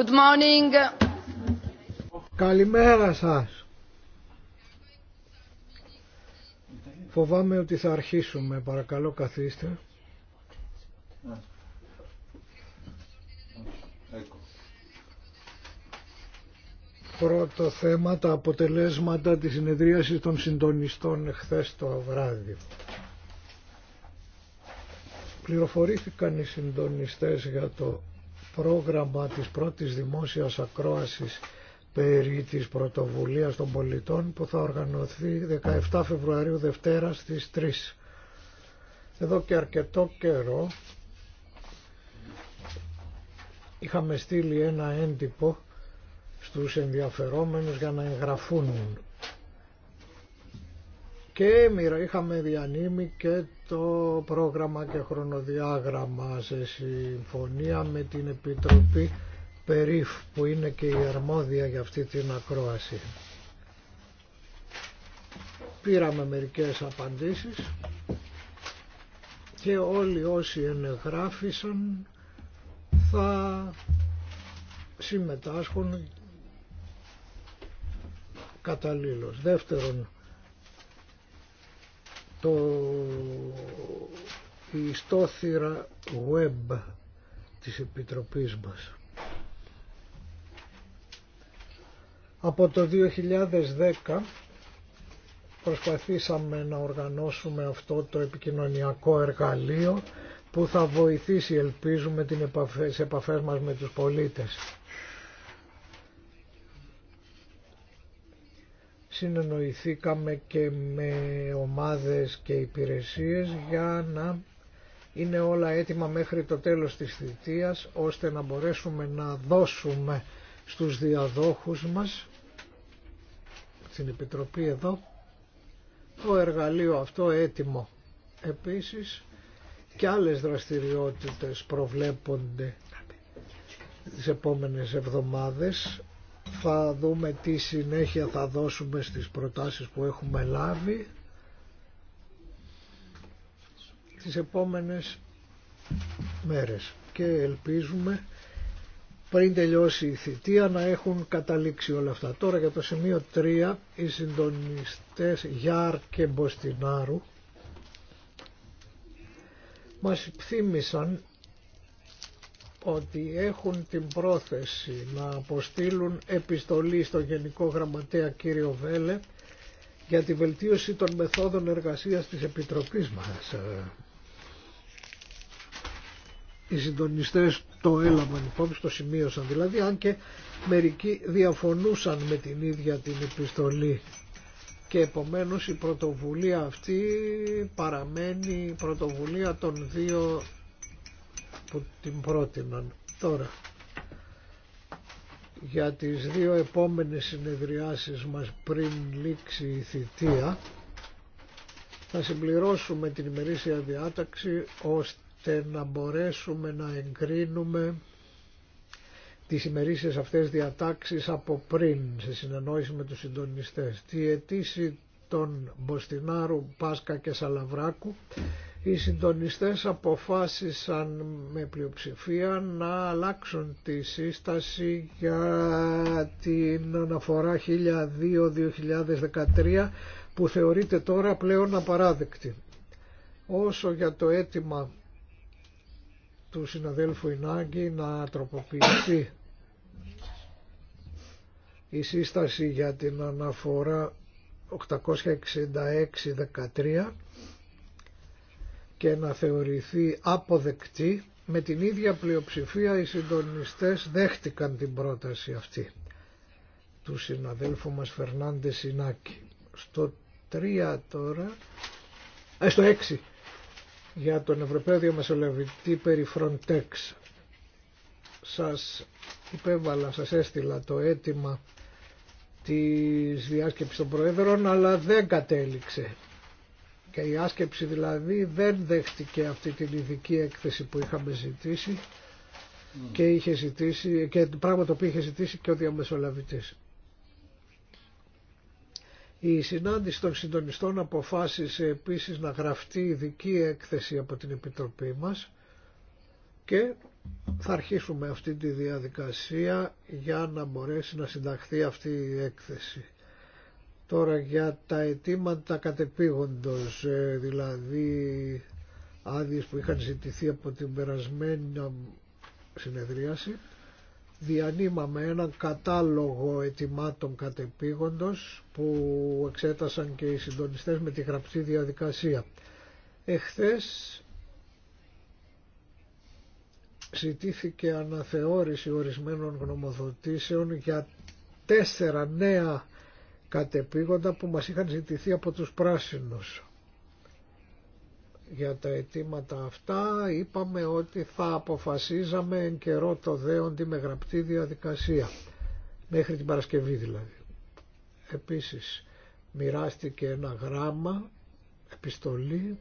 Good morning. Καλημέρα σας. Φοβάμαι ότι θα αρχίσουμε. Παρακαλώ καθίστε. Πρώτο θέμα τα αποτελέσματα της συνεδρίασης των συντονιστών χθες το βράδυ. Πληροφορήθηκαν οι συντονιστές για το πρόγραμμα της πρώτης δημόσιας ακρόασης περί της πρωτοβουλίας των πολιτών που θα οργανωθεί 17 Φεβρουαρίου Δευτέρα στις 3. Εδώ και αρκετό καιρό είχαμε στείλει ένα έντυπο στους ενδιαφερόμενους για να εγγραφούν και είχαμε διανύμει και το πρόγραμμα και χρονοδιάγραμμα σε συμφωνία με την Επιτροπή Περίφ που είναι και η αρμόδια για αυτή την ακρόαση. Πήραμε μερικές απαντήσεις και όλοι όσοι ενεγράφησαν θα συμμετάσχουν καταλήλως. Δεύτερον, το, ιστόθυρα web της Επιτροπής μας. Από το 2010 προσπαθήσαμε να οργανώσουμε αυτό το επικοινωνιακό εργαλείο που θα βοηθήσει ελπίζουμε την επαφές, επαφές μας με τους πολίτες. συνεννοηθήκαμε και με ομάδες και υπηρεσίες για να είναι όλα έτοιμα μέχρι το τέλος της θητείας ώστε να μπορέσουμε να δώσουμε στους διαδόχους μας στην Επιτροπή εδώ το εργαλείο αυτό έτοιμο. Επίσης και άλλες δραστηριότητες προβλέπονται τις επόμενες εβδομάδες θα δούμε τι συνέχεια θα δώσουμε στις προτάσεις που έχουμε λάβει. Τις επόμενες μέρες και ελπίζουμε πριν τελειώσει η θητεία να έχουν καταλήξει όλα αυτά. Τώρα για το σημείο 3 οι συντονιστές Γιάρ και Μποστινάρου μας θύμισαν ότι έχουν την πρόθεση να αποστείλουν επιστολή στο Γενικό Γραμματέα κύριο Βέλε για τη βελτίωση των μεθόδων εργασίας της Επιτροπής μας. Οι συντονιστές το έλαβαν υπόψη, το σημείωσαν δηλαδή, αν και μερικοί διαφωνούσαν με την ίδια την επιστολή και επομένως η πρωτοβουλία αυτή παραμένει πρωτοβουλία των δύο που την πρότειναν. Τώρα, για τις δύο επόμενες συνεδριάσεις μας πριν λήξει η θητεία, θα συμπληρώσουμε την ημερήσια διάταξη ώστε να μπορέσουμε να εγκρίνουμε τις ημερήσιες αυτές διατάξεις από πριν σε συνεννόηση με τους συντονιστές. Τη αιτήση των Μποστινάρου, Πάσκα και Σαλαβράκου οι συντονιστές αποφάσισαν με πλειοψηφία να αλλάξουν τη σύσταση για την αναφορά 1002-2013 που θεωρείται τώρα πλέον απαράδεκτη. Όσο για το αίτημα του συναδέλφου Ινάγκη να τροποποιηθεί η σύσταση για την αναφορά 866-13 και να θεωρηθεί αποδεκτή, με την ίδια πλειοψηφία οι συντονιστές δέχτηκαν την πρόταση αυτή του συναδέλφου μας Φερνάντε Σινάκη. Στο 3 τώρα, ε, στο 6 για τον Ευρωπαίο Διαμεσολαβητή περί Frontex. Σας υπέβαλα, σας έστειλα το αίτημα της διάσκεψης των Προέδρων, αλλά δεν κατέληξε. Και η άσκεψη δηλαδή δεν δέχτηκε αυτή την ειδική έκθεση που είχαμε ζητήσει και, είχε ζητήσει, και πράγμα το οποίο είχε ζητήσει και ο διαμεσολαβητής. Η συνάντηση των συντονιστών αποφάσισε επίσης να γραφτεί ειδική έκθεση από την Επιτροπή μας και θα αρχίσουμε αυτή τη διαδικασία για να μπορέσει να συνταχθεί αυτή η έκθεση. Τώρα για τα αιτήματα κατεπίγοντος, ε, δηλαδή άδειες που είχαν ζητηθεί από την περασμένη συνεδρίαση, διανύμαμε έναν κατάλογο αιτημάτων κατεπίγοντος που εξέτασαν και οι συντονιστές με τη γραπτή διαδικασία. Εχθές ζητήθηκε αναθεώρηση ορισμένων γνωμοδοτήσεων για τέσσερα νέα κατεπήγοντα που μας είχαν ζητηθεί από τους πράσινους. Για τα αιτήματα αυτά είπαμε ότι θα αποφασίζαμε εν καιρό το δέοντι με γραπτή διαδικασία, μέχρι την Παρασκευή δηλαδή. Επίσης μοιράστηκε ένα γράμμα, επιστολή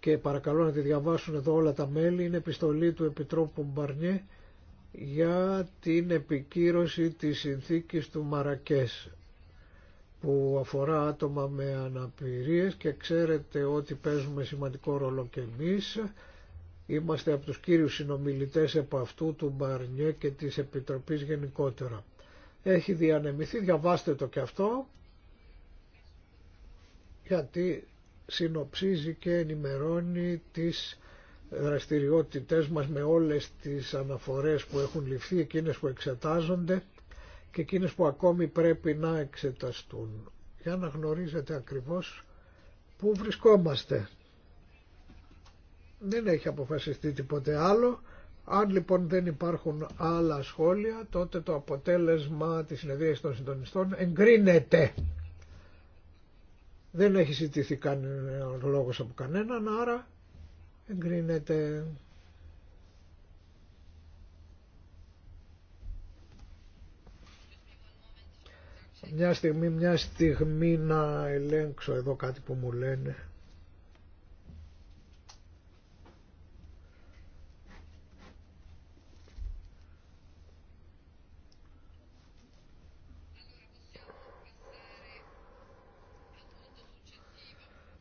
και παρακαλώ να τη διαβάσουν εδώ όλα τα μέλη, είναι επιστολή του Επιτρόπου Μπαρνιέ για την επικύρωση της συνθήκης του Μαρακές που αφορά άτομα με αναπηρίες και ξέρετε ότι παίζουμε σημαντικό ρόλο και εμείς. Είμαστε από τους κύριους συνομιλητές από αυτού του Μπαρνιέ και της Επιτροπής γενικότερα. Έχει διανεμηθεί, διαβάστε το και αυτό, γιατί συνοψίζει και ενημερώνει τις δραστηριότητές μας με όλες τις αναφορές που έχουν ληφθεί, εκείνες που εξετάζονται και εκείνες που ακόμη πρέπει να εξεταστούν. Για να γνωρίζετε ακριβώς πού βρισκόμαστε. Δεν έχει αποφασιστεί τίποτε άλλο. Αν λοιπόν δεν υπάρχουν άλλα σχόλια, τότε το αποτέλεσμα της συνεδρίας των συντονιστών εγκρίνεται. Δεν έχει ζητηθεί κανένα λόγος από κανέναν, άρα εγκρίνεται μια στιγμή, μια στιγμή να ελέγξω εδώ κάτι που μου λένε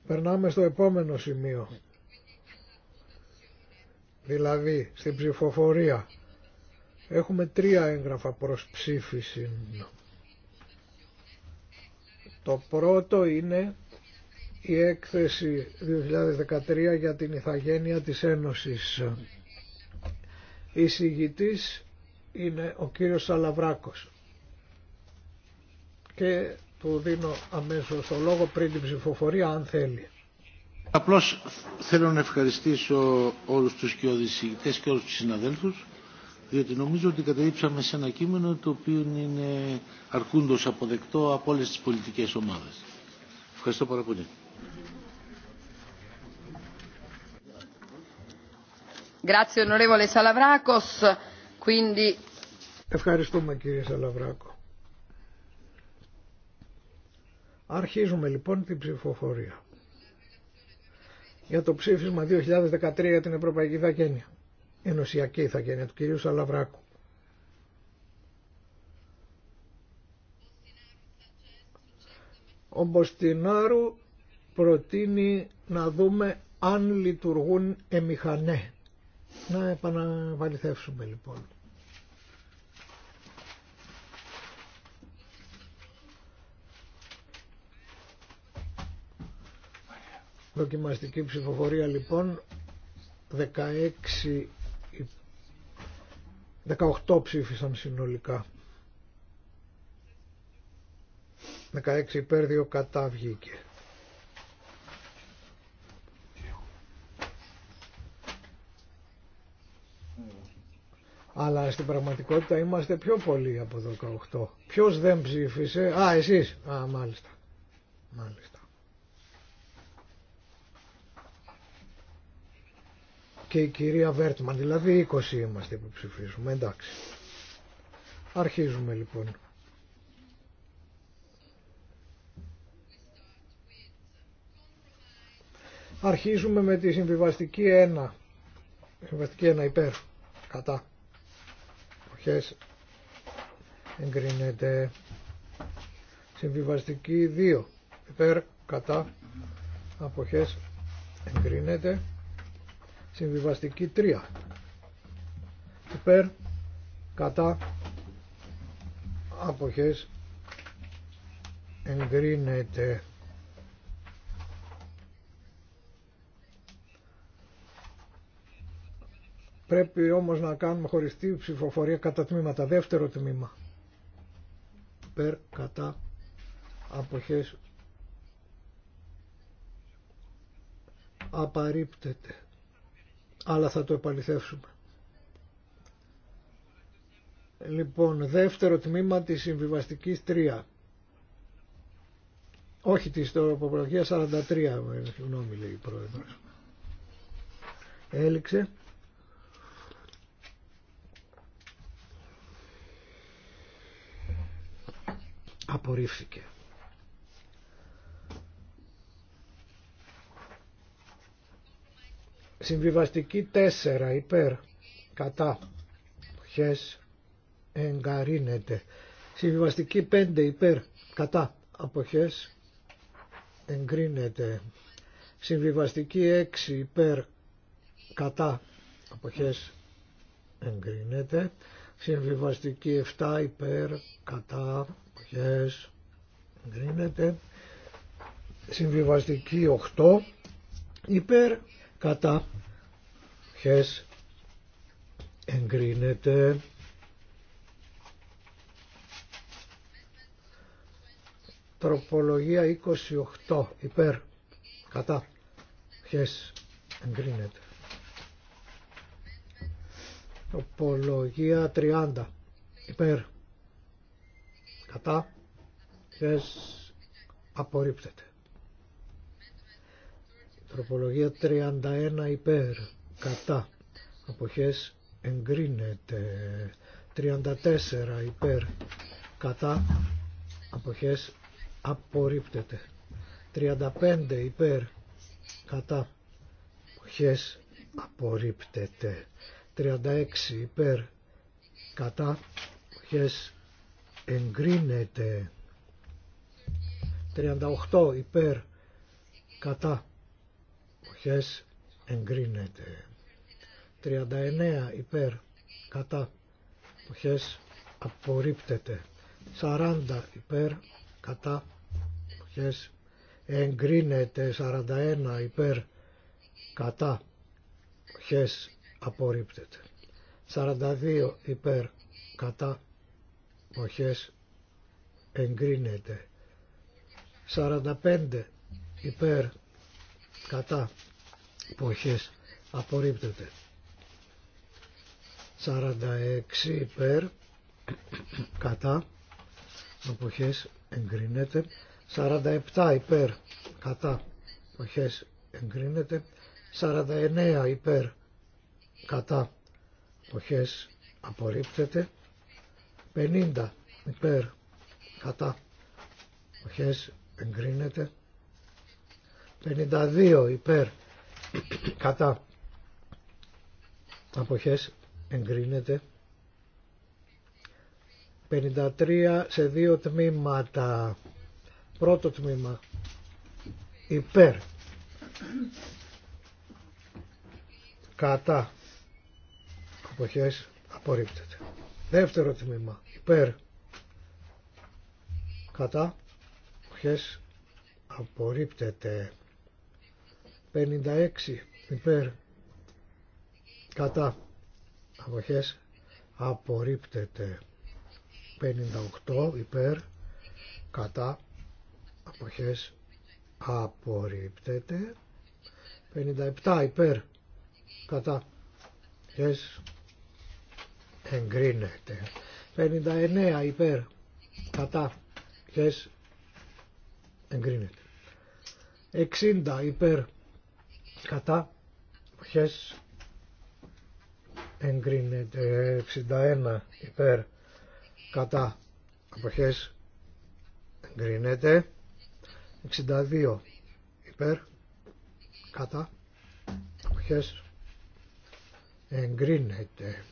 Περνάμε στο επόμενο σημείο δηλαδή στην ψηφοφορία. Έχουμε τρία έγγραφα προς ψήφιση. Το πρώτο είναι η έκθεση 2013 για την Ιθαγένεια της Ένωσης. Η συγητής είναι ο κύριος Σαλαβράκος. Και του δίνω αμέσως το λόγο πριν την ψηφοφορία αν θέλει. Απλώς θέλω να ευχαριστήσω όλους τους και και όλους τους συναδέλφους διότι νομίζω ότι καταλήψαμε σε ένα κείμενο το οποίο είναι αρκούντος αποδεκτό από όλες τις πολιτικές ομάδες. Ευχαριστώ πάρα πολύ. Ευχαριστούμε κύριε Σαλαβράκο. Αρχίζουμε λοιπόν την ψηφοφορία για το ψήφισμα 2013 για την Ευρωπαϊκή Ιθαγένεια. Ενωσιακή Ιθαγένεια του κυρίου Σαλαβράκου. Ο Μποστινάρου προτείνει να δούμε αν λειτουργούν εμιχανέ. Να επαναβαληθεύσουμε λοιπόν. Δοκιμαστική ψηφοφορία λοιπόν 16 18 ψήφισαν συνολικά. 16 υπέρ 2 κατά βγήκε. Αλλά στην πραγματικότητα είμαστε πιο πολλοί από 18. Ποιος δεν ψήφισε. Α, εσείς. Α, μάλιστα. Μάλιστα. και η κυρία Βέρτμαν, δηλαδή 20 είμαστε που ψηφίζουμε, εντάξει. Αρχίζουμε λοιπόν. Αρχίζουμε με τη συμβιβαστική 1. Συμβιβαστική 1 υπέρ. Κατά. Οχές. Εγκρίνεται. Συμβιβαστική 2. Υπέρ. Κατά. Αποχές. Εγκρίνεται. Συμβιβαστική 3. Υπέρ, κατά, αποχές, εγκρίνεται. Πρέπει όμως να κάνουμε χωριστή ψηφοφορία κατά τμήματα. Δεύτερο τμήμα. Περ, κατά, αποχές. Απαρρίπτεται αλλά θα το επαληθεύσουμε. Λοιπόν, δεύτερο τμήμα της συμβιβαστικής 3. Όχι της τροποπολογίας 43, ε, γνώμη λέει η πρόεδρος. Έληξε. Απορρίφθηκε. Συμβιβαστική 4 υπέρ κατά χές εγκαρίνεται. Συμβιβαστική 5 υπέρ κατά αποχές εγκρίνεται. Συμβιβαστική 6 υπέρ κατά αποχές εγκρίνεται. Συμβιβαστική 7 υπέρ κατά αποχές εγκρίνεται. Συμβιβαστική 8 υπέρ κατά χες εγκρίνεται τροπολογία 28 υπέρ κατά χες εγκρίνεται τροπολογία 30 υπέρ κατά χες απορρίπτεται Ανθρωπολογία 31 υπέρ. Κατά. Αποχές εγκρίνεται. 34 υπέρ. Κατά. Αποχές απορρίπτεται. 35 υπέρ. Κατά. Αποχές απορρίπτεται. 36 υπέρ. Κατά. Αποχές εγκρίνεται. 38 υπέρ. Κατά ψυχές εγκρίνεται. 39 υπέρ κατά αποχές απορρίπτεται. 40 υπέρ κατά αποχές εγκρίνεται. 41 υπέρ κατά αποχές απορρίπτεται. 42 υπέρ κατά αποχές εγκρίνεται. 45 υπέρ κατά εποχές απορρίπτεται 46 υπέρ κατά εποχές εγκρίνεται 47 υπέρ κατά εποχές εγκρίνεται 49 υπέρ κατά εποχές απορρίπτεται 50 υπέρ κατά εποχές εγκρίνεται 52 υπέρ κατά αποχές εγκρίνεται 53 σε δύο τμήματα πρώτο τμήμα υπέρ κατά αποχές απορρίπτεται δεύτερο τμήμα υπέρ κατά αποχές απορρίπτεται 56 υπέρ κατά αποχές απορρίπτεται 58 υπέρ κατά αποχές απορρίπτεται 57 υπέρ κατά αποχές εγκρίνεται 59 υπέρ κατά αποχές εγκρίνεται 60 υπέρ κατά ποιες εγκρίνεται 61 υπέρ κατά αποχές εγκρίνεται 62 υπέρ κατά αποχές εγκρίνεται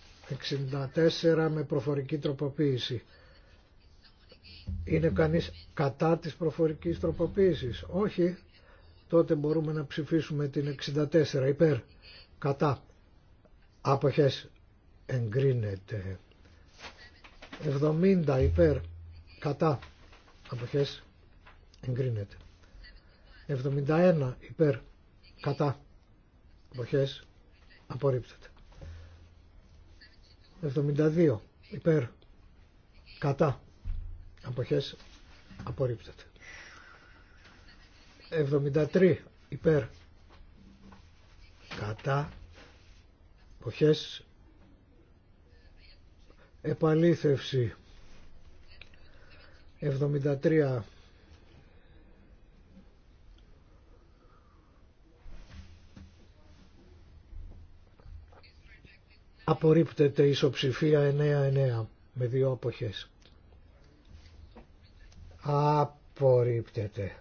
64 με προφορική τροποποίηση είναι κανείς κατά της προφορικής τροποποίησης όχι τότε μπορούμε να ψηφίσουμε την 64 υπέρ κατά αποχές εγκρίνεται 70 υπέρ κατά αποχές εγκρίνεται 71 υπέρ κατά αποχές απορρίπτεται 72 υπέρ κατά αποχές απορρίπτεται 73 υπέρ κατά εποχές επαλήθευση 73 απορρίπτεται ισοψηφία 9-9 με δύο αποχές απορρίπτεται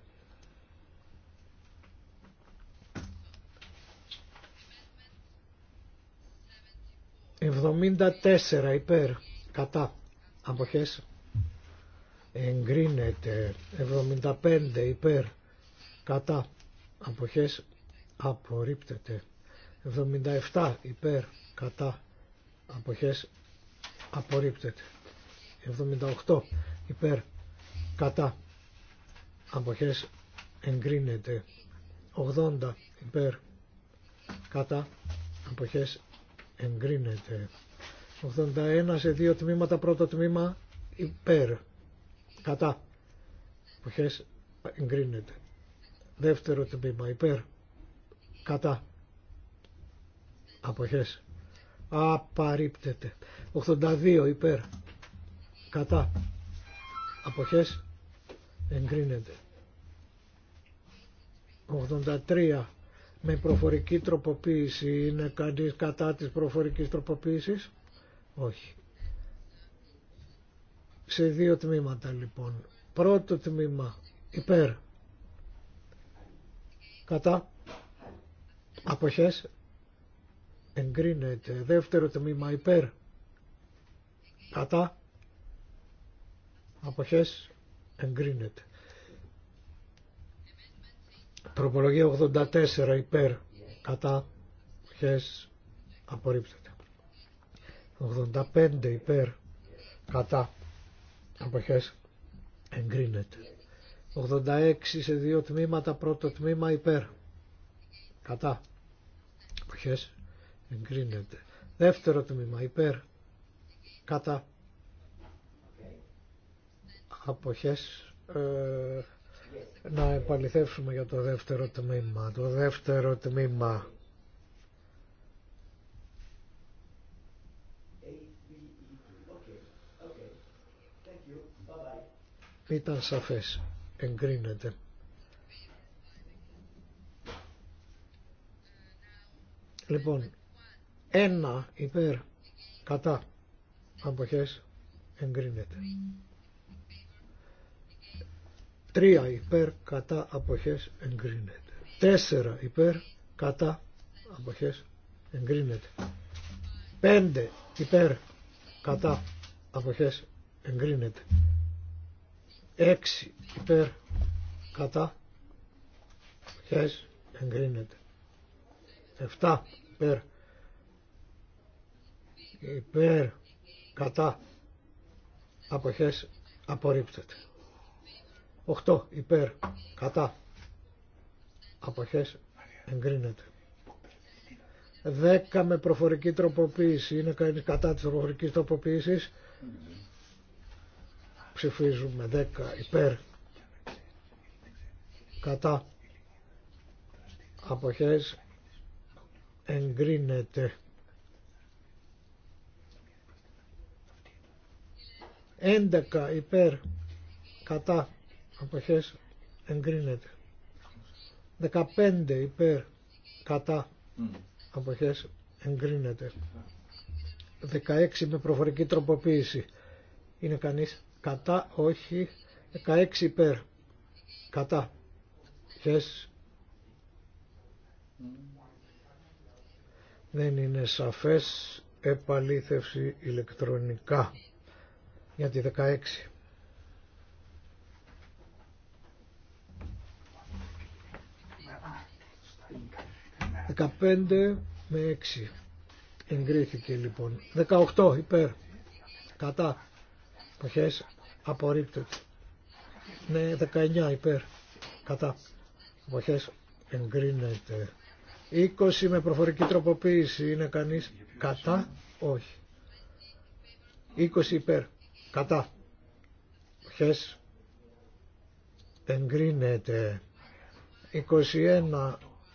74 υπέρ κατά αποχές εγκρίνεται 75 υπέρ κατά αποχές απορρίπτεται 77 υπέρ κατά αποχές απορρίπτεται 78 υπέρ κατά αποχές εγκρίνεται 80 υπέρ κατά αποχές εγκρίνεται. 81 σε δύο τμήματα, πρώτο τμήμα υπέρ, κατά, Αποχές εγκρίνεται. Δεύτερο τμήμα υπέρ, κατά, αποχές, απαρρίπτεται. 82 υπέρ, κατά, αποχές, εγκρίνεται. 83 με προφορική τροποποίηση. Είναι κανείς κατά της προφορικής τροποποίησης. Όχι. Σε δύο τμήματα λοιπόν. Πρώτο τμήμα υπέρ. Κατά. Αποχές. Εγκρίνεται. Δεύτερο τμήμα υπέρ. Κατά. Αποχές. Εγκρίνεται. Τροπολογία 84 υπέρ κατά χες απορρίπτεται. 85 υπέρ κατά αποχές εγκρίνεται. 86 σε δύο τμήματα, πρώτο τμήμα υπέρ κατά αποχές εγκρίνεται. Δεύτερο τμήμα υπέρ κατά αποχές ε, να επαληθεύσουμε για το δεύτερο τμήμα. Το δεύτερο τμήμα. Ήταν σαφές. Εγκρίνεται. Λοιπόν, ένα υπέρ κατά αποχές εγκρίνεται. Τρία υπέρ κατά αποχές εγκρίνεται. Τέσσερα υπέρ κατά αποχές εγκρίνεται. Πέντε υπέρ κατά αποχές εγκρίνεται. Έξι υπέρ κατά αποχές εγκρίνεται. Εφτά υπέρ υπέρ κατά αποχές απορρίπτεται. 8 υπέρ κατά αποχές εγκρίνεται 10 με προφορική τροποποίηση είναι κάνει κατά της προφορικής τροποποίησης ψηφίζουμε 10 υπέρ κατά αποχές εγκρίνεται Έντεκα υπέρ κατά αποχές εγκρίνεται 15 υπέρ κατά αποχές εγκρίνεται 16 με προφορική τροποποίηση είναι κανείς κατά όχι 16 υπέρ κατά δεν είναι σαφές επαλήθευση ηλεκτρονικά για τη 16 15 με 6 εγκρίθηκε λοιπόν. 18 υπέρ. Κατά. Ποχέ απορρίπτεται. Ναι, 19 υπέρ. Κατά. Ποχέ. εγκρίνεται. 20 με προφορική τροποποίηση. Είναι κανείς κατά. Όχι. 20 υπέρ. Κατά. Εποχές εγκρίνεται. 21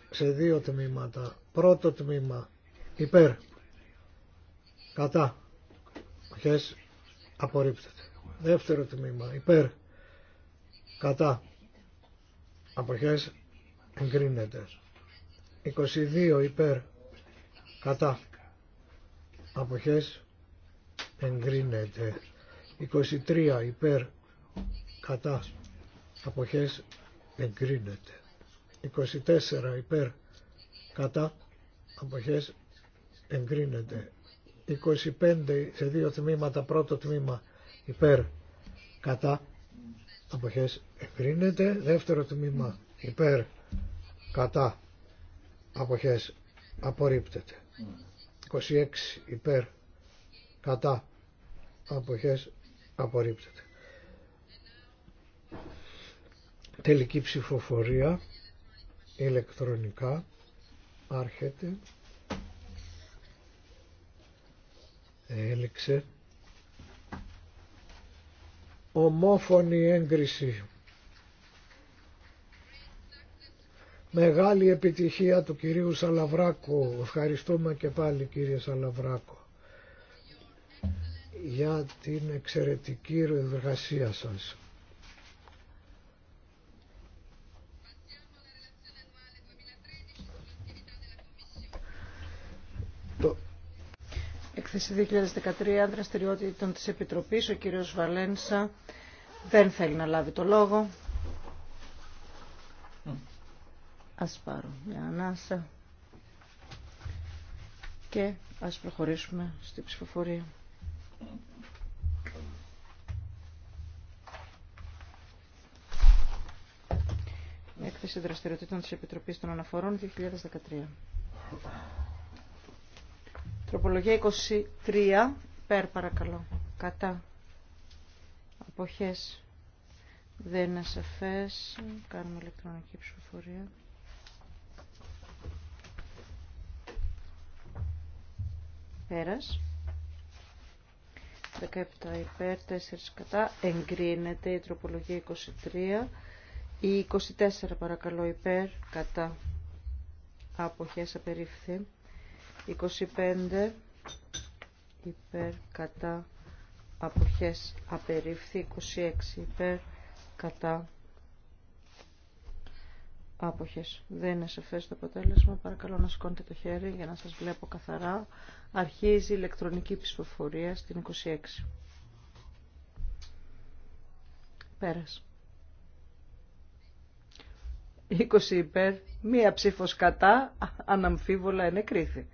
σε δύο τμήματα. Πρώτο τμήμα υπέρ, κατά, χες, απορρίπτεται. Δεύτερο τμήμα υπέρ, κατά, αποχές, εγκρίνεται. 22 υπέρ, κατά, αποχές, εγκρίνεται. 23 υπέρ, κατά, αποχές, εγκρίνεται. 24 υπέρ κατά αποχές εγκρίνεται 25 σε δύο τμήματα πρώτο τμήμα υπέρ κατά αποχές εγκρίνεται δεύτερο τμήμα υπέρ κατά αποχές απορρίπτεται 26 υπέρ κατά αποχές απορρίπτεται τελική ψηφοφορία ηλεκτρονικά άρχεται έληξε ομόφωνη έγκριση μεγάλη επιτυχία του κυρίου Σαλαβράκου ευχαριστούμε και πάλι κύριε Σαλαβράκο για την εξαιρετική εργασία σας. έκθεση 2013 δραστηριότητων της Επιτροπής. Ο κύριος Βαλένσα δεν θέλει να λάβει το λόγο. Ας πάρω μια ανάσα και ας προχωρήσουμε στη ψηφοφορία. Έκθεση δραστηριοτήτων της Επιτροπής των Αναφορών 2013. Τροπολογία 23. Πέρ παρακαλώ. Κατά. Αποχές. Δεν είναι σαφές. Κάνουμε ηλεκτρονική ψηφοφορία. Πέρας. 17 υπέρ, 4 κατά. Εγκρίνεται η τροπολογία 23. Η 24 παρακαλώ υπέρ, κατά. Αποχές απερίφθη. 25 υπέρ κατά αποχές απερίφθη 26 υπέρ κατά άποχες δεν είναι σαφές το αποτέλεσμα παρακαλώ να σηκώνετε το χέρι για να σας βλέπω καθαρά αρχίζει η ηλεκτρονική ψηφοφορία στην 26 πέρας 20 υπέρ μία ψήφος κατά αναμφίβολα ενεκρίθη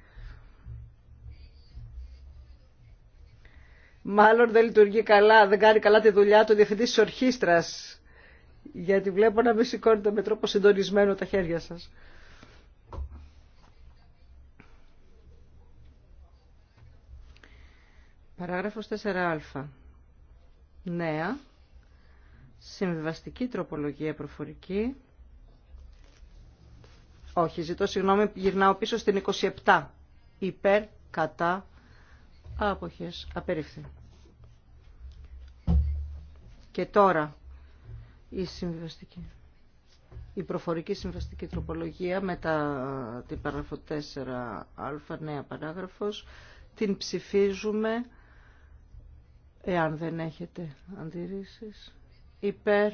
μάλλον δεν λειτουργεί καλά, δεν κάνει καλά τη δουλειά του διευθυντή τη ορχήστρα. Γιατί βλέπω να μην σηκώνετε με τρόπο συντονισμένο τα χέρια σα. Παράγραφος 4α. Νέα. Συμβιβαστική τροπολογία προφορική. Όχι, ζητώ συγγνώμη, γυρνάω πίσω στην 27. Υπέρ, κατά, Άποχες. Απερίφθη. Και τώρα η συμβιβαστική. Η προφορική συμβαστική τροπολογία μετά την παράγραφο 4α, νέα παράγραφος, την ψηφίζουμε, εάν δεν έχετε αντιρρήσεις, υπέρ,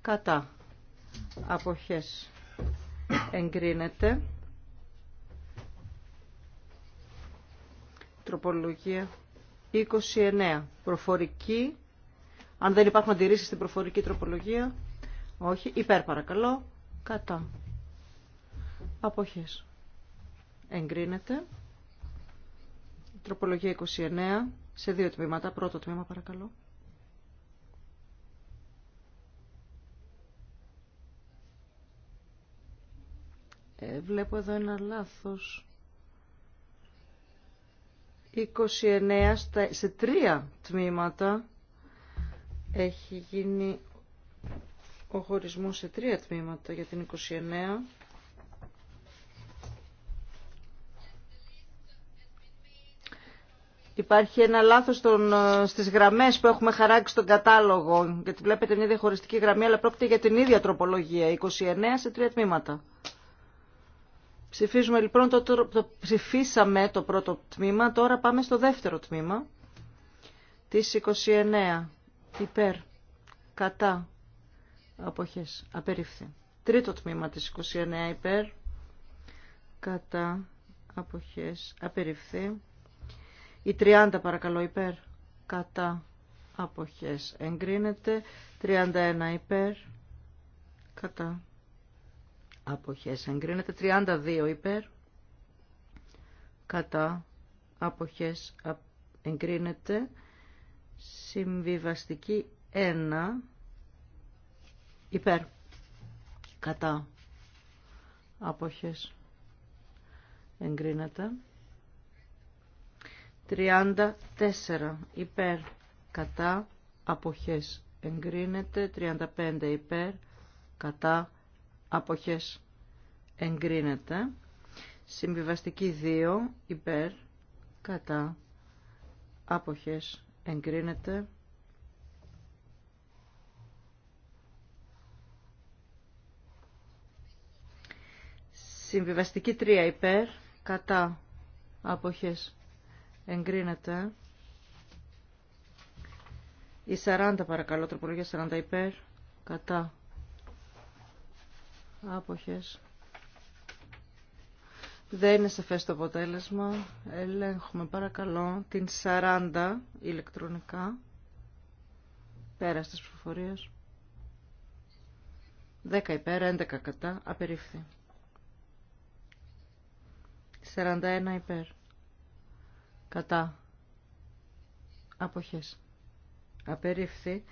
κατά, αποχές εγκρίνεται. Τροπολογία 29. Προφορική. Αν δεν υπάρχουν αντιρρήσεις στην προφορική τροπολογία. Όχι. Υπέρ παρακαλώ. Κατά. Αποχές. Εγκρίνεται. Τροπολογία 29. Σε δύο τμήματα. Πρώτο τμήμα παρακαλώ. Ε, βλέπω εδώ ένα λάθος. 29 σε τρία τμήματα έχει γίνει ο χωρισμός σε τρία τμήματα για την 29. Υπάρχει ένα λάθος στον, ε, στις γραμμές που έχουμε χαράξει στον κατάλογο, γιατί βλέπετε μια διαχωριστική γραμμή, αλλά πρόκειται για την ίδια τροπολογία, 29 σε τρία τμήματα. Ψηφίζουμε λοιπόν, το, ψηφίσαμε το πρώτο τμήμα, τώρα πάμε στο δεύτερο τμήμα. Της 29, υπέρ, κατά, αποχές, απερίφθη. Τρίτο τμήμα της 29, υπέρ, κατά, αποχές, απερίφθη. Η 30 παρακαλώ υπέρ, κατά, αποχές, εγκρίνεται. 31 υπέρ, κατά, αποχές εγκρίνεται 32 υπέρ κατά αποχές εγκρίνεται συμβιβαστική 1 υπέρ κατά αποχές εγκρίνεται 34 υπέρ κατά αποχές εγκρίνεται 35 υπέρ κατά αποχές εγκρίνεται. Συμβιβαστική 2 υπέρ κατά αποχές εγκρίνεται. Συμβιβαστική 3 υπέρ κατά αποχές εγκρίνεται. Η 40 παρακαλώ, τροπολογία 40 υπέρ κατά Άποχες. Δεν είναι σαφές το αποτέλεσμα. Ελέγχουμε παρακαλώ την 40 ηλεκτρονικά. Πέρα στις ψηφοφορίες. 10 υπέρ, 11 κατά, απερίφθη. 41 υπέρ. Κατά. Αποχές. Απερίφθη.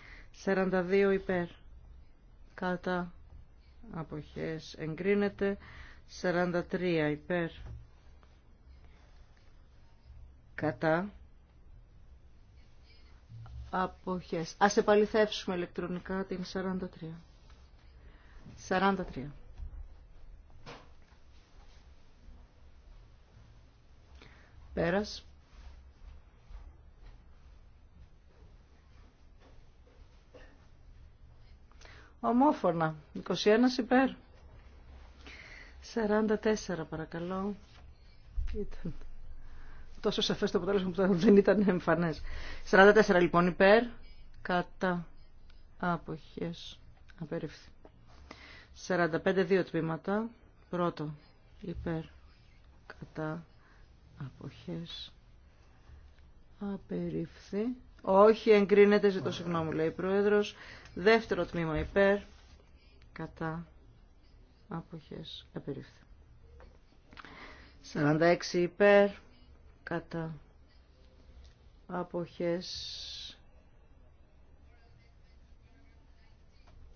42 υπέρ. Κατά αποχές εγκρίνεται 43 υπέρ κατά αποχές ας επαληθεύσουμε ηλεκτρονικά την 43 43 Πέρας. Ομόφωνα. 21 υπέρ. 44 παρακαλώ. Ήταν τόσο σαφέ το αποτέλεσμα που δεν ήταν εμφανέ. 44 λοιπόν υπέρ. Κατά αποχέ. Απερίφθη. 45 δύο τμήματα. Πρώτο υπέρ. Κατά αποχέ. Απερίφθη. Όχι, εγκρίνεται, ζητώ συγγνώμη, λέει η Πρόεδρος. Δεύτερο τμήμα υπέρ, κατά, αποχές, απερίφθη. 46 υπέρ, κατά, αποχές,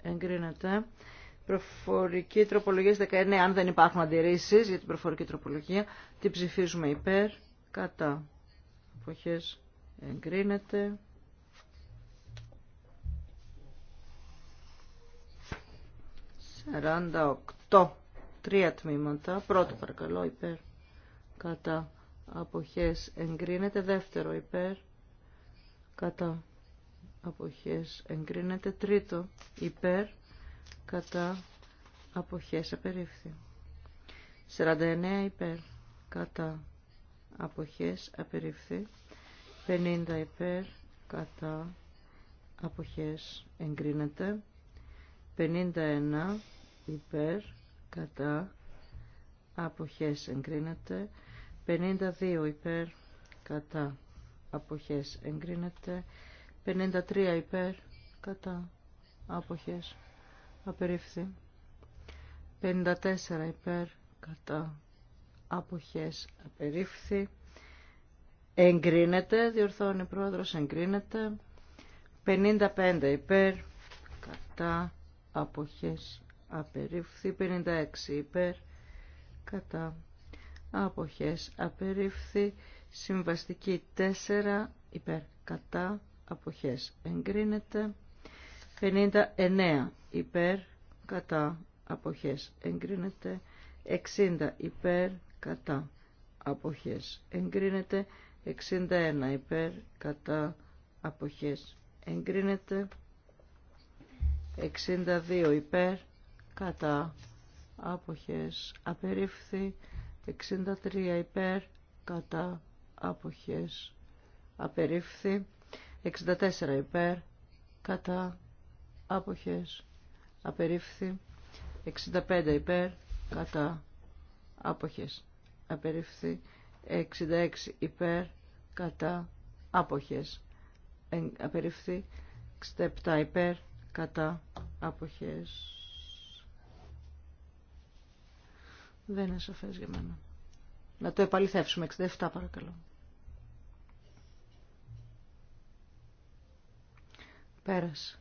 εγκρίνεται. Προφορική τροπολογία 19, αν δεν υπάρχουν αντιρρήσεις για την προφορική τροπολογία, την ψηφίζουμε υπέρ, κατά, αποχές, εγκρίνεται. 48 οκτώ. Τρία τμήματα. Πρώτο παρακαλώ υπέρ. Κατά αποχές εγκρίνεται. Δεύτερο υπέρ. Κατά αποχές εγκρίνεται. Τρίτο υπέρ. Κατά αποχές απερίφθη. 49 υπέρ. Κατά αποχές απερίφθη. 50 υπέρ κατά αποχές εγκρίνεται 51 υπέρ κατά αποχές εγκρίνεται 52 υπέρ κατά αποχές εγκρίνεται 53 υπέρ κατά αποχές απερίφθη 54 υπέρ κατά αποχές απερίφθη Εγκρίνεται, διορθώνει πρόεδρος, εγκρίνεται. 55 υπέρ, κατά, αποχές, απερίφθη. 56 υπέρ, κατά, αποχές, απερίφθη. Συμβαστική 4 υπέρ, κατά, αποχές, εγκρίνεται. 59 υπέρ, κατά, αποχές, εγκρίνεται. 60 υπέρ, κατά, αποχές, εγκρίνεται. 61 υπέρ κατά αποχές εγκρίνεται 62 υπέρ κατά αποχές απερίφθη 63 υπέρ κατά αποχές απερίφθη 64 υπέρ κατά αποχές απερίφθη 65 υπέρ κατά αποχές απερίφθη 66 υπέρ κατά άποχες απεριφθεί 67 υπέρ κατά άποχες δεν είναι σαφές για μένα να το επαληθεύσουμε 67 παρακαλώ πέρασε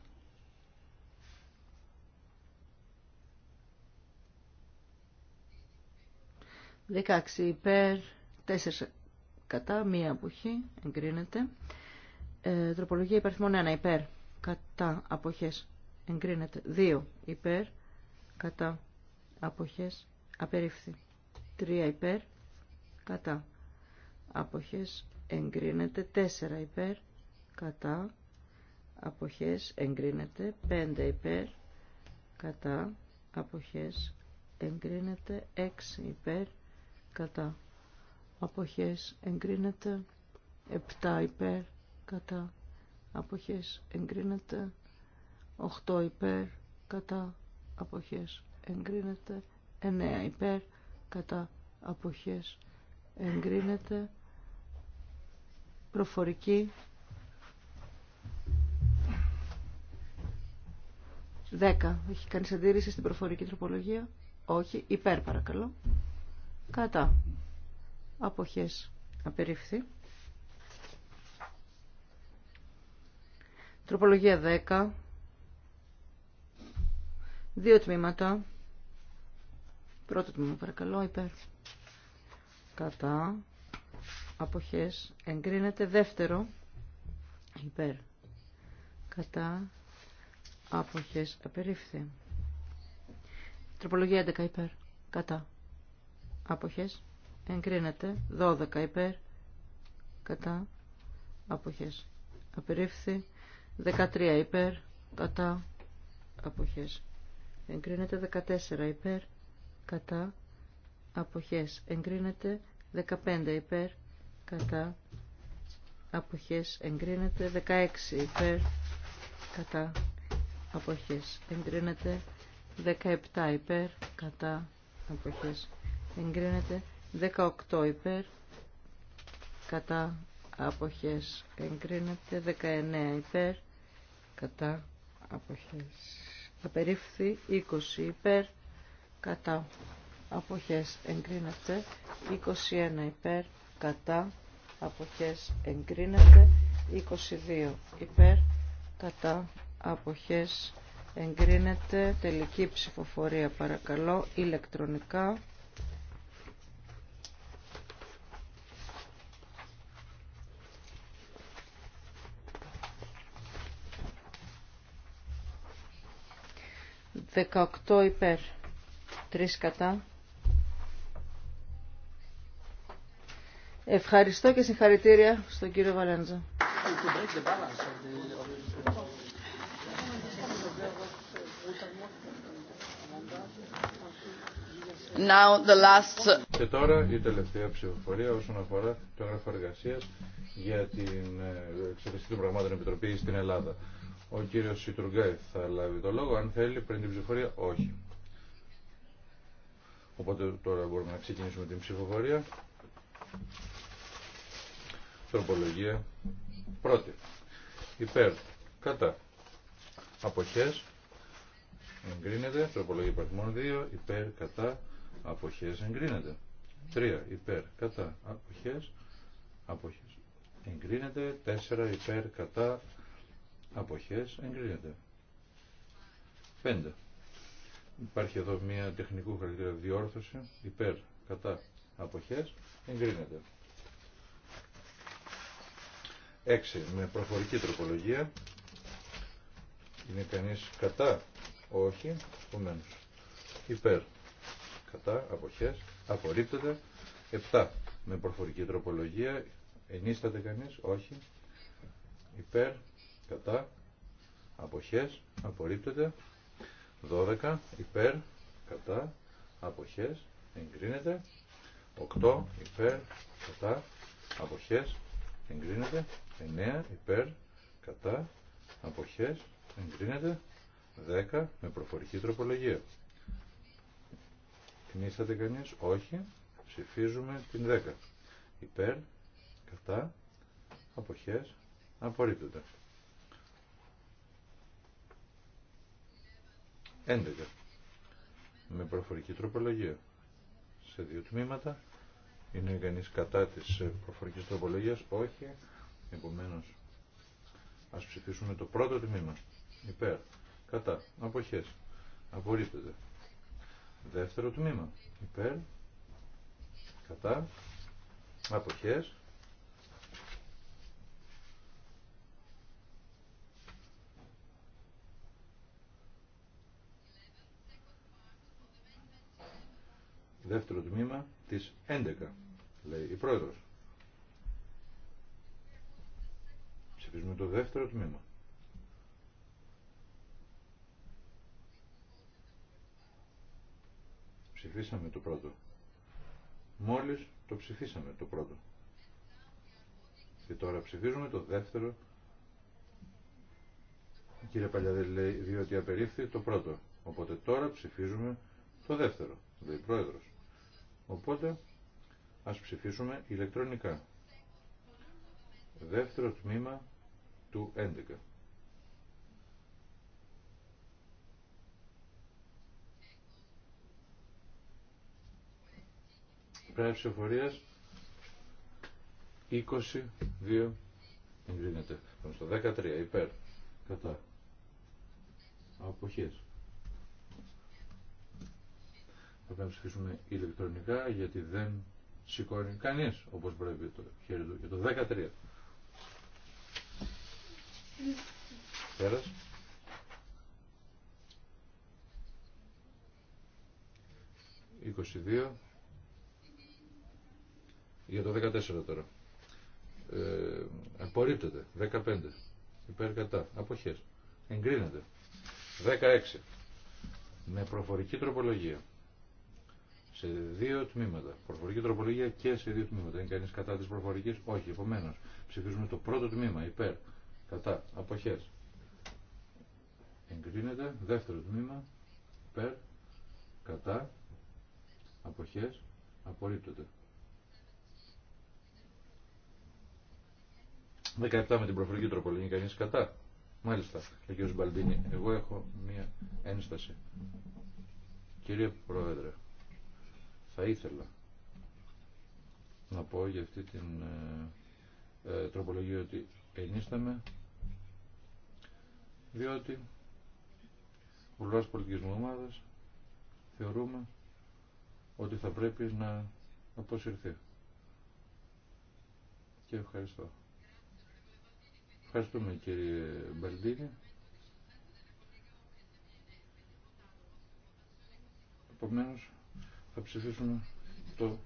Δεκάξι υπέρ 4 κατά, μία αποχή, εγκρίνεται. Ε, τροπολογία υπαριθμών 1, υπέρ, κατά, αποχές, εγκρίνεται. 2, υπέρ, κατά, αποχές, απερίφθη. 3, υπέρ, κατά, αποχές, εγκρίνεται. 4, υπέρ, κατά, αποχές, εγκρίνεται. 5, υπέρ, κατά, αποχές, εγκρίνεται. 6, υπέρ, κατά, αποχές εγκρίνεται 7 υπέρ κατά αποχές εγκρίνεται 8 υπέρ κατά αποχές εγκρίνεται 9 υπέρ κατά αποχές εγκρίνεται προφορική 10. Έχει κανείς αντίρρηση στην προφορική τροπολογία. Όχι. Υπέρ παρακαλώ. Κατά αποχές απερίφθη. Τροπολογία 10. Δύο τμήματα. Πρώτο τμήμα παρακαλώ, υπέρ. Κατά. Αποχές. Εγκρίνεται δεύτερο. Υπέρ. Κατά. Αποχές. Απερίφθη. Τροπολογία 11 υπέρ. Κατά. Αποχές εγκρίνεται 12 υπέρ κατά αποχές απερίφθη 13 υπέρ κατά αποχές εγκρίνεται 14 υπέρ κατά αποχές εγκρίνεται 15 υπέρ κατά αποχές εγκρίνεται 16 υπέρ κατά αποχές εγκρίνεται 17 υπέρ κατά αποχές εγκρίνεται 18 υπέρ κατά αποχές εγκρίνεται 19 υπέρ κατά αποχές απερίφθη 20 υπέρ κατά αποχές εγκρίνεται 21 υπέρ κατά αποχές εγκρίνεται 22 υπέρ κατά αποχές εγκρίνεται τελική ψηφοφορία παρακαλώ ηλεκτρονικά 18 υπέρ, 3 κατά. Ευχαριστώ και συγχαρητήρια στον κύριο Βαλέντζα. Now the last... Και τώρα η τελευταία ψηφοφορία όσον αφορά το έγγραφο εργασία για την ε, εξοπλιστική των πραγμάτων επιτροπή στην Ελλάδα. Ο κύριος Σιτουργκάη θα λάβει το λόγο, αν θέλει, πριν την ψηφορία, όχι. Οπότε τώρα μπορούμε να ξεκινήσουμε την ψηφοφορία. Τροπολογία. Πρώτη. Υπέρ. Κατά. Αποχές. Εγκρίνεται. Τροπολογία υπαρχμών 2. Υπέρ. Κατά. Αποχές. Εγκρίνεται. 3. Υπέρ. Κατά. Αποχές. Αποχές. Εγκρίνεται. 4. Υπέρ. Κατά αποχές εγκρίνεται. 5. Υπάρχει εδώ μια τεχνικού χαρακτήρα διόρθωση υπέρ κατά αποχές εγκρίνεται. 6. Με προφορική τροπολογία είναι κανείς κατά όχι επομένως υπέρ κατά αποχές απορρίπτεται 7. Με προφορική τροπολογία ενίσταται κανείς όχι υπέρ κατά αποχές απορρίπτεται 12 υπέρ κατά αποχές εγκρίνεται 8 υπέρ κατά αποχές εγκρίνεται 9 υπέρ κατά αποχές εγκρίνεται 10 με προφορική τροπολογία Κνήσατε κανείς, όχι, ψηφίζουμε την 10 υπέρ κατά αποχές απορρίπτεται 11 με προφορική τροπολογία σε δύο τμήματα. Είναι κανείς κατά της ε, προφορικής τροπολογίας, όχι. Επομένως, ας ψηφίσουμε το πρώτο τμήμα. Υπέρ, κατά, αποχές, απορρίπτεται. Δεύτερο τμήμα, υπέρ, κατά, αποχές, δεύτερο τμήμα της 11, λέει η πρόεδρος. Ψηφίζουμε το δεύτερο τμήμα. Ψηφίσαμε το πρώτο. Μόλις το ψηφίσαμε το πρώτο. Και τώρα ψηφίζουμε το δεύτερο. Η κυρία Παλιαδέλη λέει διότι απερίφθη το πρώτο. Οπότε τώρα ψηφίζουμε το δεύτερο. Λέει πρόεδρος. Οπότε ας ψηφίσουμε ηλεκτρονικά. Δεύτερο τμήμα του 11. Πέρα ψηφοφορίας 22 εγκρίνεται. Στο 13 υπέρ κατά αποχές πρέπει να ψηφίσουμε ηλεκτρονικά γιατί δεν σηκώνει κανείς όπως πρέπει το χέρι του για το 13. Πέρας. Για το 14 τώρα. Ε, απορρίπτεται. 15. Υπέρ κατά. Αποχές. Εγκρίνεται. 16. Με προφορική τροπολογία σε δύο τμήματα. Προφορική τροπολογία και σε δύο τμήματα. Είναι κανεί κατά τη προφορική, όχι. Επομένω, ψηφίζουμε το πρώτο τμήμα υπέρ. Κατά. Αποχέ. Εγκρίνεται. Δεύτερο τμήμα υπέρ. Κατά. Αποχέ. Απορρίπτεται. 17 με την προφορική τροπολογία. Είναι κανεί κατά. Μάλιστα, ο κ. εγώ έχω μία ένσταση. Κύριε Πρόεδρε, θα ήθελα να πω για αυτή την ε, ε, τροπολογία ότι ενίσταμε διότι ο λόγος πολιτισμού ομάδας θεωρούμε ότι θα πρέπει να αποσυρθεί. Και ευχαριστώ. Ευχαριστούμε κύριε Μπαλντίνη. Επομένως, θα ψηφίσουμε το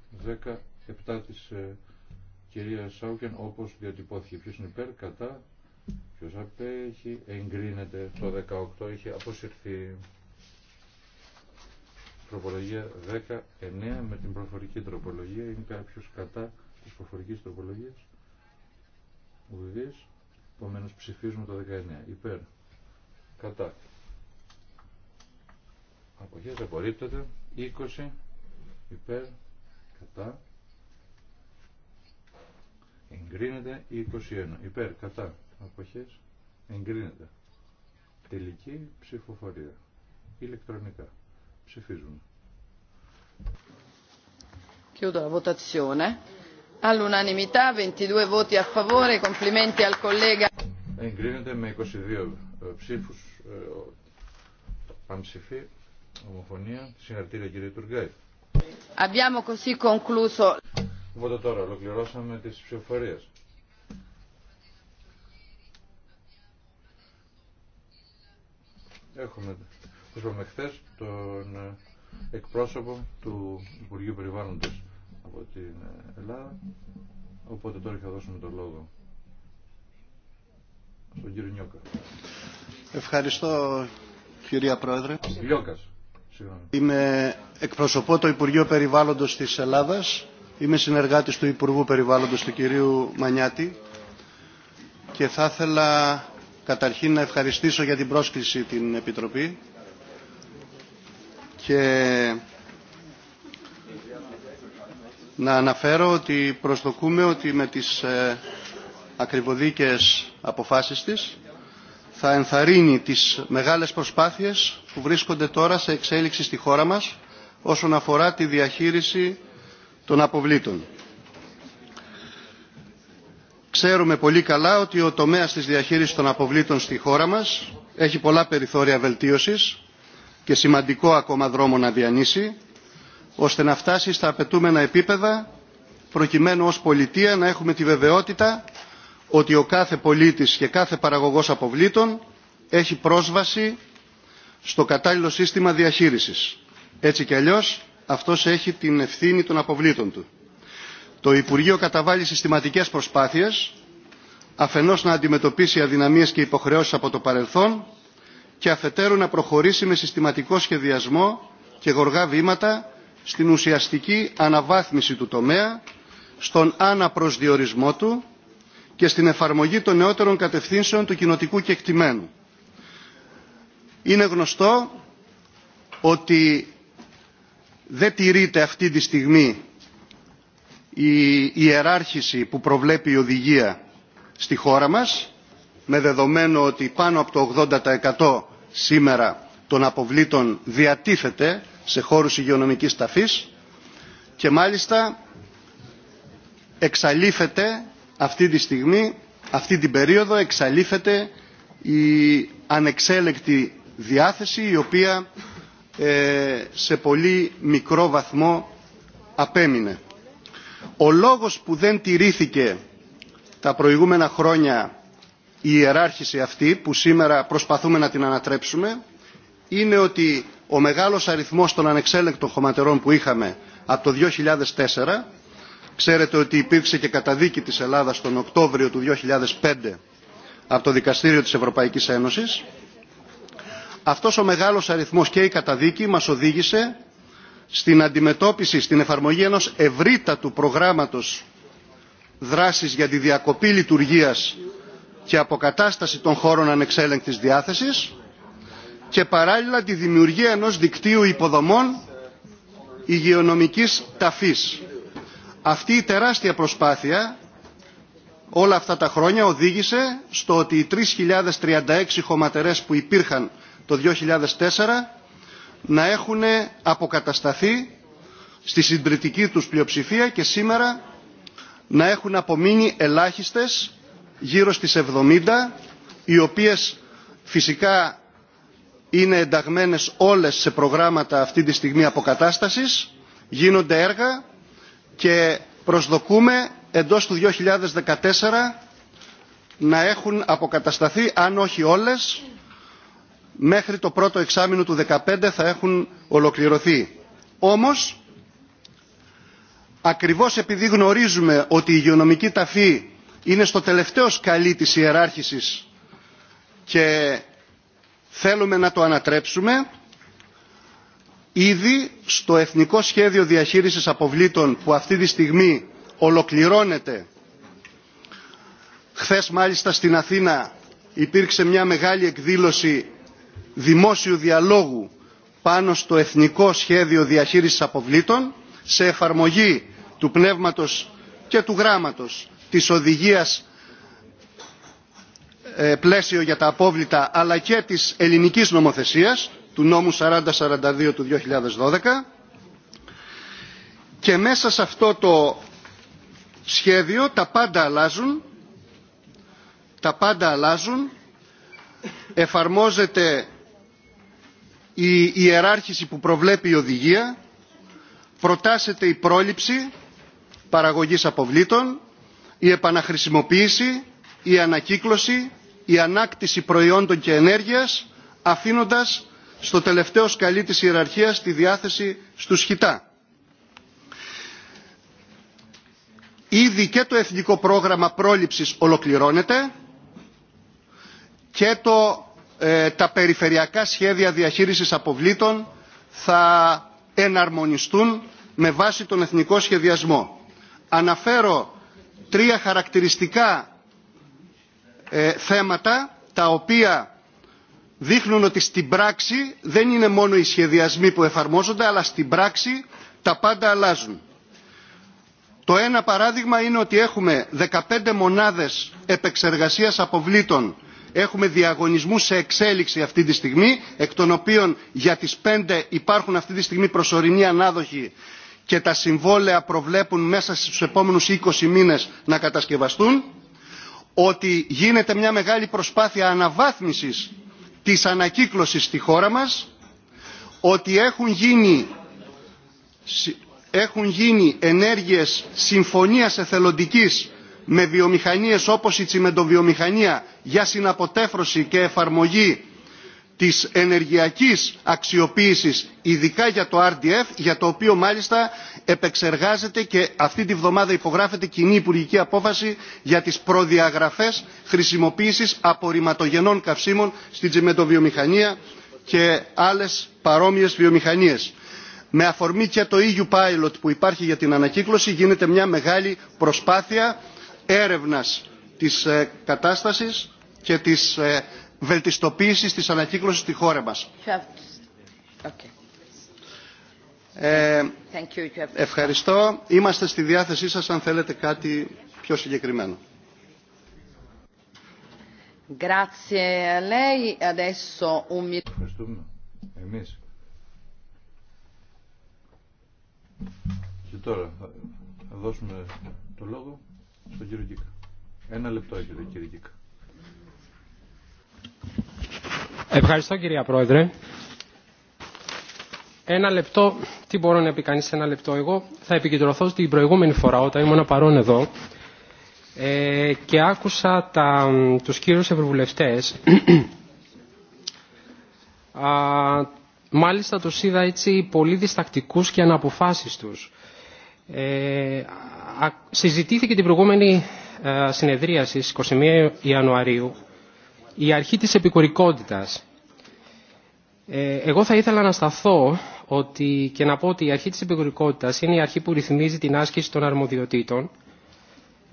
17 της ε, κυρία Σάουκεν όπως διατυπώθηκε. Ποιος είναι υπέρ, κατά, ποιος απέχει, εγκρίνεται το 18, είχε αποσυρθεί τροπολογία 19 με την προφορική τροπολογία. Είναι κάποιος κατά της προφορικής τροπολογίας. Ουδής. Επομένως ψηφίζουμε το 19. Υπέρ. Κατά. Αποχές απορρίπτεται. 20 υπέρ, κατά, εγκρίνεται, 21 υπέρ, κατά, αποχές, εγκρίνεται. Τελική ψηφοφορία, ηλεκτρονικά, ψηφίζουμε. Chiudo la votazione. All'unanimità 22 voti a favore, complimenti al collega. Εγκρίνεται με 22 ε, ψήφους, ε, ψηφι ομοφωνία. Συγχαρητήρια κύριε Τουργκάη. Abbiamo così concluso. Οπότε τώρα ολοκληρώσαμε τι ψηφοφορίε. Έχουμε, όπως είπαμε χθες, τον εκπρόσωπο του Υπουργείου Περιβάλλοντο από την Ελλάδα. Οπότε τώρα θα δώσουμε το λόγο στον κύριο Νιώκα. Ευχαριστώ κυρία Πρόεδρε. Νιώκας. Είμαι, εκπροσωπώ το Υπουργείο Περιβάλλοντος της Ελλάδας. Είμαι συνεργάτης του Υπουργού Περιβάλλοντος του κυρίου Μανιάτη και θα ήθελα καταρχήν να ευχαριστήσω για την πρόσκληση την Επιτροπή και να αναφέρω ότι προσδοκούμε ότι με τις ε, ακριβοδίκες αποφάσεις της θα ενθαρρύνει τις μεγάλες προσπάθειες που βρίσκονται τώρα σε εξέλιξη στη χώρα μας όσον αφορά τη διαχείριση των αποβλήτων. Ξέρουμε πολύ καλά ότι ο τομέας της διαχείρισης των αποβλήτων στη χώρα μας έχει πολλά περιθώρια βελτίωσης και σημαντικό ακόμα δρόμο να διανύσει, ώστε να φτάσει στα απαιτούμενα επίπεδα, προκειμένου ως πολιτεία να έχουμε τη βεβαιότητα ότι ο κάθε πολίτης και κάθε παραγωγός αποβλήτων έχει πρόσβαση στο κατάλληλο σύστημα διαχείρισης. Έτσι κι αλλιώς αυτός έχει την ευθύνη των αποβλήτων του. Το Υπουργείο καταβάλει συστηματικές προσπάθειες αφενός να αντιμετωπίσει αδυναμίες και υποχρεώσεις από το παρελθόν και αφετέρου να προχωρήσει με συστηματικό σχεδιασμό και γοργά βήματα στην ουσιαστική αναβάθμιση του τομέα, στον αναπροσδιορισμό του και στην εφαρμογή των νεότερων κατευθύνσεων του κοινοτικού κεκτημένου. Είναι γνωστό ότι δεν τηρείται αυτή τη στιγμή η ιεράρχηση που προβλέπει η οδηγία στη χώρα μας, με δεδομένο ότι πάνω από το 80% σήμερα των αποβλήτων διατίθεται σε χώρους υγειονομικής ταφής και μάλιστα εξαλείφεται αυτή τη στιγμή, αυτή την περίοδο εξαλείφεται η ανεξέλεκτη διάθεση η οποία ε, σε πολύ μικρό βαθμό απέμεινε. Ο λόγος που δεν τηρήθηκε τα προηγούμενα χρόνια η ιεράρχηση αυτή που σήμερα προσπαθούμε να την ανατρέψουμε είναι ότι ο μεγάλος αριθμός των ανεξέλεκτων χωματερών που είχαμε από το 2004 Ξέρετε ότι υπήρξε και καταδίκη της Ελλάδας τον Οκτώβριο του 2005 από το Δικαστήριο της Ευρωπαϊκής Ένωσης. Αυτός ο μεγάλος αριθμός και η καταδίκη μας οδήγησε στην αντιμετώπιση, στην εφαρμογή ενός ευρύτατου προγράμματος δράσης για τη διακοπή λειτουργίας και αποκατάσταση των χώρων ανεξέλεγκτης διάθεσης και παράλληλα τη δημιουργία ενός δικτύου υποδομών υγειονομικής ταφής αυτή η τεράστια προσπάθεια όλα αυτά τα χρόνια οδήγησε στο ότι οι 3.036 χωματερές που υπήρχαν το 2004 να έχουν αποκατασταθεί στη συντριπτική τους πλειοψηφία και σήμερα να έχουν απομείνει ελάχιστες γύρω στις 70 οι οποίες φυσικά είναι ενταγμένες όλες σε προγράμματα αυτή τη στιγμή αποκατάστασης γίνονται έργα και προσδοκούμε εντός του 2014 να έχουν αποκατασταθεί, αν όχι όλες, μέχρι το πρώτο εξάμεινο του 2015 θα έχουν ολοκληρωθεί. Όμως, ακριβώς επειδή γνωρίζουμε ότι η υγειονομική ταφή είναι στο τελευταίο σκαλί της ιεράρχησης και θέλουμε να το ανατρέψουμε, Ήδη στο Εθνικό Σχέδιο Διαχείρισης Αποβλήτων που αυτή τη στιγμή ολοκληρώνεται, χθες μάλιστα στην Αθήνα υπήρξε μια μεγάλη εκδήλωση δημόσιου διαλόγου πάνω στο Εθνικό Σχέδιο Διαχείρισης Αποβλήτων σε εφαρμογή του πνεύματος και του γράμματος της οδηγίας ε, πλαίσιο για τα απόβλητα αλλά και της ελληνικής νομοθεσίας του νόμου 4042 του 2012 και μέσα σε αυτό το σχέδιο τα πάντα αλλάζουν τα πάντα αλλάζουν εφαρμόζεται η ιεράρχηση που προβλέπει η οδηγία προτάσεται η πρόληψη παραγωγής αποβλήτων η επαναχρησιμοποίηση η ανακύκλωση η ανάκτηση προϊόντων και ενέργειας αφήνοντας στο τελευταίο σκαλί της ιεραρχίας τη διάθεση στους χιτά. Ήδη και το Εθνικό Πρόγραμμα Πρόληψης ολοκληρώνεται και το, ε, τα περιφερειακά σχέδια διαχείρισης αποβλήτων θα εναρμονιστούν με βάση τον εθνικό σχεδιασμό. Αναφέρω τρία χαρακτηριστικά ε, θέματα τα οποία δείχνουν ότι στην πράξη δεν είναι μόνο οι σχεδιασμοί που εφαρμόζονται αλλά στην πράξη τα πάντα αλλάζουν. Το ένα παράδειγμα είναι ότι έχουμε 15 μονάδες επεξεργασίας αποβλήτων. Έχουμε διαγωνισμούς σε εξέλιξη αυτή τη στιγμή, εκ των οποίων για τις 5 υπάρχουν αυτή τη στιγμή προσωρινή ανάδοχοι και τα συμβόλαια προβλέπουν μέσα στους επόμενους 20 μήνες να κατασκευαστούν, ότι γίνεται μια μεγάλη προσπάθεια αναβάθμισης της ανακύκλωσης στη χώρα μας, ότι έχουν γίνει, έχουν γίνει ενέργειες συμφωνίας εθελοντικής με βιομηχανίες όπως η τσιμεντοβιομηχανία για συναποτέφρωση και εφαρμογή της ενεργειακής αξιοποίησης ειδικά για το RDF για το οποίο μάλιστα επεξεργάζεται και αυτή τη βδομάδα υπογράφεται κοινή υπουργική απόφαση για τις προδιαγραφές χρησιμοποίησης απορριμματογενών καυσίμων στην τσιμεντοβιομηχανία και άλλες παρόμοιες βιομηχανίες. Με αφορμή και το EU Pilot που υπάρχει για την ανακύκλωση γίνεται μια μεγάλη προσπάθεια έρευνας της ε, κατάστασης και της ε, βελτιστοποίησης της ανακύκλωσης στη χώρα μας. Ε, ευχαριστώ. Είμαστε στη διάθεσή σας αν θέλετε κάτι πιο συγκεκριμένο. Ευχαριστούμε. Εμείς. Και τώρα θα δώσουμε το λόγο στον κύριο Κίκα. Ένα λεπτό κύριε Κίκα. Ευχαριστώ κυρία Πρόεδρε. Ένα λεπτό, τι μπορώ να πει κανεί ένα λεπτό. Εγώ θα επικεντρωθώ στην προηγούμενη φορά όταν ήμουν παρόν εδώ ε, και άκουσα τα, τους κύριους ευρωβουλευτές. Α, μάλιστα τους είδα έτσι πολύ διστακτικούς και αναποφάσιστους ε, συζητήθηκε την προηγούμενη ε, συνεδρίαση στις 21 Ιανουαρίου η αρχή της επικουρικότητας. Ε, εγώ θα ήθελα να σταθώ ότι, και να πω ότι η αρχή της επικουρικότητας είναι η αρχή που ρυθμίζει την άσκηση των αρμοδιοτήτων.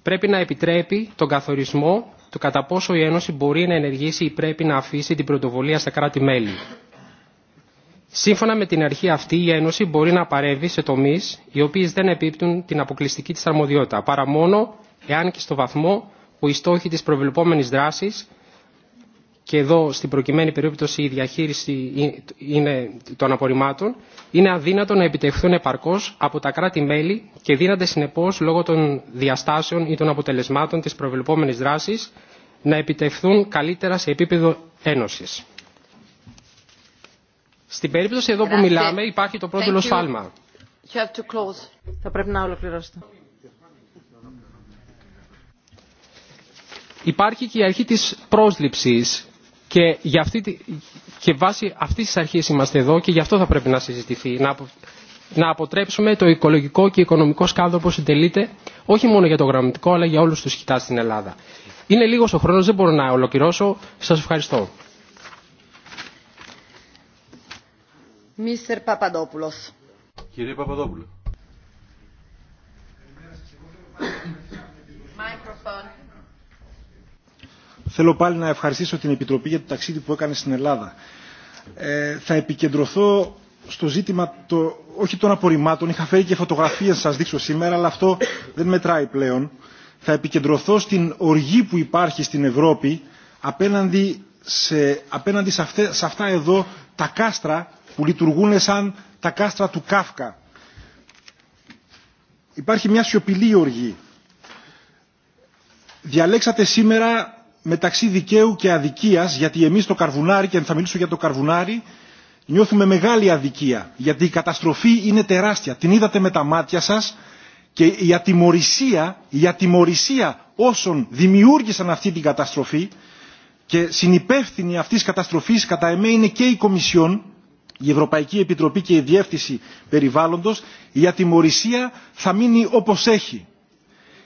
Πρέπει να επιτρέπει τον καθορισμό του κατά πόσο η Ένωση μπορεί να ενεργήσει ή πρέπει να αφήσει την πρωτοβολία στα κράτη-μέλη. Σύμφωνα με την αρχή αυτή, η Ένωση μπορεί να παρεύει σε τομεί οι οποίε δεν επίπτουν την αποκλειστική τη αρμοδιότητα, παρά μόνο εάν και στο βαθμό που οι στόχοι τη προβλεπόμενη δράση και εδώ στην προκειμένη περίπτωση η διαχείριση είναι των απορριμμάτων, είναι αδύνατο να επιτευχθούν επαρκώ από τα κράτη-μέλη και δύναται συνεπώ λόγω των διαστάσεων ή των αποτελεσμάτων τη προβλεπόμενη δράση να επιτευχθούν καλύτερα σε επίπεδο Ένωση. Στην περίπτωση εδώ που μιλάμε υπάρχει το πρώτο σφάλμα. Θα πρέπει να Υπάρχει και η αρχή της πρόσληψης και, για αυτή, και βάσει αυτής της αρχής είμαστε εδώ και γι' αυτό θα πρέπει να συζητηθεί. Να, αποτρέψουμε το οικολογικό και οικονομικό σκάδο που συντελείται όχι μόνο για το γραμματικό αλλά για όλους τους χιτάς στην Ελλάδα. Είναι λίγο ο χρόνο, δεν μπορώ να ολοκληρώσω. Σας ευχαριστώ. Θέλω πάλι να ευχαριστήσω την Επιτροπή για το ταξίδι που έκανε στην Ελλάδα. Ε, θα επικεντρωθώ στο ζήτημα το, όχι των απορριμμάτων. Είχα φέρει και φωτογραφίες σας δείξω σήμερα, αλλά αυτό δεν μετράει πλέον. Θα επικεντρωθώ στην οργή που υπάρχει στην Ευρώπη απέναντι σε, απέναντι σε, σε αυτά εδώ τα κάστρα που λειτουργούν σαν τα κάστρα του Κάφκα. Υπάρχει μια σιωπηλή οργή. Διαλέξατε σήμερα μεταξύ δικαίου και αδικίας, γιατί εμείς το καρβουνάρι, και θα μιλήσω για το καρβουνάρι, νιώθουμε μεγάλη αδικία, γιατί η καταστροφή είναι τεράστια. Την είδατε με τα μάτια σας και η ατιμορρησία, η ατιμορρησία όσων δημιούργησαν αυτή την καταστροφή και συνυπεύθυνοι αυτής της καταστροφής κατά εμέ είναι και η Κομισιόν, η Ευρωπαϊκή Επιτροπή και η Διεύθυνση Περιβάλλοντος, η ατιμορρησία θα μείνει όπως έχει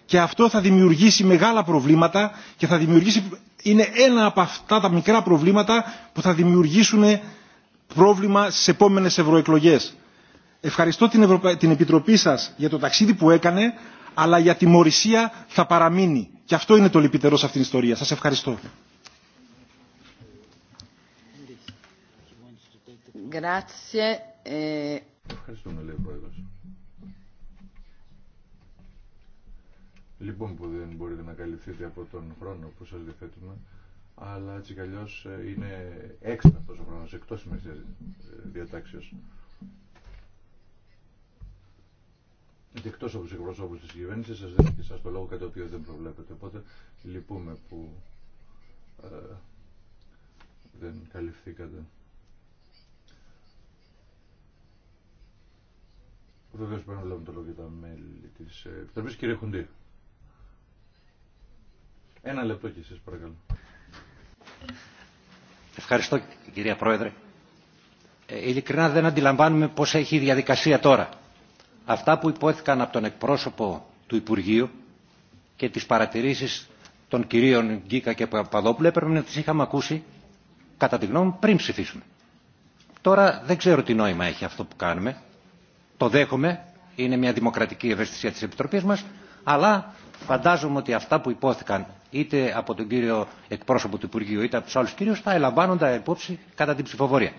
και αυτό θα δημιουργήσει μεγάλα προβλήματα και θα δημιουργήσει, είναι ένα από αυτά τα μικρά προβλήματα που θα δημιουργήσουν πρόβλημα στις επόμενες ευρωεκλογές. Ευχαριστώ την, την Επιτροπή σας για το ταξίδι που έκανε, αλλά για τη μορισία θα παραμείνει. Και αυτό είναι το λυπητερό σε αυτήν την ιστορία. Σας ευχαριστώ. Ε. Λοιπόν που δεν μπορείτε να καλυφθείτε από τον χρόνο που σας διαθέτουμε, αλλά έτσι κι ε, είναι έξτρα αυτός ο χρόνος, εκτός ημερησίας ε, διατάξεως. Και εκτός από τους εκπροσώπους της κυβέρνησης σας δίνω και σας το λόγο κάτι το οποίο δεν προβλέπετε. Οπότε λυπούμε που ε, δεν καλυφθήκατε. Βεβαίω πρέπει να βλέπουμε το λόγο για τα μέλη τη Επιτροπή. Κύριε Χουντή. Ένα λεπτό και εσείς παρακαλώ. Ευχαριστώ κυρία Πρόεδρε. Ε, ειλικρινά δεν αντιλαμβάνουμε πώς έχει η διαδικασία τώρα. Αυτά που υπόθηκαν από τον εκπρόσωπο του Υπουργείου και τις παρατηρήσεις των κυρίων Γκίκα και Παπαδόπουλου έπρεπε να τις είχαμε ακούσει κατά τη γνώμη μου πριν ψηφίσουμε. Τώρα δεν ξέρω τι νόημα έχει αυτό που κάνουμε. Το δέχομαι, είναι μια δημοκρατική ευαισθησία της Επιτροπής μας, αλλά Φαντάζομαι ότι αυτά που υπόθηκαν είτε από τον κύριο εκπρόσωπο του Υπουργείου είτε από του άλλου κύριου θα ελαμβάνονται υπόψη κατά την ψηφοφορία.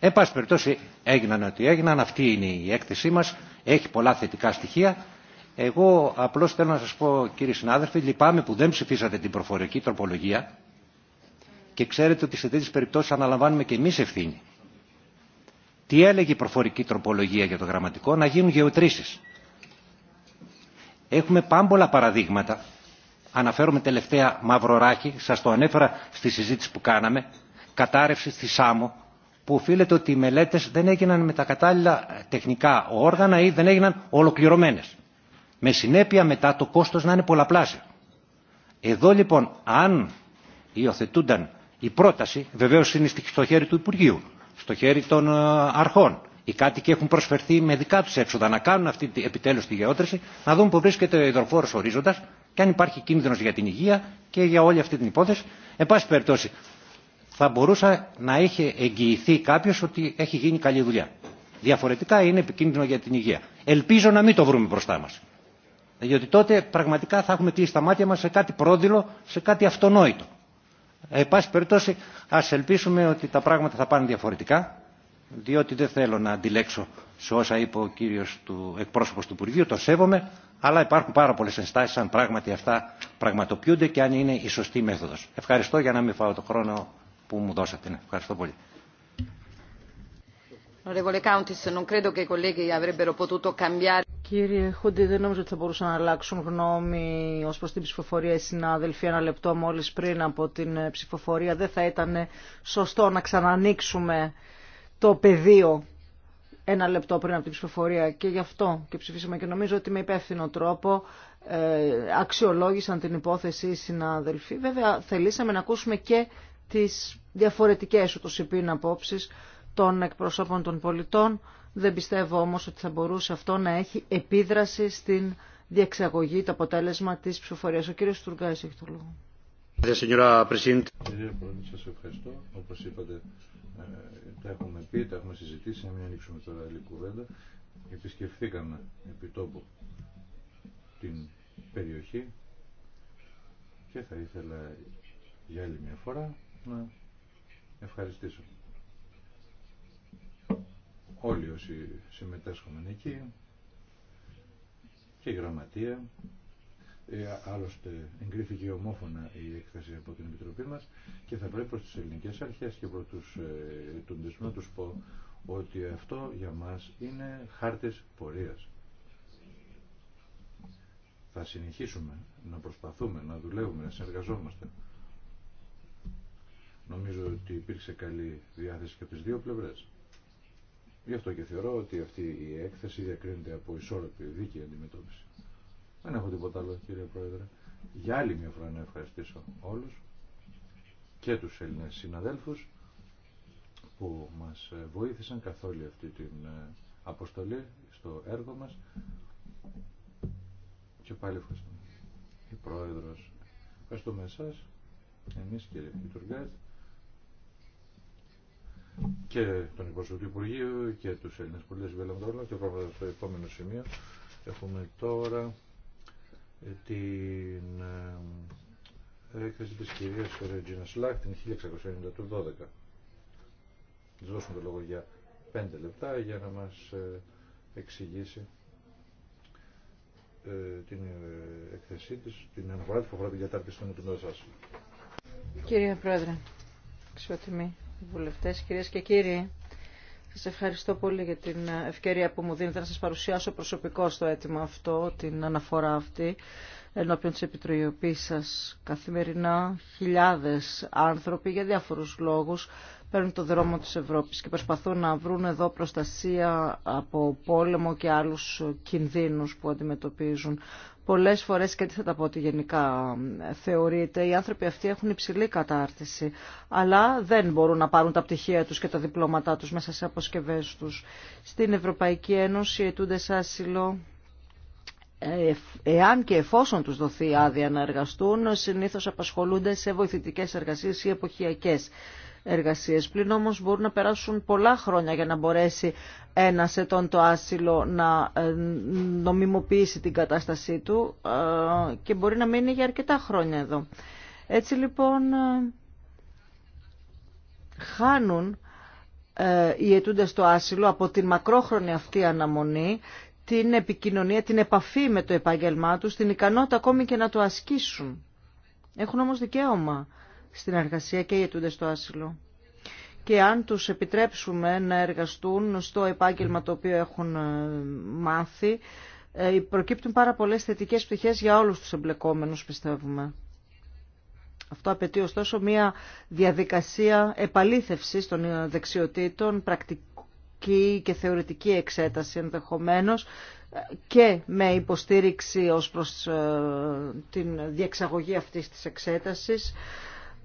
Εν πάση περιπτώσει έγιναν ό,τι έγιναν, αυτή είναι η έκθεσή μα, έχει πολλά θετικά στοιχεία. Εγώ απλώ θέλω να σα πω κύριοι συνάδελφοι, λυπάμαι που δεν ψηφίσατε την προφορική τροπολογία και ξέρετε ότι σε τέτοιε περιπτώσει αναλαμβάνουμε και εμεί ευθύνη. Τι έλεγε η προφορική τροπολογία για το γραμματικό, να γίνουν γεωτρήσει. Έχουμε πάμπολα παραδείγματα. Αναφέρομαι τελευταία μαυροράκι, σας το ανέφερα στη συζήτηση που κάναμε, κατάρρευση στη Σάμο, που οφείλεται ότι οι μελέτες δεν έγιναν με τα κατάλληλα τεχνικά όργανα ή δεν έγιναν ολοκληρωμένες. Με συνέπεια μετά το κόστος να είναι πολλαπλάσιο. Εδώ λοιπόν αν υιοθετούνταν η πρόταση, βεβαίως είναι στο χέρι του Υπουργείου, στο χέρι των ε, αρχών, οι κάτοικοι έχουν προσφερθεί με δικά του έξοδα να κάνουν αυτή επιτέλου τη γεώτρηση, να δουν που βρίσκεται ο υδροφόρο ορίζοντα και αν υπάρχει κίνδυνο για την υγεία και για όλη αυτή την υπόθεση. Εν πάση περιπτώσει, θα μπορούσε να έχει εγγυηθεί κάποιο ότι έχει γίνει καλή δουλειά. Διαφορετικά είναι επικίνδυνο για την υγεία. Ελπίζω να μην το βρούμε μπροστά μα. Διότι τότε πραγματικά θα έχουμε κλείσει τα μάτια μα σε κάτι πρόδειλο, σε κάτι αυτονόητο. Εν πάση περιπτώσει, α ελπίσουμε ότι τα πράγματα θα πάνε διαφορετικά διότι δεν θέλω να αντιλέξω σε όσα είπε ο κύριος του, εκπρόσωπος του Υπουργείου, το σέβομαι, αλλά υπάρχουν πάρα πολλές ενστάσεις αν πράγματι αυτά πραγματοποιούνται και αν είναι η σωστή μέθοδος. Ευχαριστώ για να μην φάω το χρόνο που μου δώσατε. Ευχαριστώ πολύ. Κύριε Χούντι, δεν νομίζω ότι θα μπορούσαν να αλλάξουν γνώμη ω προ την ψηφοφορία οι συνάδελφοι ένα λεπτό μόλι πριν από την ψηφοφορία. Δεν θα ήταν σωστό να ξανανοίξουμε το πεδίο ένα λεπτό πριν από την ψηφοφορία και γι' αυτό και ψηφίσαμε και νομίζω ότι με υπεύθυνο τρόπο ε, αξιολόγησαν την υπόθεση οι συνάδελφοι. Βέβαια θελήσαμε να ακούσουμε και τις διαφορετικές ούτως υπήν απόψεις των εκπροσώπων των πολιτών. Δεν πιστεύω όμως ότι θα μπορούσε αυτό να έχει επίδραση στην διεξαγωγή, το αποτέλεσμα της ψηφοφορίας. Ο κύριος Στουργάης έχει το λόγο. Κύριε Πρόεδρε, σας ευχαριστώ. Όπως είπατε, ε, τα έχουμε πει, τα έχουμε συζητήσει, να μην ανοίξουμε τώρα άλλη κουβέντα. Επισκεφθήκαμε επί τόπου την περιοχή και θα ήθελα για άλλη μια φορά να ευχαριστήσω όλοι όσοι συμμετέσχομαι εκεί και η γραμματεία ε, άλλωστε εγκρίθηκε ομόφωνα η έκθεση από την Επιτροπή μας και θα πρέπει προς τις ελληνικές αρχές και προς τους ε, τον να τους πω ότι αυτό για μας είναι χάρτης πορείας. Θα συνεχίσουμε να προσπαθούμε, να δουλεύουμε, να συνεργαζόμαστε. Νομίζω ότι υπήρξε καλή διάθεση και από τις δύο πλευρές. Γι' αυτό και θεωρώ ότι αυτή η έκθεση διακρίνεται από ισόρροπη δίκαιη αντιμετώπιση. Δεν έχω τίποτα άλλο κύριε Πρόεδρε. Για άλλη μια φορά να ευχαριστήσω όλους και τους Έλληνες συναδέλφους που μας ε, βοήθησαν καθ' όλη αυτή την ε, αποστολή στο έργο μας και πάλι ευχαριστούμε. Η Πρόεδρος. Ευχαριστούμε εσάς, εμείς κύριε Ιτουργκάτ και τον Υπουργό του Υπουργείου και τους Έλληνες Πολίτες και πάμε στο επόμενο σημείο. Έχουμε τώρα την ε, έκθεση της κυρίας Ρετζίνα Σλάχ την 1690 του 12. Της δώσουμε το λόγο για 5 λεπτά για να μας ε, εξηγήσει ε, την εκθεσή της, την αναφορά της που αφορά την κατάρτιση των σας. Κύριε Πρόεδρε, αξιότιμοι βουλευτές, κυρίες και κύριοι, σας ευχαριστώ πολύ για την ευκαιρία που μου δίνετε να σας παρουσιάσω προσωπικό στο αίτημα αυτό, την αναφορά αυτή, ενώπιον της επιτροπής σα Καθημερινά χιλιάδες άνθρωποι για διάφορους λόγους παίρνουν το δρόμο της Ευρώπης και προσπαθούν να βρουν εδώ προστασία από πόλεμο και άλλους κινδύνους που αντιμετωπίζουν πολλές φορές και τι θα τα πω ότι γενικά θεωρείται, οι άνθρωποι αυτοί έχουν υψηλή κατάρτιση, αλλά δεν μπορούν να πάρουν τα πτυχία τους και τα διπλώματά τους μέσα σε αποσκευές τους. Στην Ευρωπαϊκή Ένωση σε άσυλο ε, εάν και εφόσον τους δοθεί άδεια να εργαστούν, συνήθως απασχολούνται σε βοηθητικές εργασίες ή εποχιακές εργασίες. Πλην όμως μπορούν να περάσουν πολλά χρόνια για να μπορέσει ένα ετών το άσυλο να ε, νομιμοποιήσει την κατάστασή του ε, και μπορεί να μείνει για αρκετά χρόνια εδώ. Έτσι λοιπόν ε, χάνουν οι αιτούντες το άσυλο από την μακρόχρονη αυτή αναμονή την επικοινωνία, την επαφή με το επάγγελμά τους, την ικανότητα ακόμη και να το ασκήσουν. Έχουν όμως δικαίωμα στην εργασία και οι αιτούντες στο άσυλο. Και αν τους επιτρέψουμε να εργαστούν στο επάγγελμα το οποίο έχουν ε, μάθει, ε, προκύπτουν πάρα πολλές θετικές πτυχές για όλους τους εμπλεκόμενους, πιστεύουμε. Αυτό απαιτεί ωστόσο μια διαδικασία επαλήθευσης των ε, δεξιοτήτων, πρακτική και θεωρητική εξέταση ενδεχομένως και με υποστήριξη ως προς την διεξαγωγή αυτής της εξέτασης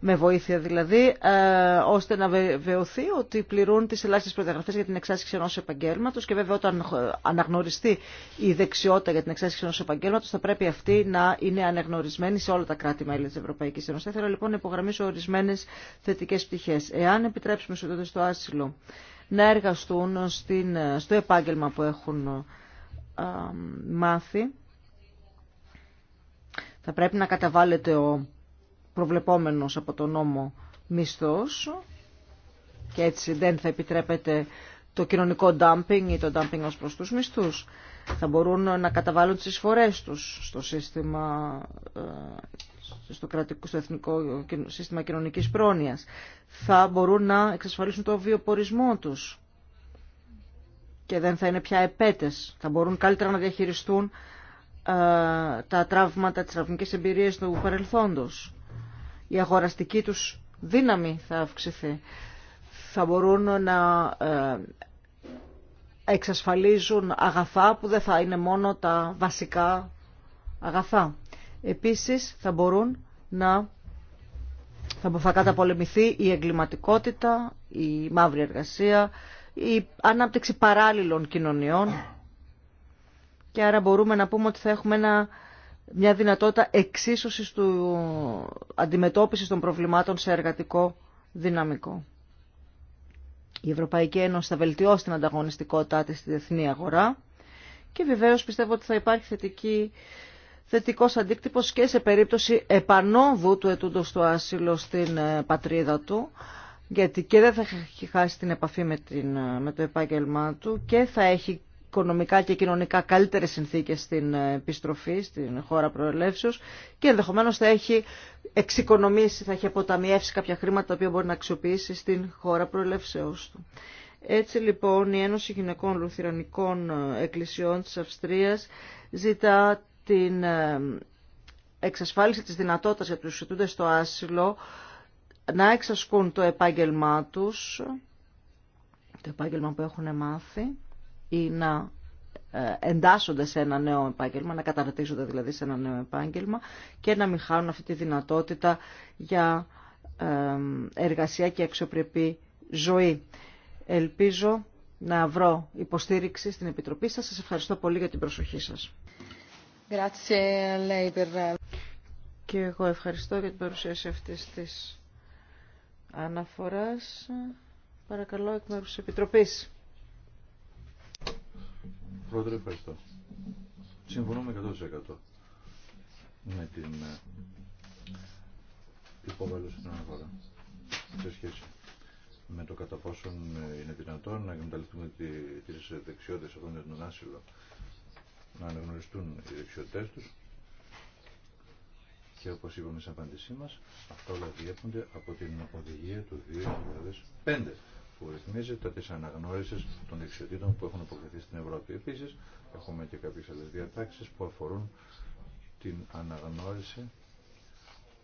με βοήθεια δηλαδή, ε, ώστε να βεβαιωθεί ότι πληρούν τις ελάχιστες προδιαγραφές για την εξάσκηση ενός επαγγέλματος και βέβαια όταν αναγνωριστεί η δεξιότητα για την εξάσκηση ενός επαγγέλματος θα πρέπει αυτή να είναι αναγνωρισμένη σε όλα τα κράτη-μέλη της Ευρωπαϊκής Ένωσης. Θα λοιπόν να υπογραμμίσω ορισμένες θετικές πτυχές. Εάν επιτρέψουμε στους στο άσυλο να εργαστούν στο επάγγελμα που έχουν ε, μάθει, θα πρέπει να καταβάλλεται ο προβλεπόμενος από τον νόμο μισθός και έτσι δεν θα επιτρέπεται το κοινωνικό dumping ή το dumping ως προς τους μισθούς. Θα μπορούν να καταβάλουν τις εισφορές τους στο σύστημα ε, στο, κρατικό, στο εθνικό σύστημα κοινωνικής πρόνοιας. Θα μπορούν να εξασφαλίσουν το βιοπορισμό τους και δεν θα είναι πια επέτες. Θα μπορούν καλύτερα να διαχειριστούν ε, τα τραύματα, τις τραυμικές εμπειρίες του παρελθόντος η αγοραστική τους δύναμη θα αυξηθεί. Θα μπορούν να ε, εξασφαλίζουν αγαθά που δεν θα είναι μόνο τα βασικά αγαθά. Επίσης θα μπορούν να θα καταπολεμηθεί η εγκληματικότητα, η μαύρη εργασία, η ανάπτυξη παράλληλων κοινωνιών και άρα μπορούμε να πούμε ότι θα έχουμε ένα μια δυνατότητα εξίσωσης του αντιμετώπισης των προβλημάτων σε εργατικό δυναμικό. Η Ευρωπαϊκή Ένωση θα βελτιώσει την ανταγωνιστικότητά της στη διεθνή αγορά και βεβαίως πιστεύω ότι θα υπάρχει θετική, θετικός αντίκτυπος και σε περίπτωση επανόδου του ετούντος του άσυλο στην ε, πατρίδα του γιατί και δεν θα έχει χάσει την επαφή με ε, το επάγγελμά του και θα έχει οικονομικά και κοινωνικά καλύτερες συνθήκες στην επιστροφή, στην χώρα προελεύσεως και ενδεχομένως θα έχει εξοικονομήσει, θα έχει αποταμιεύσει κάποια χρήματα τα οποία μπορεί να αξιοποιήσει στην χώρα προελεύσεως του. Έτσι λοιπόν η Ένωση Γυναικών Λουθυρανικών Εκκλησιών της Αυστρίας ζητά την ε, εξασφάλιση της δυνατότητας για τους ιστοτούντες στο άσυλο να εξασκούν το επάγγελμά τους, το επάγγελμα που έχουν μάθει, ή να ε, εντάσσονται σε ένα νέο επάγγελμα, να καταρτίζονται δηλαδή σε ένα νέο επάγγελμα και να μην χάνουν αυτή τη δυνατότητα για ε, εργασία και αξιοπρεπή ζωή. Ελπίζω να βρω υποστήριξη στην Επιτροπή σας. Σας ευχαριστώ πολύ για την προσοχή σας. Και εγώ ευχαριστώ για την παρουσίαση αυτής της αναφοράς. Παρακαλώ εκ μέρους της Επιτροπής. Πρόεδρε, ευχαριστώ. Συμφωνούμε 100% με την ε, υπόβαλωση στην αναφορά σε σχέση με το κατά πόσον ε, είναι δυνατόν να εκμεταλλευτούμε τις δεξιότητες αυτών για τον άσυλο να αναγνωριστούν οι δεξιότητε τους και όπως είπαμε σε απάντησή μα, αυτά όλα διέπονται από την οδηγία του 2005 που ρυθμίζεται τη αναγνώριση των δεξιοτήτων που έχουν αποκριθεί στην Ευρώπη. Επίση, έχουμε και κάποιε άλλε διατάξει που αφορούν την αναγνώριση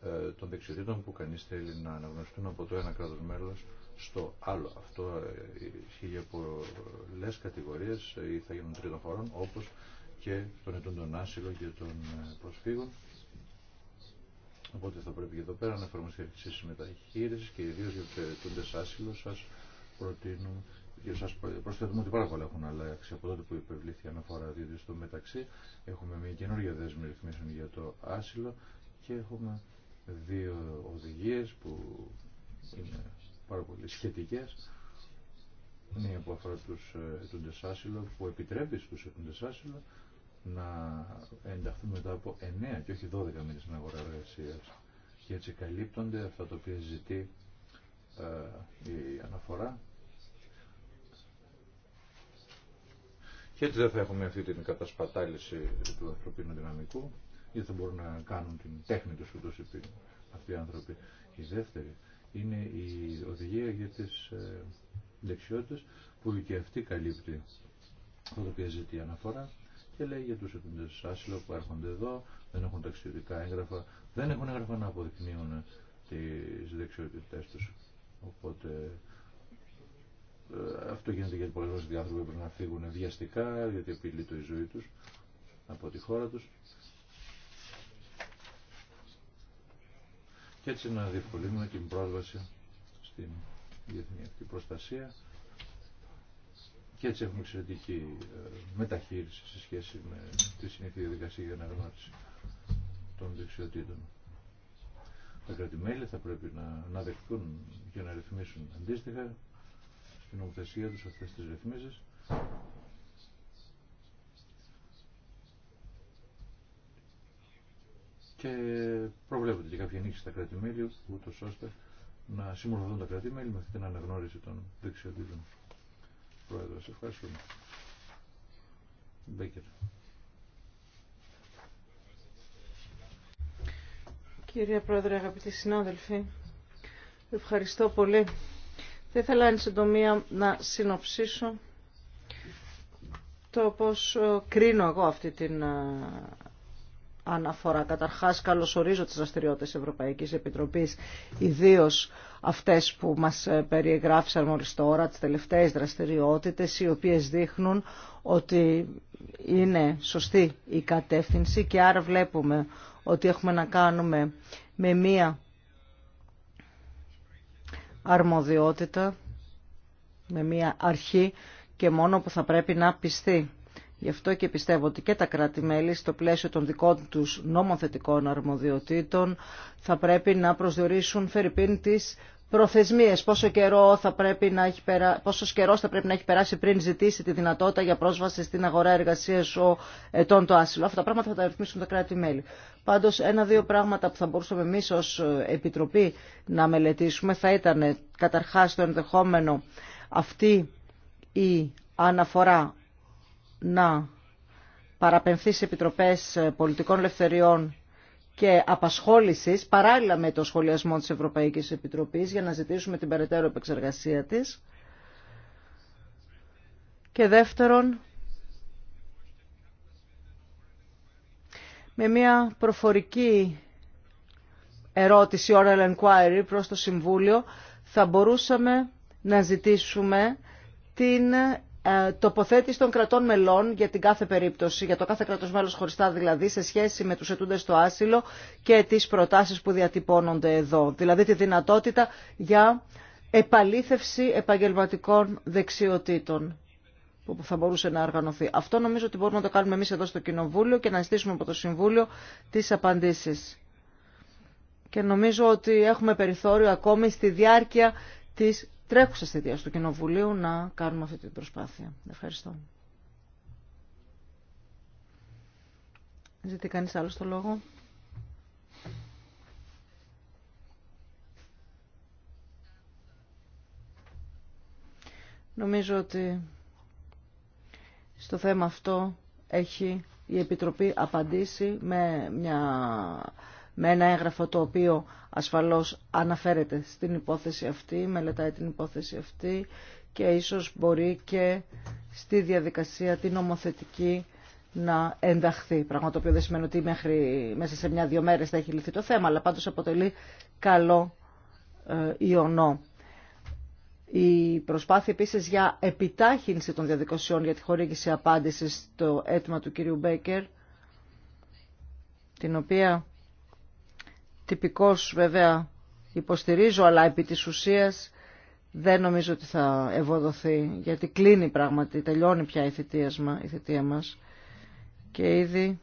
ε, των δεξιοτήτων που κανεί θέλει να αναγνωριστούν από το ένα κράτο μέλο στο άλλο. Αυτό ε, ισχύει για πολλέ κατηγορίε ε, ή θα γίνουν τρίτων χωρών, όπω και των ετών άσυλων και των προσφύγων. Οπότε θα πρέπει και εδώ πέρα να εφαρμοστεί αυτή τη μεταχείριση και ιδίω για του ετούντε άσυλο σα προτείνουμε και προσθέτουμε ότι πάρα πολλά έχουν αλλάξει από τότε που υπευλήθη η αναφορά, διότι στο μεταξύ έχουμε μια καινούργια δέσμη ρυθμίσεων για το άσυλο και έχουμε δύο οδηγίε που είναι πάρα πολύ σχετικέ Μία που αφορά του ε, ετούντε άσυλο, που επιτρέπει στου ετούντε άσυλο να ενταχθούν μετά από 9 και όχι 12 μήνε στην αγορά εργασία. Και έτσι καλύπτονται αυτά τα οποία ζητεί ε, η αναφορά Και έτσι δεν θα έχουμε αυτή την κατασπατάληση του ανθρωπίνου δυναμικού, γιατί θα μπορούν να κάνουν την τέχνη του ούτως επί αυτοί οι άνθρωποι. Η δεύτερη είναι η οδηγία για τις ε, δεξιότητες που και αυτή καλύπτει αυτό το οποίο ζητεί αναφορά και λέει για τους επιμετές άσυλο που έρχονται εδώ, δεν έχουν ταξιδιωτικά έγγραφα, δεν έχουν έγγραφα να αποδεικνύουν τις δεξιότητές τους. Οπότε ε, αυτό γίνεται γιατί πολλοί φορέ άνθρωποι πρέπει να φύγουν βιαστικά, γιατί απειλεί το η ζωή του από τη χώρα του. Και έτσι να διευκολύνουμε την πρόσβαση στην διεθνή αυτή προστασία και έτσι έχουμε εξαιρετική ε, μεταχείριση σε σχέση με τη συνήθεια διαδικασία για αναγνώριση των δεξιοτήτων. Τα κρατημέλη θα πρέπει να, να δεχτούν και να ρυθμίσουν αντίστοιχα στην νομοθεσία τους αυτές τις ρυθμίσεις και προβλέπονται και κάποια νίκη στα κράτη-μέλη, ούτως ώστε να συμμορφωθούν τα κράτη-μέλη με αυτή την αναγνώριση των δεξιοτήτων. Πρόεδρος, ευχαριστούμε. Μπέκερ. Κύριε Πρόεδρε, αγαπητοί συνάδελφοι, ευχαριστώ πολύ θα ήθελα εν συντομία να συνοψίσω το πώς ε, κρίνω εγώ αυτή την ε, αναφορά. Καταρχάς καλωσορίζω τις δραστηριότητες Ευρωπαϊκής Επιτροπής, ιδίως αυτές που μας ε, περιεγράφησαν μόλις τώρα, τις τελευταίες δραστηριότητες, οι οποίες δείχνουν ότι είναι σωστή η κατεύθυνση και άρα βλέπουμε ότι έχουμε να κάνουμε με μία αρμοδιότητα με μια αρχή και μόνο που θα πρέπει να πιστεί. Γι' αυτό και πιστεύω ότι και τα κράτη-μέλη στο πλαίσιο των δικών τους νομοθετικών αρμοδιοτήτων θα πρέπει να προσδιορίσουν φερρυπίν τις προθεσμίες, πόσο, καιρό θα πρέπει να έχει περάσει, καιρός θα πρέπει να έχει περάσει πριν ζητήσει τη δυνατότητα για πρόσβαση στην αγορά εργασία ο ετών το άσυλο. Αυτά τα πράγματα θα τα ρυθμίσουν τα κράτη-μέλη. Πάντως ένα-δύο πράγματα που θα μπορούσαμε εμείς ως Επιτροπή να μελετήσουμε θα ήταν καταρχάς το ενδεχόμενο αυτή η αναφορά να παραπενθεί σε επιτροπές πολιτικών ελευθεριών και απασχόλησης παράλληλα με το σχολιασμό της Ευρωπαϊκής Επιτροπής για να ζητήσουμε την περαιτέρω επεξεργασία της. Και δεύτερον, με μια προφορική ερώτηση oral inquiry προς το Συμβούλιο θα μπορούσαμε να ζητήσουμε την ε, τοποθέτηση των κρατών μελών για την κάθε περίπτωση, για το κάθε κράτος μέλος χωριστά δηλαδή, σε σχέση με τους ετούντες στο άσυλο και τις προτάσεις που διατυπώνονται εδώ. Δηλαδή τη δυνατότητα για επαλήθευση επαγγελματικών δεξιοτήτων που θα μπορούσε να οργανωθεί. Αυτό νομίζω ότι μπορούμε να το κάνουμε εμείς εδώ στο Κοινοβούλιο και να ζητήσουμε από το Συμβούλιο τις απαντήσεις. Και νομίζω ότι έχουμε περιθώριο ακόμη στη διάρκεια της τρέχουσα θητεία του Κοινοβουλίου να κάνουμε αυτή την προσπάθεια. Ευχαριστώ. Ζητεί κανείς άλλο το λόγο. Νομίζω ότι στο θέμα αυτό έχει η Επιτροπή απαντήσει με μια με ένα έγγραφο το οποίο ασφαλώς αναφέρεται στην υπόθεση αυτή, μελετάει την υπόθεση αυτή και ίσως μπορεί και στη διαδικασία την νομοθετική να ενταχθεί. Πράγμα το οποίο δεν σημαίνει ότι μέχρι, μέσα σε μια-δυο μέρες θα έχει λυθεί το θέμα, αλλά πάντως αποτελεί καλό ε, ιονό. Η προσπάθεια επίσης για επιτάχυνση των διαδικασιών για τη χορήγηση απάντησης στο αίτημα του κυρίου Μπέκερ, την οποία τυπικός βέβαια υποστηρίζω, αλλά επί της ουσίας δεν νομίζω ότι θα ευοδοθεί, γιατί κλείνει πράγματι, τελειώνει πια η θητεία μας και ήδη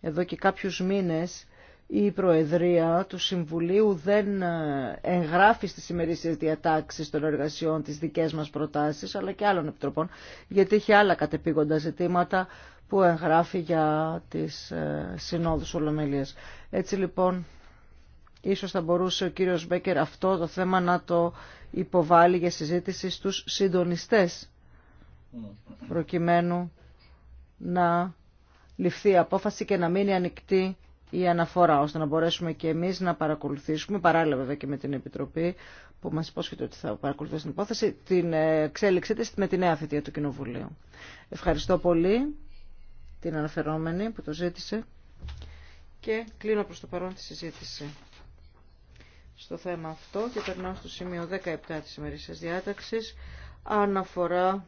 εδώ και κάποιους μήνες η Προεδρία του Συμβουλίου δεν ε, εγγράφει στις ημερήσιες διατάξεις των εργασιών τις δικές μας προτάσεις, αλλά και άλλων επιτροπών, γιατί έχει άλλα κατεπήγοντα ζητήματα που εγγράφει για τις ε, συνόδους ολομέλειας. Έτσι λοιπόν, ίσως θα μπορούσε ο κύριος Μπέκερ αυτό το θέμα να το υποβάλει για συζήτηση στους συντονιστές, προκειμένου να ληφθεί απόφαση και να μείνει ανοιχτή η αναφορά, ώστε να μπορέσουμε και εμείς να παρακολουθήσουμε, παράλληλα βέβαια και με την Επιτροπή που μας υπόσχεται ότι θα παρακολουθήσει την υπόθεση, την εξέλιξή της με τη νέα θητεία του Κοινοβουλίου. Ευχαριστώ πολύ την αναφερόμενη που το ζήτησε και κλείνω προς το παρόν τη συζήτηση στο θέμα αυτό και περνάω στο σημείο 17 της ημερήσιας διάταξης αναφορά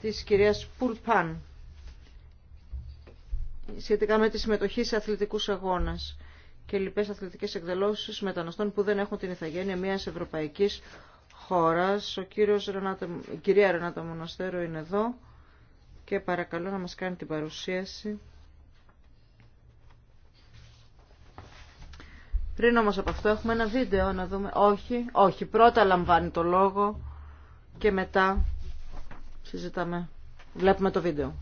της κυρίας Πουλπάν σχετικά με τη συμμετοχή σε Αθλητικού αγώνε και λοιπέ αθλητικέ εκδηλώσει μεταναστών που δεν έχουν την ηθαγένεια μια Ευρωπαϊκή Χώρα. Ο κύριος η κυρία Ρενάτα Μοναστέρο είναι εδώ και παρακαλώ να μα κάνει την παρουσίαση. Πριν όμως από αυτό έχουμε ένα βίντεο να δούμε. Όχι, όχι, πρώτα λαμβάνει το λόγο και μετά συζητάμε. Βλέπουμε το βίντεο.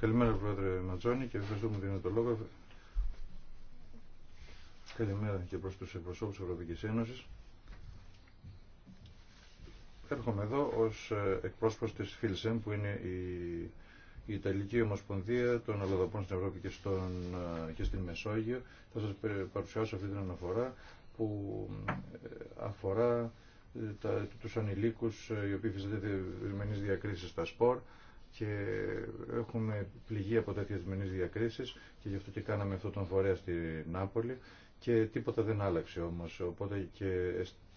Καλημέρα Πρόεδρε Ματζόνη και ευχαριστώ που μου δίνετε το λόγο. Καλημέρα και προς τους εκπροσώπους της Ευρωπαϊκής Ένωσης. Έρχομαι εδώ ως εκπρόσωπος της ΦΙΛΣΕΜ, που είναι η, Ιταλική Ομοσπονδία των Αλλοδαπών στην Ευρώπη και, στον, και στην Μεσόγειο. Θα σας παρουσιάσω αυτή την αναφορά που αφορά τα, τους ανηλίκους οι οποίοι φυσικά διακρίσεις στα σπορ και έχουμε πληγεί από τέτοιε μηνύ διακρίσει και γι' αυτό και κάναμε αυτό τον φορέα στη Νάπολη και τίποτα δεν άλλαξε όμω. Οπότε και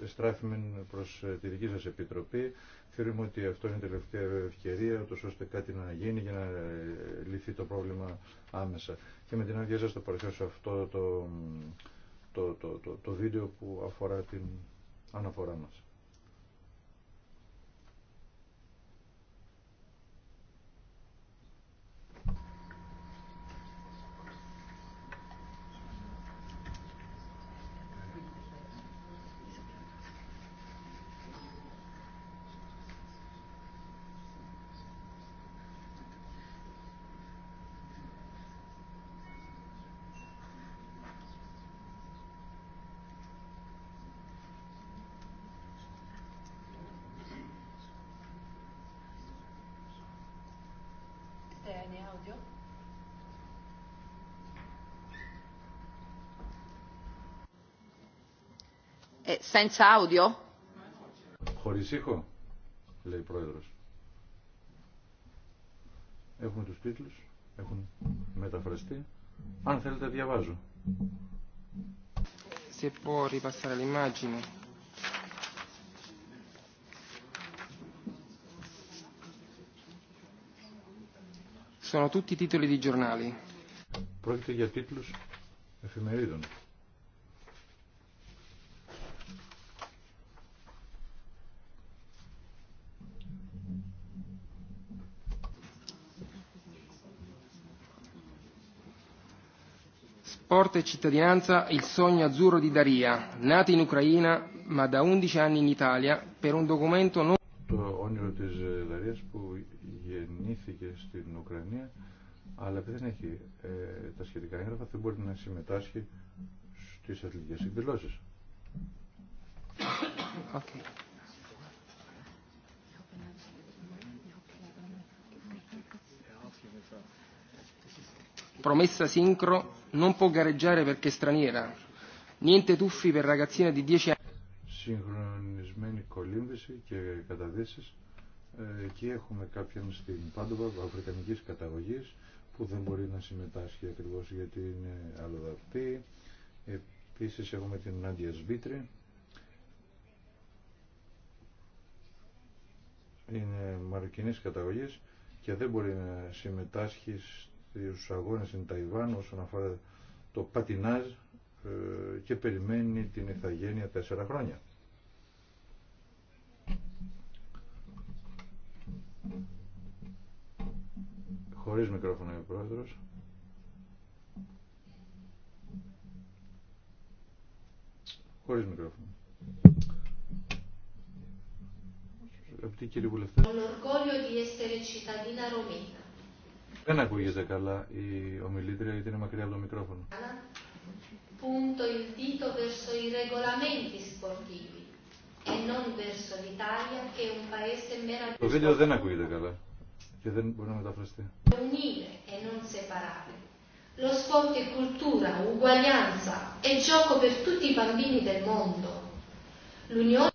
στράφημε προ ε, τη δική σα επιτροπή. Θεωρούμε ότι αυτό είναι η τελευταία ευκαιρία, ούτω ώστε κάτι να γίνει για να ε, λυθεί το πρόβλημα άμεσα. Και με την άδεια σας θα παρουσιάσω αυτό το, το, το, το, το βίντεο που αφορά την αναφορά μας. Ε, senza audio. Χωρίς ήχο, λέει ο πρόεδρος. Έχουν τους τίτλους, έχουν μεταφραστεί. Αν θέλετε διαβάζω. Se può ripassare l'immagine. Sono tutti titoli di Πρόκειται για τίτλους εφημερίδων. sport e cittadinanza Il sogno azzurro di Daria, nata in Ucraina ma da 11 anni in Italia, per un documento non... Το όνειρο της ε, Δαρίας που γεννήθηκε στην Ουκρανία, αλλά επειδή δεν έχει ε, τα σχετικά έγγραφα, δεν μπορεί να συμμετάσχει στις αθλητικές εκδηλώσεις. Okay. Promessa sincro non può gareggiare perché straniera, niente tuffi per ragazzina di 10 anni. Συγχρονισμένη κολύμβηση και καταδύσεις. Ε, εκεί έχουμε κάποιον στην Πάντοβα αφρικανική καταγωγή που δεν μπορεί να συμμετάσχει ακριβώ γιατί είναι αλλοδαπτή. Επίση έχουμε την Νάντια Σβήτρη. Είναι μαροκινής καταγωγή και δεν μπορεί να συμμετάσχει στους αγώνες στην Ταϊβάν όσον αφορά το πατινάζ ε, και περιμένει την ηθαγένεια τέσσερα χρόνια. Χωρίς μικρόφωνο ο πρόεδρος. Χωρίς μικρόφωνο. Αγαπητοί κύριοι βουλευτές. Onorgoglio διέστερε essere cittadina Ρωμίνα. Δεν ακούγεται καλά η ομιλήτρια γιατί είναι μακριά από το μικρόφωνο. Punto il dito verso i regolamenti sportivi e non verso l'Italia che è un paese meraviglioso. Το βίντεο δεν ακούγεται καλά και δεν μπορεί να μεταφραστεί. Unire e non separare. Lo sport è cultura, uguaglianza e gioco per tutti i bambini del mondo. L'unione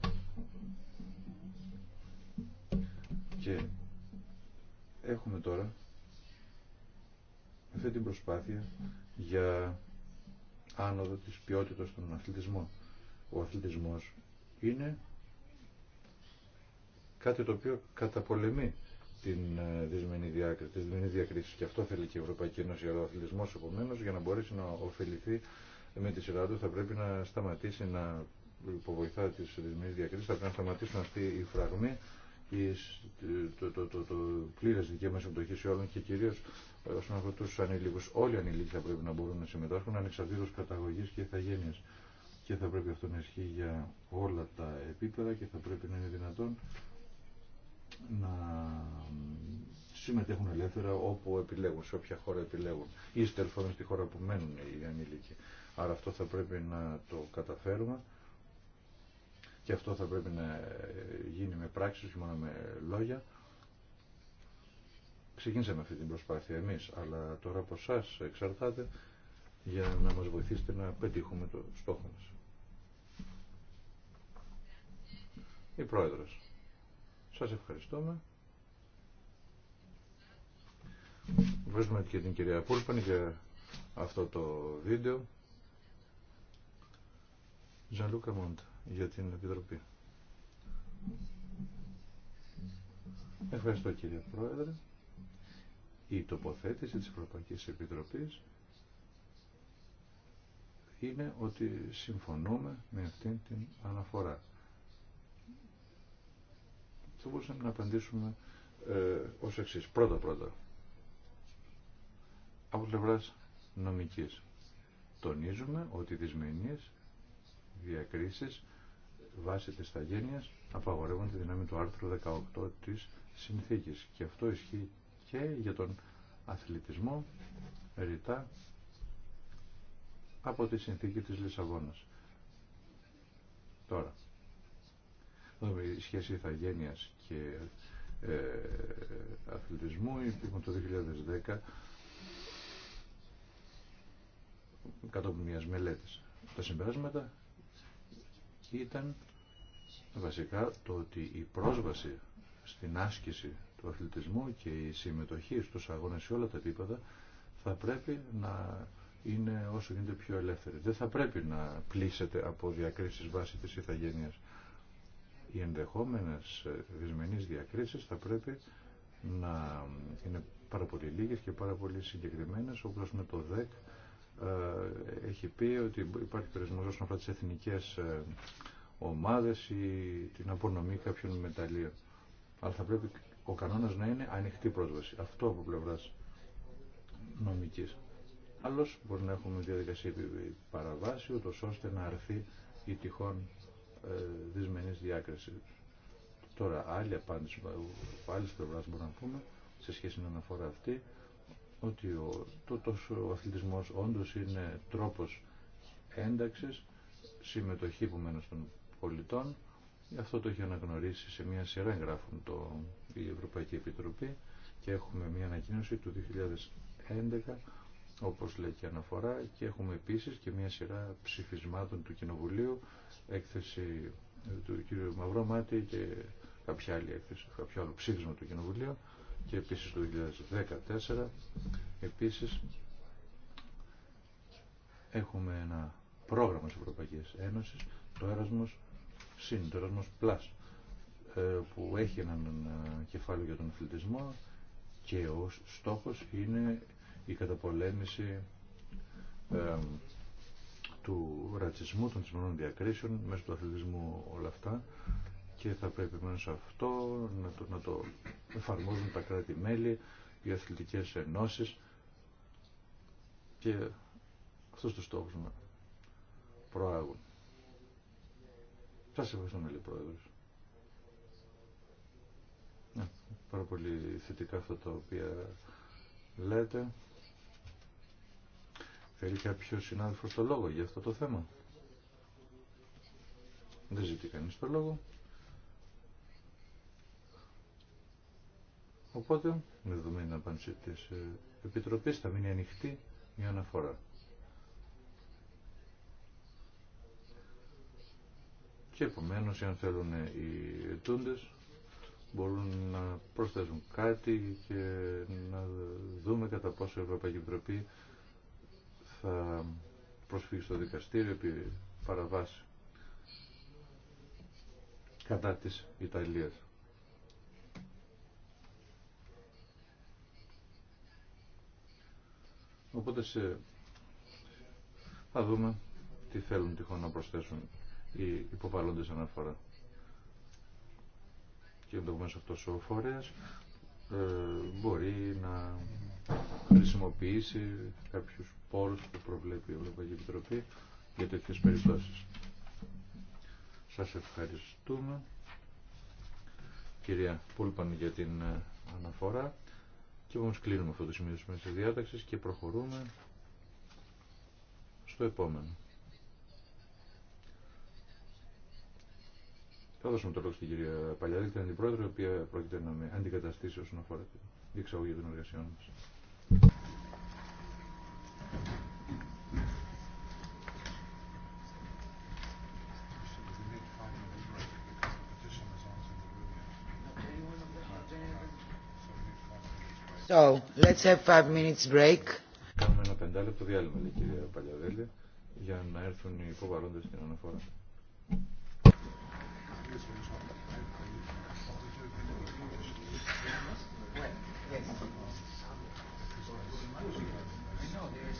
και έχουμε τώρα αυτή την προσπάθεια για άνοδο της ποιότητας των αθλητισμών. Ο αθλητισμός είναι κάτι το οποίο καταπολεμεί την ε, δυσμενή διάκριση, και αυτό θέλει και η Ευρωπαϊκή Ένωση αλλά ο αθλητισμός επομένως για να μπορέσει να ωφεληθεί με τη σειρά του θα πρέπει να σταματήσει να υποβοηθά τις δυσμενείς διακρίση θα πρέπει να σταματήσουν αυτοί οι φραγμοί το, το, το, το, το πλήρες δικαίωμα συμμετοχή όλων και κυρίως όσον αφορά του ανηλίκου. Όλοι οι ανηλίκοι θα πρέπει να μπορούν να συμμετάσχουν ανεξαρτήτω καταγωγή και ηθαγένεια. Και θα πρέπει αυτό να ισχύει για όλα τα επίπεδα και θα πρέπει να είναι δυνατόν να συμμετέχουν ελεύθερα όπου επιλέγουν, σε όποια χώρα επιλέγουν ή στη χώρα που μένουν οι ανήλικοι. Άρα αυτό θα πρέπει να το καταφέρουμε και αυτό θα πρέπει να γίνει με πράξεις, όχι μόνο με λόγια. Ξεκίνησαμε αυτή την προσπάθεια εμείς, αλλά τώρα από εσά εξαρτάται για να μας βοηθήσετε να πετύχουμε το στόχο μας. Η Πρόεδρος. Σας ευχαριστούμε. Βρίσκουμε και την κυρία Πούλπαν για αυτό το βίντεο. Ζανλούκα Μόντα για την Επιτροπή. Ευχαριστώ κύριε Πρόεδρε η τοποθέτηση της Ευρωπαϊκής Επιτροπής είναι ότι συμφωνούμε με αυτήν την αναφορά. Θα μπορούσαμε να απαντήσουμε ε, ως εξής. Πρώτα-πρώτα, από πλευρά νομικής, τονίζουμε ότι τις δυσμενείς διακρίσεις βάσει της ταγένειας απαγορεύουν τη δύναμη του άρθρου 18 της συνθήκης και αυτό ισχύει και για τον αθλητισμό ρητά από τη συνθήκη της Λισαβόνας. Τώρα, η σχέση ηθαγένειας και ε, αθλητισμού, υπήρχε το 2010, κατόπιν μιας μελέτης. Τα συμπεράσματα ήταν βασικά το ότι η πρόσβαση στην άσκηση του αθλητισμού και η συμμετοχή στους αγώνες σε όλα τα επίπεδα θα πρέπει να είναι όσο γίνεται πιο ελεύθερη. Δεν θα πρέπει να πλήσετε από διακρίσεις βάσει της ηθαγένειας. Οι ενδεχόμενες δυσμενείς διακρίσεις θα πρέπει να είναι πάρα πολύ λίγες και πάρα πολύ συγκεκριμένες, όπως με το ΔΕΚ ε, έχει πει ότι υπάρχει περισμός όσον αφορά τις εθνικές ε, ομάδες ή την απονομή κάποιων μεταλλίων. Αλλά θα πρέπει ο κανόνας να είναι ανοιχτή πρόσβαση. Αυτό από πλευράς νομικής. Αλλω μπορεί να έχουμε διαδικασία παραβάση, ούτω ώστε να αρθεί η τυχόν ε, δυσμενή διάκριση. Τώρα άλλη απάντηση από άλλη πλευρά μπορούμε να πούμε σε σχέση με την αναφορά αυτή ότι ο, το, τόσο ο αθλητισμός όντως είναι τρόπος ένταξης, συμμετοχή που μένω των πολιτών αυτό το έχει αναγνωρίσει σε μια σειρά εγγράφων το η Ευρωπαϊκή Επιτροπή και έχουμε μια ανακοίνωση του 2011 όπως λέει και αναφορά και έχουμε επίσης και μια σειρά ψηφισμάτων του Κοινοβουλίου έκθεση ε, του κ. Μαυρομάτη και κάποια άλλη έκθεση, κάποιο άλλο ψήφισμα του Κοινοβουλίου και επίσης το 2014 επίσης έχουμε ένα πρόγραμμα της Ευρωπαϊκής Ένωσης το Erasmus Συν, το Erasmus Plus ε, που έχει έναν ε, κεφάλαιο για τον αθλητισμό και ο στόχος είναι η καταπολέμηση ε, του ρατσισμού, των σημερινών διακρίσεων μέσω του αθλητισμού όλα αυτά και θα πρέπει μέσα αυτό να το, να το εφαρμόζουν τα κράτη-μέλη, οι αθλητικές ενώσεις και αυτός του στόχος να προάγουν. Σας ευχαριστώ, Μελή Πρόεδρος πάρα πολύ θετικά αυτά τα οποία λέτε. Θέλει κάποιο συνάδελφο το λόγο για αυτό το θέμα. Δεν ζητεί κανείς το λόγο. Οπότε, με δεδομένη απάντηση της ε, Επιτροπή, θα μείνει ανοιχτή μια αναφορά. Και επομένως, αν θέλουν οι ετούντες, μπορούν να προσθέσουν κάτι και να δούμε κατά πόσο η Ευρωπαϊκή Επιτροπή θα προσφύγει στο δικαστήριο επί παραβάση κατά της Ιταλίας. Οπότε σε... θα δούμε τι θέλουν τυχόν να προσθέσουν οι υποβάλλοντες αναφορά και ενδεχομένω αυτό ο φορέα ε, μπορεί να χρησιμοποιήσει κάποιου πόρου που προβλέπει η Ευρωπαϊκή Επιτροπή για τέτοιε περιπτώσει. Σα ευχαριστούμε κυρία Πούλπαν για την ε, αναφορά και όμως κλείνουμε αυτό το σημείο της διάταξης και προχωρούμε στο επόμενο. Θα δώσουμε το λόγο στην κυρία Παλιαδέλη, την αντιπρόεδρο, η οποία πρόκειται να με αντικαταστήσει όσον αφορά τη διεξαγωγή των εργασιών μα. So, let's have five minutes break. Κάνουμε ένα πεντάλεπτο διάλειμμα, λέει η κυρία Παλιαδέλη, για να έρθουν οι υποβαρόντες στην αναφορά. Yes. I know there is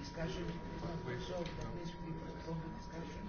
discussion because not resolved. That means we postpone the discussion.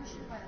Εγώ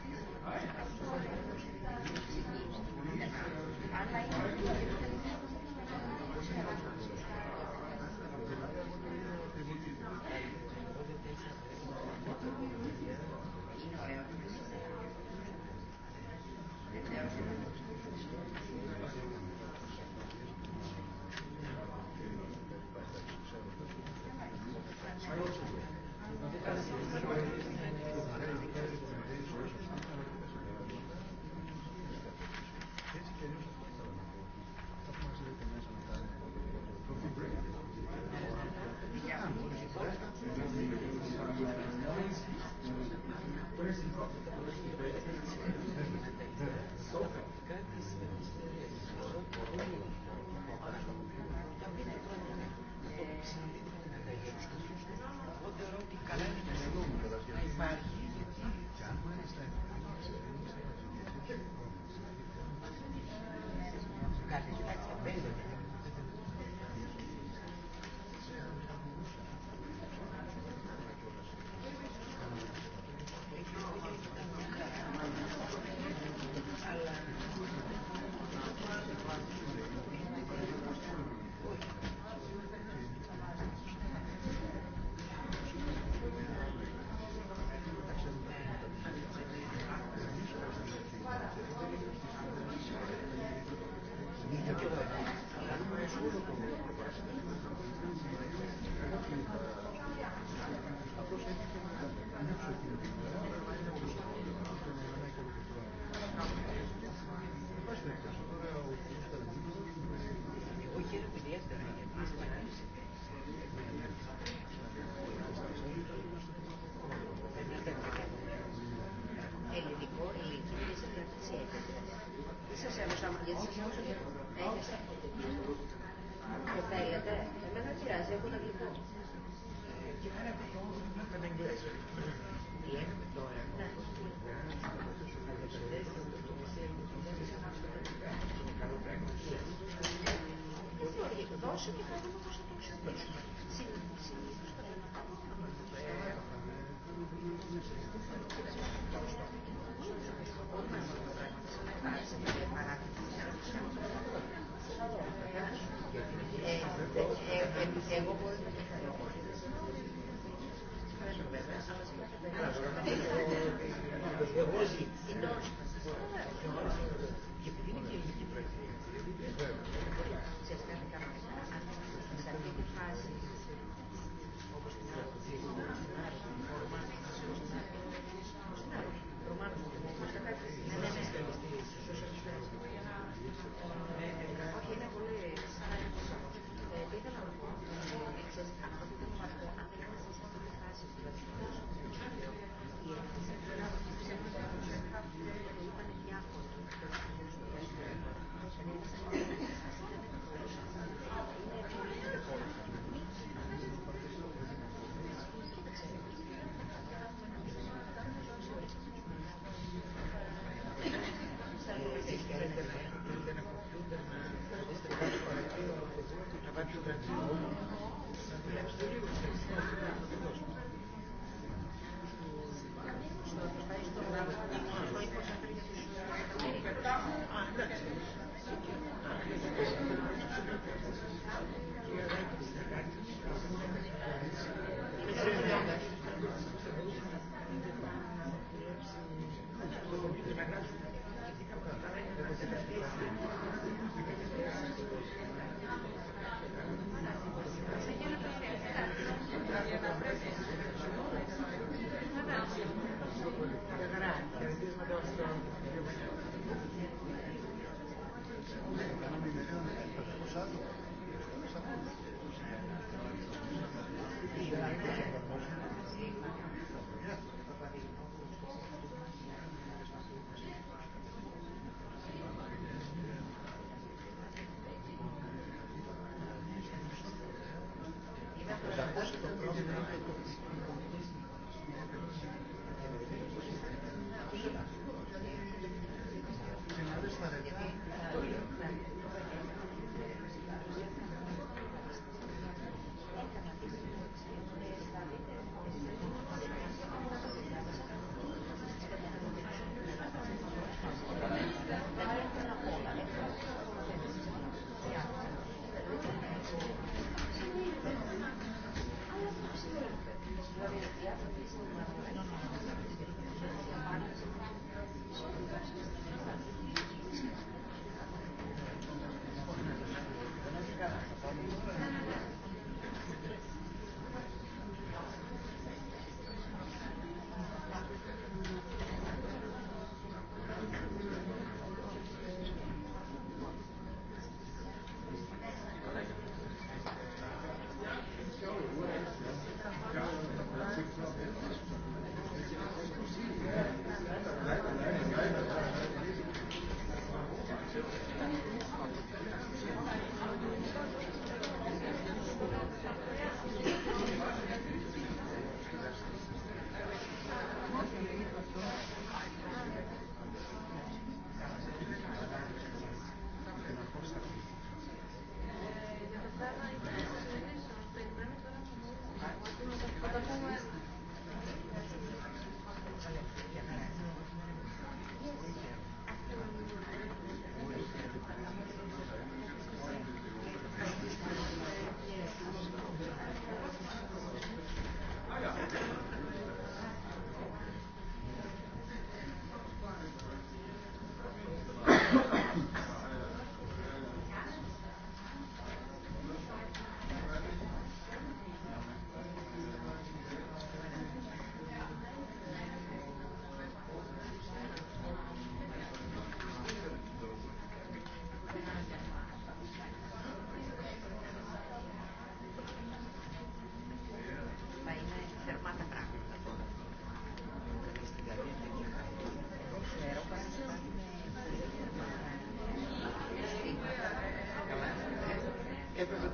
Gracias.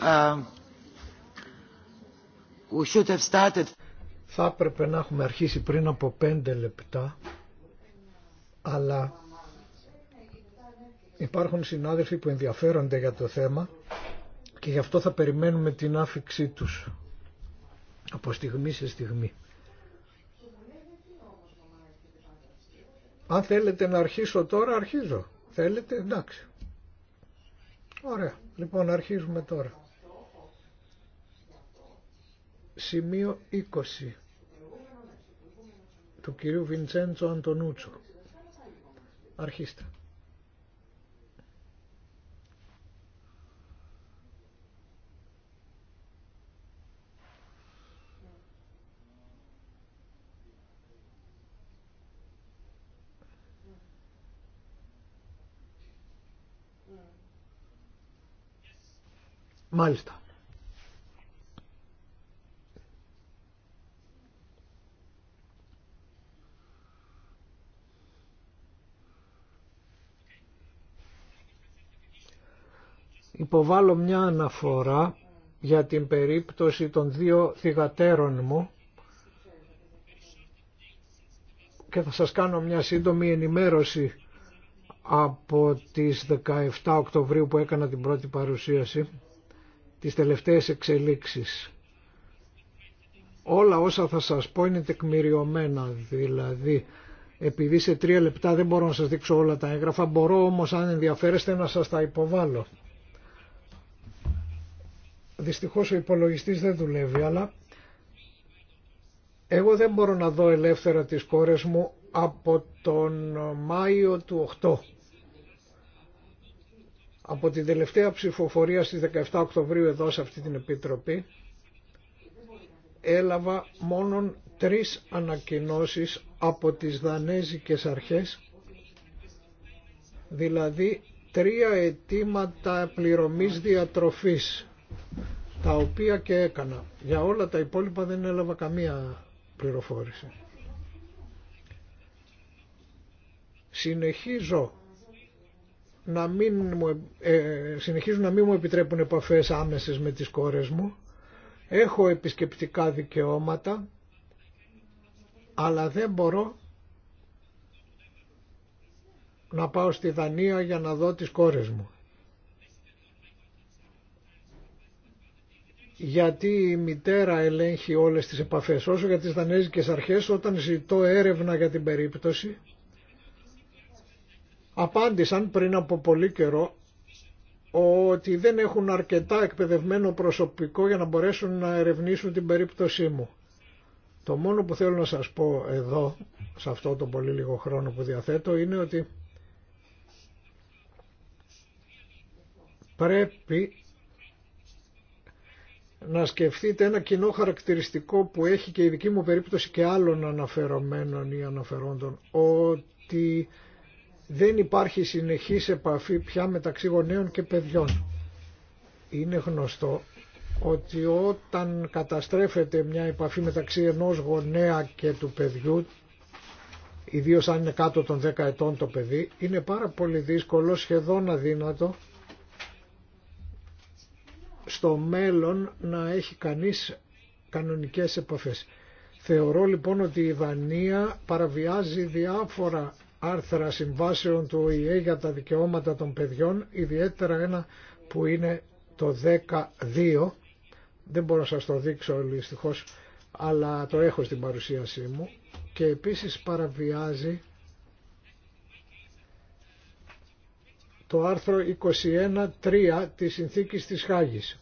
Um, θα έπρεπε να έχουμε αρχίσει πριν από πέντε λεπτά, αλλά υπάρχουν συνάδελφοι που ενδιαφέρονται για το θέμα και γι' αυτό θα περιμένουμε την άφηξή τους από στιγμή σε στιγμή. Αν θέλετε να αρχίσω τώρα, αρχίζω. Θέλετε, εντάξει. Ωραία. Λοιπόν, αρχίζουμε τώρα. Σημείο 20 του κυρίου Βιντσέντσο Αντωνούτσο. Αρχίστε. Μάλιστα. Υποβάλλω μια αναφορά για την περίπτωση των δύο θυγατέρων μου και θα σας κάνω μια σύντομη ενημέρωση από τις 17 Οκτωβρίου που έκανα την πρώτη παρουσίαση τις τελευταίες εξελίξεις. Όλα όσα θα σας πω είναι τεκμηριωμένα, δηλαδή επειδή σε τρία λεπτά δεν μπορώ να σας δείξω όλα τα έγγραφα, μπορώ όμως αν ενδιαφέρεστε να σας τα υποβάλω. Δυστυχώς ο υπολογιστής δεν δουλεύει, αλλά εγώ δεν μπορώ να δω ελεύθερα τις κόρες μου από τον Μάιο του 8 από την τελευταία ψηφοφορία στις 17 Οκτωβρίου εδώ σε αυτή την Επιτροπή έλαβα μόνον τρεις ανακοινώσεις από τις δανέζικες αρχές δηλαδή τρία αιτήματα πληρωμής διατροφής τα οποία και έκανα. Για όλα τα υπόλοιπα δεν έλαβα καμία πληροφόρηση. Συνεχίζω να μην μου, ε, ε, συνεχίζουν να μην μου επιτρέπουν επαφές άμεσες με τις κόρες μου. Έχω επισκεπτικά δικαιώματα, αλλά δεν μπορώ να πάω στη Δανία για να δω τις κόρες μου. γιατί η μητέρα ελέγχει όλες τις επαφές. Όσο για τις δανέζικες αρχές, όταν ζητώ έρευνα για την περίπτωση, απάντησαν πριν από πολύ καιρό ότι δεν έχουν αρκετά εκπαιδευμένο προσωπικό για να μπορέσουν να ερευνήσουν την περίπτωσή μου. Το μόνο που θέλω να σας πω εδώ, σε αυτό το πολύ λίγο χρόνο που διαθέτω, είναι ότι πρέπει να σκεφτείτε ένα κοινό χαρακτηριστικό που έχει και η δική μου περίπτωση και άλλων αναφερομένων ή αναφερόντων, ότι δεν υπάρχει συνεχής επαφή πια μεταξύ γονέων και παιδιών. Είναι γνωστό ότι όταν καταστρέφεται μια επαφή μεταξύ ενός γονέα και του παιδιού, ιδίω αν είναι κάτω των 10 ετών το παιδί, είναι πάρα πολύ δύσκολο, σχεδόν αδύνατο, στο μέλλον να έχει κανείς κανονικές επαφές. Θεωρώ λοιπόν ότι η Δανία παραβιάζει διάφορα άρθρα συμβάσεων του ΟΗΕ για τα δικαιώματα των παιδιών, ιδιαίτερα ένα που είναι το 12, δεν μπορώ να σας το δείξω δυστυχώ, αλλά το έχω στην παρουσίασή μου και επίσης παραβιάζει το άρθρο 21.3 της Συνθήκης της Χάγης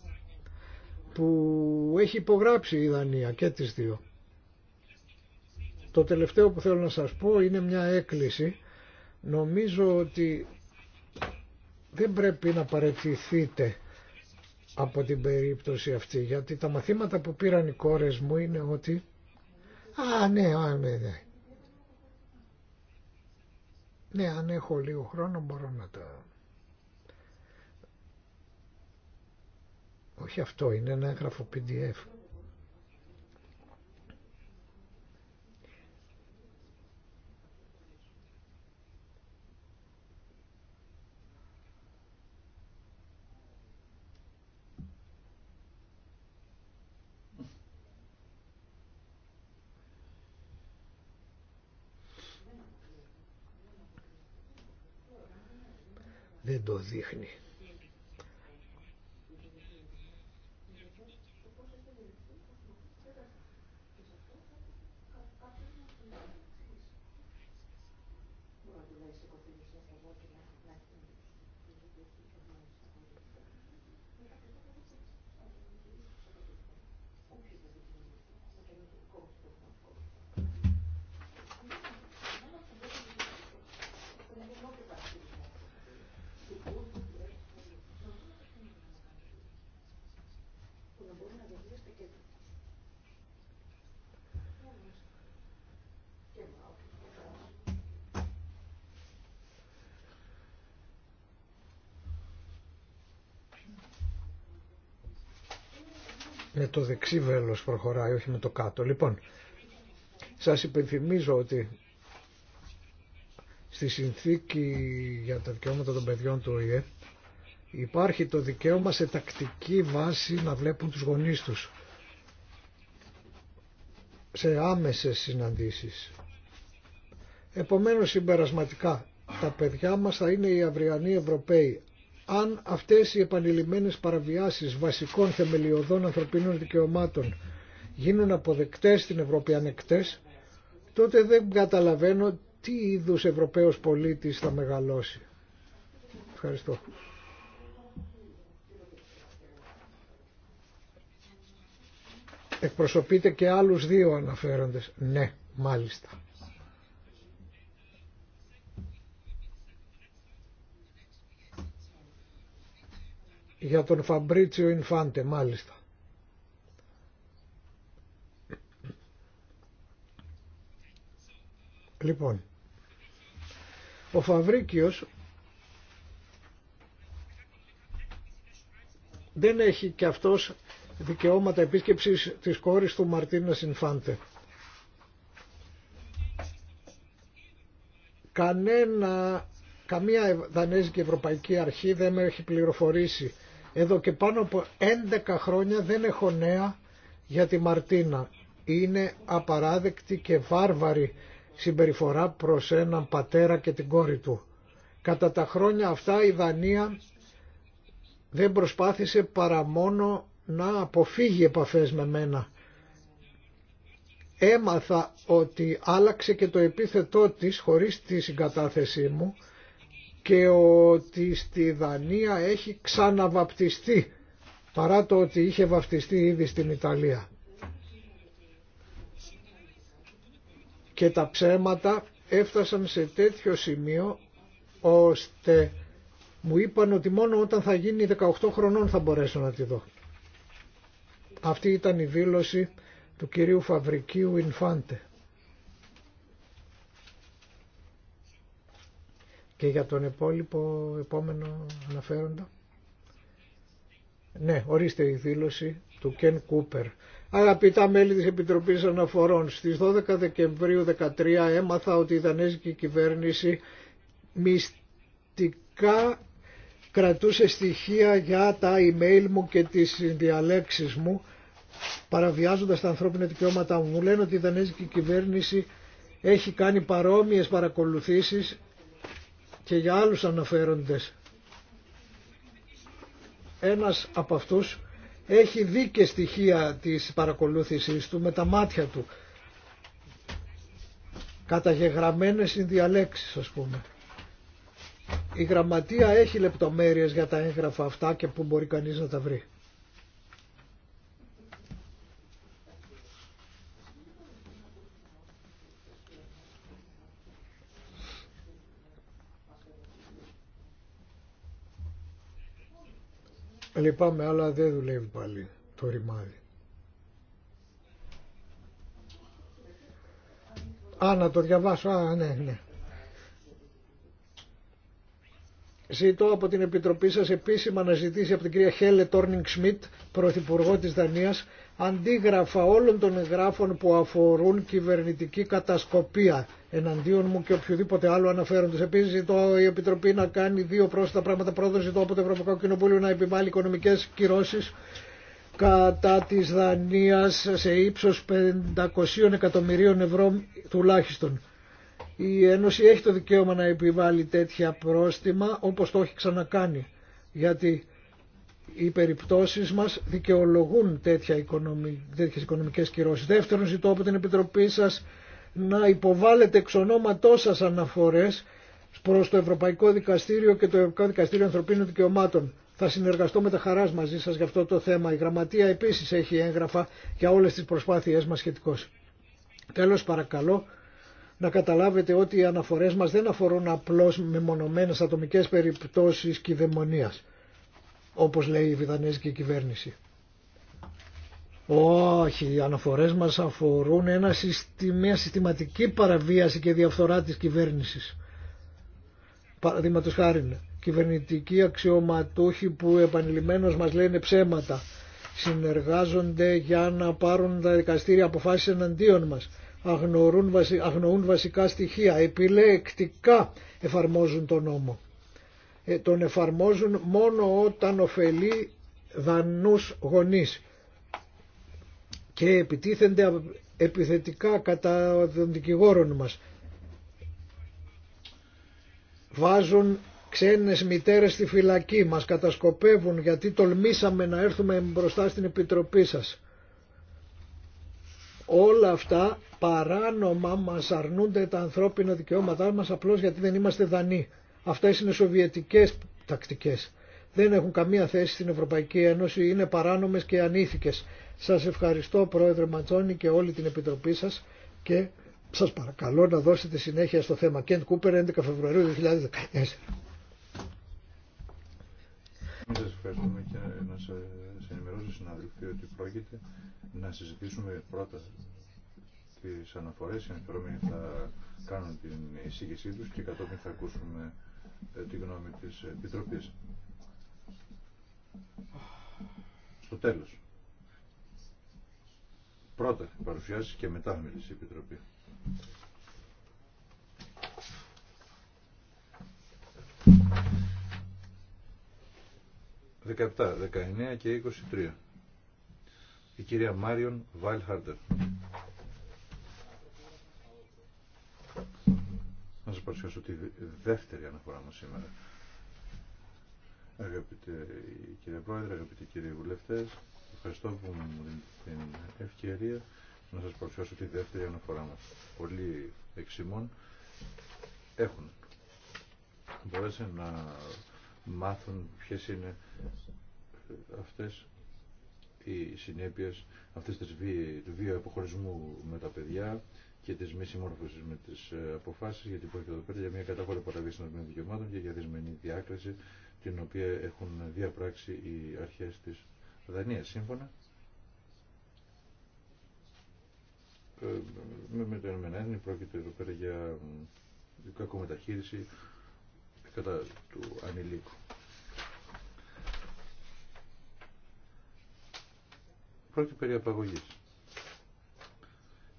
που έχει υπογράψει η Δανία και τις δύο. Το τελευταίο που θέλω να σας πω είναι μια έκκληση. Νομίζω ότι δεν πρέπει να παρετηθείτε από την περίπτωση αυτή γιατί τα μαθήματα που πήραν οι κόρες μου είναι ότι α ναι, α, ναι, ναι. Ναι, αν έχω λίγο χρόνο μπορώ να τα... Όχι αυτό, είναι ένα έγγραφο PDF. δεν το δείχνει. το δεξί βέλος προχωράει, όχι με το κάτω. Λοιπόν, σας υπενθυμίζω ότι στη συνθήκη για τα δικαιώματα των παιδιών του ΟΗΕ υπάρχει το δικαίωμα σε τακτική βάση να βλέπουν τους γονείς τους σε άμεσες συναντήσεις. Επομένως συμπερασματικά τα παιδιά μας θα είναι οι αυριανοί Ευρωπαίοι αν αυτές οι επανειλημμένες παραβιάσεις βασικών θεμελιωδών ανθρωπίνων δικαιωμάτων γίνουν αποδεκτές στην Ευρώπη ανεκτές, τότε δεν καταλαβαίνω τι είδους Ευρωπαίος πολίτης θα μεγαλώσει. Ευχαριστώ. Εκπροσωπείτε και άλλους δύο αναφέροντες. Ναι, μάλιστα. Για τον Φαμπρίτσιο Ινφάντε, μάλιστα. Λοιπόν, ο Φαβρίκιος δεν έχει και αυτός δικαιώματα επίσκεψης της κόρης του Μαρτίνα Ινφάντε. Κανένα, καμία Δανέζικη Ευρωπαϊκή Αρχή δεν με έχει πληροφορήσει εδώ και πάνω από 11 χρόνια δεν έχω νέα για τη Μαρτίνα. Είναι απαράδεκτη και βάρβαρη συμπεριφορά προς έναν πατέρα και την κόρη του. Κατά τα χρόνια αυτά η Δανία δεν προσπάθησε παρά μόνο να αποφύγει επαφές με μένα. Έμαθα ότι άλλαξε και το επίθετό της χωρίς τη συγκατάθεσή μου και ότι στη Δανία έχει ξαναβαπτιστεί παρά το ότι είχε βαπτιστεί ήδη στην Ιταλία. Και τα ψέματα έφτασαν σε τέτοιο σημείο ώστε μου είπαν ότι μόνο όταν θα γίνει 18 χρονών θα μπορέσω να τη δω. Αυτή ήταν η δήλωση του κυρίου Φαβρικίου Ινφάντε. Και για τον επόμενο αναφέροντα. Ναι, ορίστε η δήλωση του Κεν Κούπερ. Αγαπητά μέλη της Επιτροπής Αναφορών, στις 12 Δεκεμβρίου 2013 έμαθα ότι η Δανέζικη κυβέρνηση μυστικά κρατούσε στοιχεία για τα email μου και τις διαλέξεις μου παραβιάζοντας τα ανθρώπινα δικαιώματα μου. Μου λένε ότι η Δανέζικη κυβέρνηση έχει κάνει παρόμοιες παρακολουθήσεις και για άλλους αναφέροντες. Ένας από αυτούς έχει δει και στοιχεία της παρακολούθησης του με τα μάτια του. Καταγεγραμμένες διαλέξεις ας πούμε. Η γραμματεία έχει λεπτομέρειες για τα έγγραφα αυτά και που μπορεί κανείς να τα βρει. Λυπάμαι, αλλά δεν δουλεύει πάλι το ρημάδι. Α, να το διαβάσω. Α, ναι, ναι. Ζητώ από την Επιτροπή σας επίσημα να ζητήσει από την κυρία Χέλε Τόρνινγκ Σμιτ, Πρωθυπουργό της Δανίας, αντίγραφα όλων των εγγράφων που αφορούν κυβερνητική κατασκοπία εναντίον μου και οποιοδήποτε άλλο αναφέροντος. Επίση ζητώ η Επιτροπή να κάνει δύο πρόσθετα πράγματα Πρώτον ζητώ από το Ευρωπαϊκό Κοινοβούλιο να επιβάλλει οικονομικές κυρώσεις κατά της Δανία σε ύψο 500 εκατομμυρίων ευρώ τουλάχιστον. Η Ένωση έχει το δικαίωμα να επιβάλλει τέτοια πρόστιμα όπως το έχει ξανακάνει γιατί οι περιπτώσεις μας δικαιολογούν τέτοια οικονομι... τέτοιες οικονομικές κυρώσεις. Δεύτερον, ζητώ από την Επιτροπή σας να υποβάλλετε εξ ονόματός σας αναφορές προς το Ευρωπαϊκό Δικαστήριο και το Ευρωπαϊκό Δικαστήριο Ανθρωπίνων Δικαιωμάτων. Θα συνεργαστώ με τα χαράς μαζί σας για αυτό το θέμα. Η Γραμματεία επίσης έχει έγγραφα για όλες τις προσπάθειές μας σχετικώς. Τέλος παρακαλώ να καταλάβετε ότι οι αναφορές μας δεν αφορούν απλώς μεμονωμένες ατομικές περιπτώσεις κυδαιμονίας όπως λέει η Βιδανέζικη κυβέρνηση. Όχι, οι αναφορές μας αφορούν ένα, μια συστηματική παραβίαση και διαφθορά της κυβέρνησης. Παραδείγματο χάρη, κυβερνητικοί αξιωματούχοι που επανειλημμένως μας λένε ψέματα συνεργάζονται για να πάρουν τα δικαστήρια αποφάσεις εναντίον μας. Αγνοούν, βασικά στοιχεία, επιλεκτικά εφαρμόζουν τον νόμο. Ε, τον εφαρμόζουν μόνο όταν ωφελεί δανούς γονείς και επιτίθενται επιθετικά κατά των δικηγόρων μας. Βάζουν ξένες μητέρες στη φυλακή, μας κατασκοπεύουν γιατί τολμήσαμε να έρθουμε μπροστά στην Επιτροπή σας. Όλα αυτά παράνομα μας αρνούνται τα ανθρώπινα δικαιώματά μας απλώς γιατί δεν είμαστε δανείοι. Αυτές είναι σοβιετικές τακτικές. Δεν έχουν καμία θέση στην Ευρωπαϊκή Ένωση, είναι παράνομες και ανήθικες. Σας ευχαριστώ Πρόεδρε Ματσόνη και όλη την Επιτροπή σας και σας παρακαλώ να δώσετε συνέχεια στο θέμα. Κέντ Κούπερ, 11 Φεβρουαρίου 2014. Εμείς σας ευχαριστούμε και να σας ενημερώσω συναδελφοί ότι πρόκειται να συζητήσουμε πρώτα τις αναφορές, οι θα κάνουν την εισήγησή τους και κατόπιν θα ακούσουμε ε, τη γνώμη της Επιτροπής. Στο τέλος. Πρώτα παρουσιάσει και μετά μιλήσει η Επιτροπή. Δεκαεπτά, δεκαεννέα και είκοσι τρία. Η κυρία Μάριον Βάιλχάρτερ. σας παρουσιάσω τη δεύτερη αναφορά μας σήμερα. Αγαπητέ κύριε Πρόεδρε, αγαπητοί κύριοι βουλευτέ. ευχαριστώ που μου δίνετε την ευκαιρία να σας παρουσιάσω τη δεύτερη αναφορά μας. Πολλοί εξημών έχουν μπορέσει να μάθουν ποιες είναι αυτές οι συνέπειες αυτές της του αποχωρισμού με τα παιδιά και τις μη συμμόρφωση με τι ε, αποφάσει, γιατί πρόκειται εδώ πέρα για μια κατάφορα παραγωγή των δικαιωμάτων και για δυσμενή διάκριση την οποία έχουν διαπράξει οι αρχέ τη Δανία. Σύμφωνα ε, με, με το ΕΕ πρόκειται εδώ πέρα για κακομεταχείριση κατά του ανηλίκου. Πρόκειται περί απαγωγής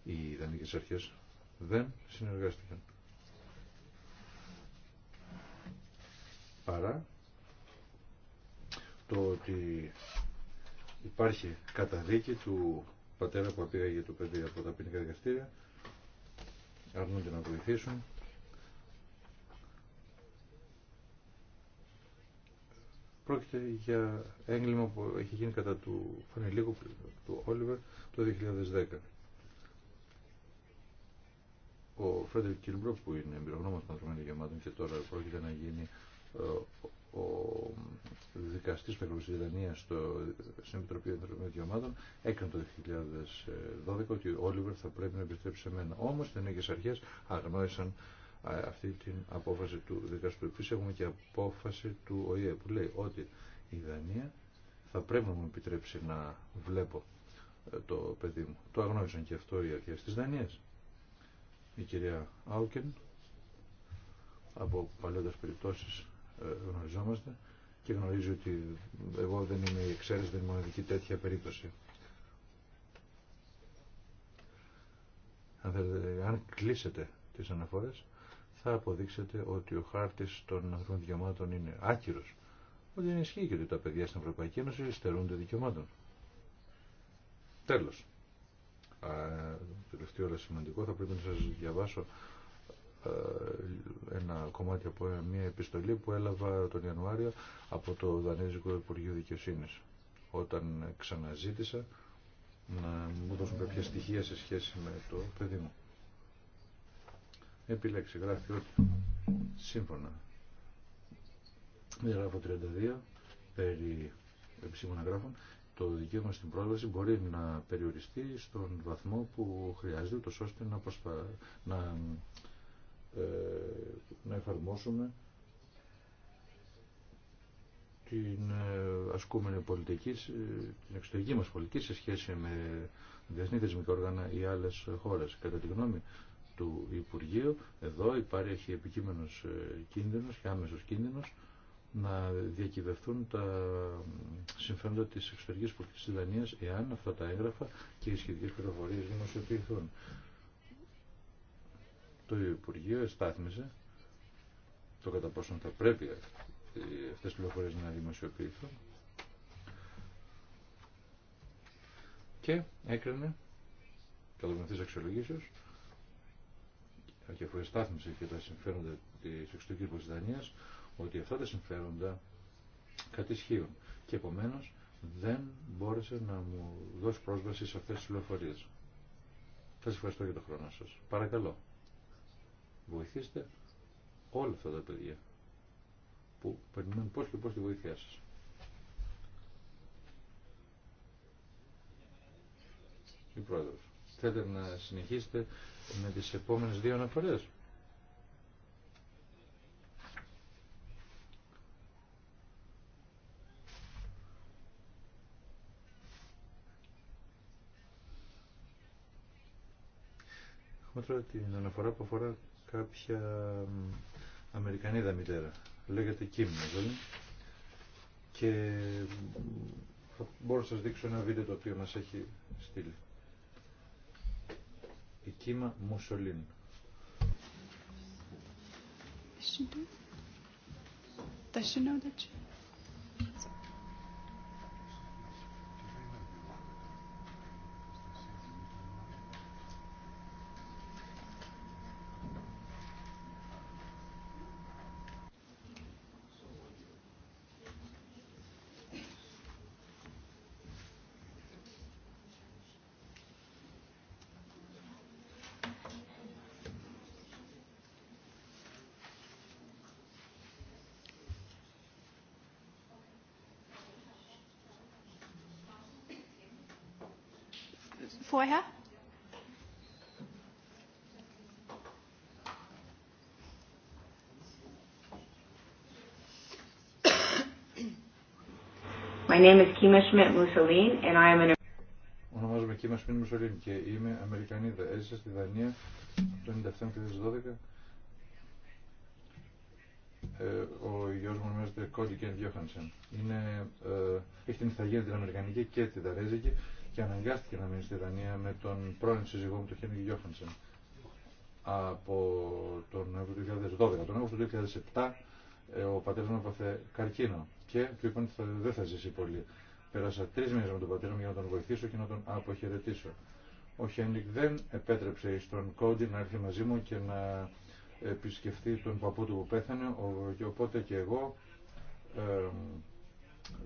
οι ιδανικές αρχέ δεν συνεργάστηκαν. Παρά το ότι υπάρχει καταδίκη του πατέρα που απήγαγε το παιδί από τα ποινικά δικαστήρια, αρνούνται να βοηθήσουν. Πρόκειται για έγκλημα που έχει γίνει κατά του Φανιλίκου του Όλιβερ το 2010 ο Φρέντερ Κίλμπρο που είναι εμπειρογνώμος των ανθρωπίνων δικαιωμάτων και τώρα πρόκειται να γίνει ε, ο δικαστής του τη Ιδανίας στο, στην Επιτροπή Ανθρωπίνων Δικαιωμάτων έκανε το 2012 ότι ο Όλιβερ θα πρέπει να επιστρέψει σε μένα. Όμως οι νέες αρχές αγνώρισαν ε, αυτή την απόφαση του δικαστού. Επίσης έχουμε και απόφαση του ΟΗΕ που λέει ότι η Δανία θα πρέπει να μου επιτρέψει να βλέπω ε, το παιδί μου. Το αγνώρισαν και αυτό οι αρχές της Δανία η κυρία Άουκεν από παλιότερες περιπτώσεις ε, γνωριζόμαστε και γνωρίζει ότι εγώ δεν είμαι η εξαίρεση, δεν είμαι μοναδική τέτοια περίπτωση. Αν, αν κλείσετε τις αναφορές θα αποδείξετε ότι ο χάρτης των ανθρώπινων δικαιωμάτων είναι άκυρος. Ότι δεν ισχύει και ότι τα παιδιά στην Ευρωπαϊκή Ένωση στερούνται δικαιωμάτων. Τέλος τελευταίο αλλά σημαντικό, θα πρέπει να σας διαβάσω ε, ένα κομμάτι από μια επιστολή που έλαβα τον Ιανουάριο από το Δανέζικο Υπουργείο Δικαιοσύνης όταν ξαναζήτησα να μου δώσουν κάποια στοιχεία σε σχέση με το παιδί μου. Επιλέξει, γράφει ότι σύμφωνα με 32 περί επισήμων γράφων το δικαίωμα στην πρόσβαση μπορεί να περιοριστεί στον βαθμό που χρειάζεται ούτως ώστε να, να... Ε... να εφαρμόσουμε την ε, ασκούμενη πολιτική, την εξωτερική μας πολιτική σε σχέση με διεθνή θεσμικά όργανα ή άλλες χώρες. Κατά τη γνώμη του Υπουργείου, εδώ υπάρχει επικείμενος ε, κίνδυνος και άμεσος κίνδυνος να διακυβευτούν τα συμφέροντα της εξωτερικής πολιτικής της Δανίας εάν αυτά τα έγγραφα και οι σχετικές πληροφορίες δημοσιοποιηθούν. Το Υπουργείο εστάθμιζε το κατά πόσο θα πρέπει αυτές τις πληροφορίες να δημοσιοποιηθούν και έκρινε κατά αξιολογήσεως και αφού εστάθμισε και τα συμφέροντα της εξωτερικής πολιτικής Δανίας ότι αυτά τα συμφέροντα κατησχύουν και επομένω δεν μπόρεσε να μου δώσει πρόσβαση σε αυτές τις πληροφορίες. Θα σας ευχαριστώ για το χρόνο σας. Παρακαλώ, βοηθήστε όλα αυτά τα παιδιά που περιμένουν πώς και πώς τη βοήθειά σας. Η Πρόεδρος, θέλετε να συνεχίσετε με τις επόμενες δύο αναφορές. Έχουμε τώρα την αναφορά που αφορά κάποια Αμερικανίδα μητέρα. Λέγεται Kim, Και μπορώ να σας δείξω ένα βίντεο το οποίο μας έχει στείλει. Η κύμα Μουσολίν. Does she know My name is Ονομάζομαι Κίμα Σπίνη Μουσολίνη και είμαι Αμερικανίδα. Έζησα στη Δανία το 1997 και 2012. Ε, ο γιο μου ονομάζεται Κόντι Κέντ Γιώχανσεν. Ε, έχει την ιθαγία την Αμερικανική και την Δανέζικη και αναγκάστηκε να μείνει στη Δανία με τον πρώην σύζυγό μου, τον Χένρι Γιώχανσεν. Από τον Νοέμβριο του 2012. Τον Αύγουστο του 2007 ε, ο πατέρα μου έπαθε καρκίνο και του είπαν ότι δεν θα ζήσει πολύ. Πέρασα τρει μήνε με τον πατέρα μου για να τον βοηθήσω και να τον αποχαιρετήσω. Ο Χένικ δεν επέτρεψε στον Κόντι να έρθει μαζί μου και να επισκεφτεί τον παππού του που πέθανε, οπότε και εγώ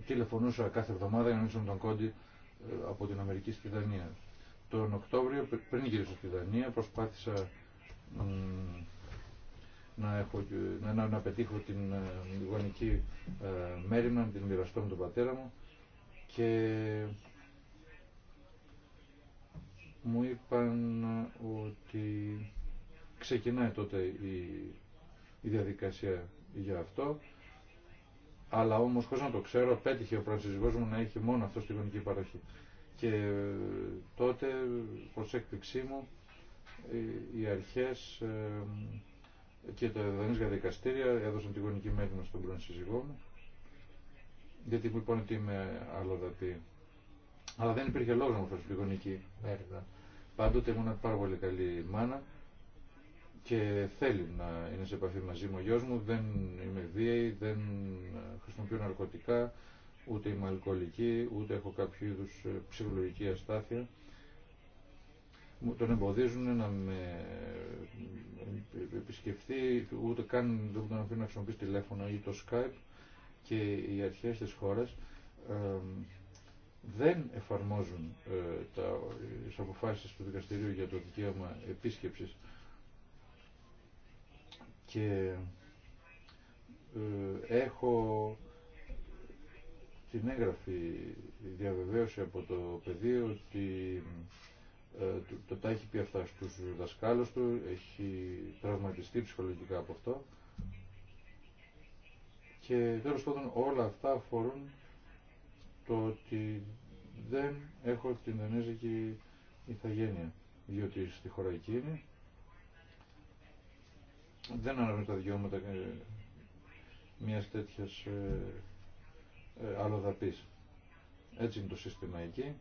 τηλεφωνούσα κάθε εβδομάδα για να μιλήσω τον Κόντι ε, από την Αμερική στη Δανία. Τον Οκτώβριο, πριν γυρίσω στη Δανία, προσπάθησα να, έχω, να, πετύχω την ε, γονική ε, μου να την μοιραστώ με τον πατέρα μου και μου είπαν ότι ξεκινάει τότε η, η διαδικασία για αυτό αλλά όμως χωρίς να το ξέρω πέτυχε ο πρασιζικός μου να έχει μόνο αυτό στη γονική παροχή και ε, τότε προς έκπληξή μου οι αρχές και τα για δικαστήρια έδωσαν τη γονική μέρημνα στον πρώην σύζυγό μου γιατί μου είπαν ότι είμαι αλλοδαπή. Αλλά δεν υπήρχε λόγο να μου φέρουν τη γονική μέρημνα. Πάντοτε ήμουν πάρα πολύ καλή μάνα και θέλει να είναι σε επαφή μαζί μου ο γιος μου, δεν είμαι βίαιη, δεν χρησιμοποιώ ναρκωτικά, ούτε είμαι αλκοολική, ούτε έχω κάποιο είδους ψυχολογική αστάθεια τον εμποδίζουν να με επισκεφθεί, ούτε καν δεν τον αφήνουν να χρησιμοποιήσει τηλέφωνο ή το Skype και οι αρχές της χώρας δεν εφαρμόζουν ε, τα, τις του δικαστηρίου για το δικαίωμα επίσκεψης και ε, έχω την έγγραφη διαβεβαίωση από το πεδίο ότι ε, το, τα έχει πει αυτά στους δασκάλους του, έχει τραυματιστεί ψυχολογικά από αυτό και τέλος πάντων όλα αυτά αφορούν το ότι δεν έχω την η ηθαγένεια διότι στη χώρα εκείνη δεν αναγνωρίζω τα δικαιώματα ε, μιας τέτοιας ε, ε, Έτσι είναι το σύστημα εκεί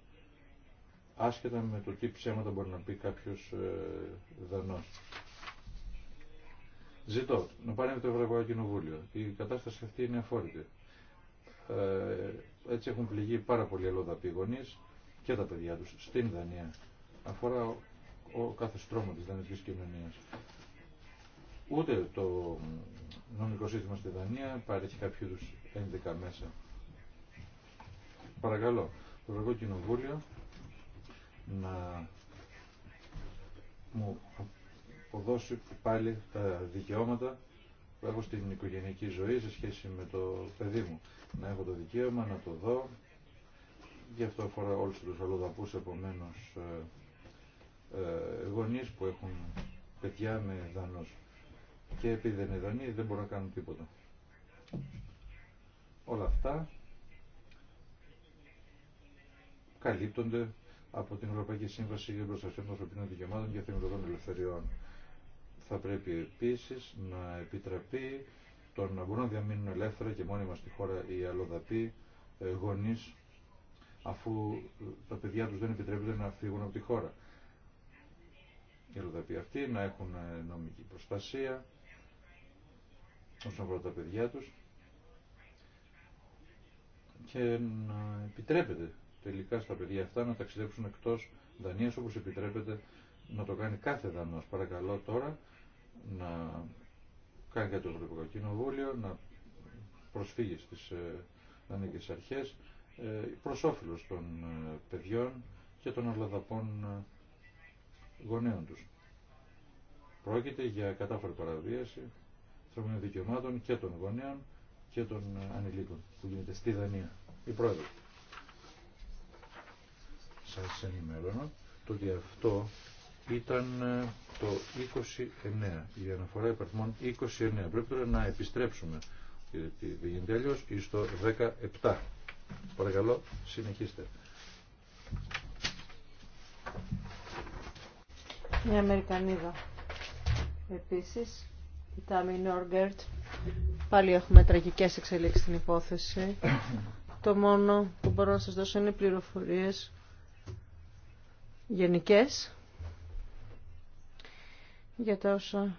άσχετα με το τι ψέματα μπορεί να πει κάποιος ε, δανός. Ζητώ να πάρει με το Ευρωπαϊκό Κοινοβούλιο. Η κατάσταση αυτή είναι αφόρητη. Ε, έτσι έχουν πληγεί πάρα πολλοί αλλοδαποί γονείς και τα παιδιά τους στην Δανία. Αφορά ο, ο κάθε στρώμα της δανεικής κοινωνίας. Ούτε το νομικό σύστημα στη Δανία παρέχει κάποιο ένδικα μέσα. Παρακαλώ, το Ευρωπαϊκό Κοινοβούλιο να μου αποδώσει πάλι τα δικαιώματα που έχω στην οικογενειακή ζωή σε σχέση με το παιδί μου. Να έχω το δικαίωμα, να το δω. Γι' αυτό αφορά όλους τους αλλοδαπούς επομένως ε, ε γονείς που έχουν παιδιά με δανός. Και επειδή δεν είναι δανείοι δεν μπορούν να κάνουν τίποτα. Όλα αυτά καλύπτονται από την Ευρωπαϊκή Σύμβαση για την Προστασία των Ανθρωπίνων Δικαιωμάτων και Θεμελιωδών Ελευθεριών. Θα πρέπει επίσης να επιτραπεί το να μπορούν να διαμείνουν ελεύθερα και μόνιμα στη χώρα οι αλλοδαποί ε, γονεί, αφού ε, τα παιδιά τους δεν επιτρέπεται να φύγουν από τη χώρα. Οι αλλοδαποί αυτοί να έχουν ε, νομική προστασία όσον αφορά τα παιδιά τους και να επιτρέπεται τελικά στα παιδιά αυτά να ταξιδέψουν εκτός Δανίας όπως επιτρέπεται να το κάνει κάθε Δανός. Παρακαλώ τώρα να κάνει κάτι το Ευρωπαϊκό Κοινοβούλιο, να προσφύγει στις ε, Δανεικές Αρχές ε, προς όφελος των ε, παιδιών και των αλλαδαπών γονέων τους. Πρόκειται για κατάφορη παραβίαση των δικαιωμάτων και των γονέων και των ανηλίκων που γίνεται στη Δανία. Η σας ενημερώνω το ότι αυτό ήταν ε, το 29, η αναφορά υπαρθμών 29. Πρέπει τώρα να επιστρέψουμε, γιατί δεν γίνεται αλλιώς, ή 17. Παρακαλώ, συνεχίστε. Μια Αμερικανίδα. Επίσης, η Τάμι Νόργκερτ. Πάλι έχουμε τραγικές εξελίξεις στην υπόθεση. Το μόνο που μπορώ να σας δώσω είναι πληροφορίες γενικές για τα όσα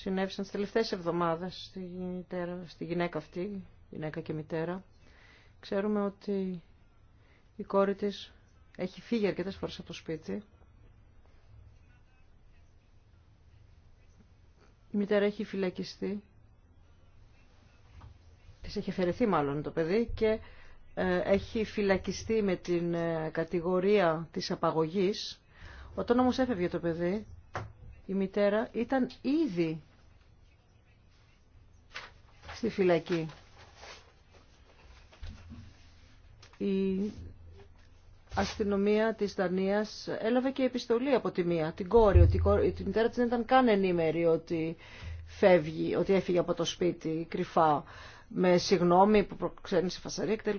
συνέβησαν τις τελευταίες εβδομάδες στη, στη γυναίκα αυτή, γυναίκα και μητέρα. Ξέρουμε ότι η κόρη της έχει φύγει αρκετές φορές από το σπίτι. Η μητέρα έχει φυλακιστεί. Της έχει αφαιρεθεί μάλλον το παιδί και ε, έχει φυλακιστεί με την ε, κατηγορία της απαγωγής. Όταν όμως έφευγε το παιδί, η μητέρα ήταν ήδη στη φυλακή. Η αστυνομία της Δανίας έλαβε και επιστολή από τη μία, την κόρη, ότι η μητέρα της δεν ήταν καν ενήμερη ότι φεύγει, ότι έφυγε από το σπίτι κρυφά με συγγνώμη που προξένει σε φασαρία κτλ.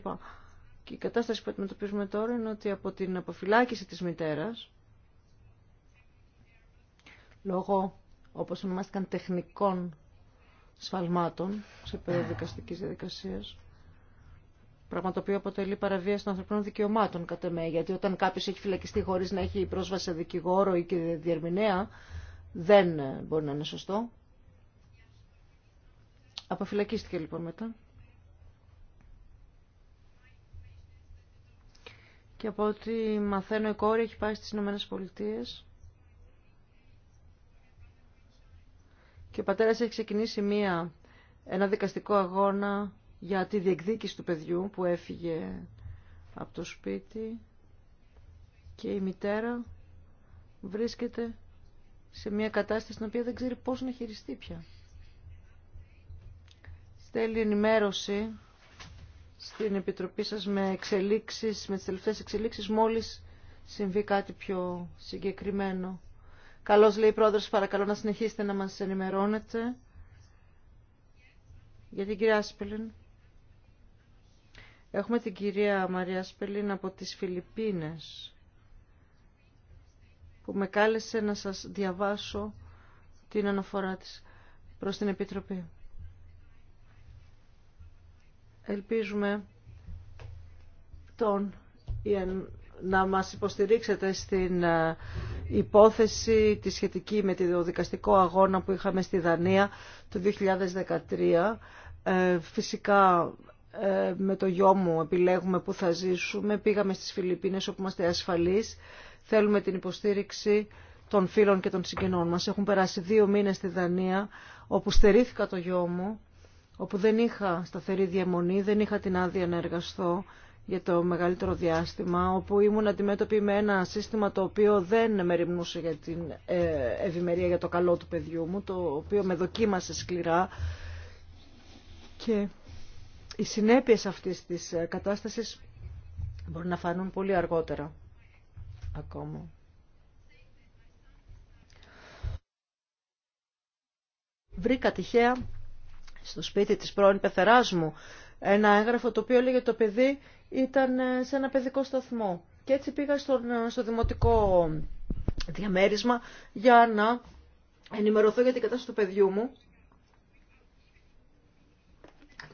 Και η κατάσταση που αντιμετωπίζουμε τώρα είναι ότι από την αποφυλάκηση της μητέρας, λόγω όπως ονομάστηκαν τεχνικών σφαλμάτων σε περίοδο δικαστικής διαδικασίας, Πράγμα το οποίο αποτελεί παραβίαση των ανθρωπίνων δικαιωμάτων, κατά με. Γιατί όταν κάποιο έχει φυλακιστεί χωρί να έχει πρόσβαση σε δικηγόρο ή και διερμηνέα, δεν μπορεί να είναι σωστό. Αποφυλακίστηκε λοιπόν μετά. Και από ό,τι μαθαίνω η κόρη έχει πάει στις Ηνωμένες Πολιτείες. Και ο πατέρας έχει ξεκινήσει μία, ένα δικαστικό αγώνα για τη διεκδίκηση του παιδιού που έφυγε από το σπίτι. Και η μητέρα βρίσκεται σε μία κατάσταση στην οποία δεν ξέρει πώς να χειριστεί πια στέλνει ενημέρωση στην Επιτροπή σας με εξελίξεις, με τις τελευταίες εξελίξεις μόλις συμβεί κάτι πιο συγκεκριμένο. Καλώς λέει η πρόεδρος, παρακαλώ να συνεχίσετε να μας ενημερώνετε. Για την κυρία Σπελίν. Έχουμε την κυρία Μαρία Σπελίν από τις Φιλιππίνες που με κάλεσε να σας διαβάσω την αναφορά της προς την Επιτροπή. Ελπίζουμε τον να μας υποστηρίξετε στην ε, υπόθεση τη σχετική με τη δικαστικό αγώνα που είχαμε στη Δανία το 2013. Ε, φυσικά ε, με το γιο μου επιλέγουμε που θα ζήσουμε. Πήγαμε στις Φιλιππίνες όπου είμαστε ασφαλείς. Θέλουμε την υποστήριξη των φίλων και των συγγενών μας. Έχουν περάσει δύο μήνες στη Δανία όπου στερήθηκα το γιο μου όπου δεν είχα σταθερή διαμονή, δεν είχα την άδεια να εργαστώ για το μεγαλύτερο διάστημα, όπου ήμουν αντιμέτωπη με ένα σύστημα το οποίο δεν με ρημνούσε για την ε, ευημερία, για το καλό του παιδιού μου, το οποίο με δοκίμασε σκληρά. Και οι συνέπειες αυτής της ε, κατάστασης μπορεί να φανούν πολύ αργότερα ακόμα. Βρήκα τυχαία στο σπίτι της πρώην πεθεράς μου ένα έγγραφο το οποίο έλεγε το παιδί ήταν ε, σε ένα παιδικό σταθμό. Και έτσι πήγα στον, ε, στο δημοτικό διαμέρισμα για να ενημερωθώ για την κατάσταση του παιδιού μου.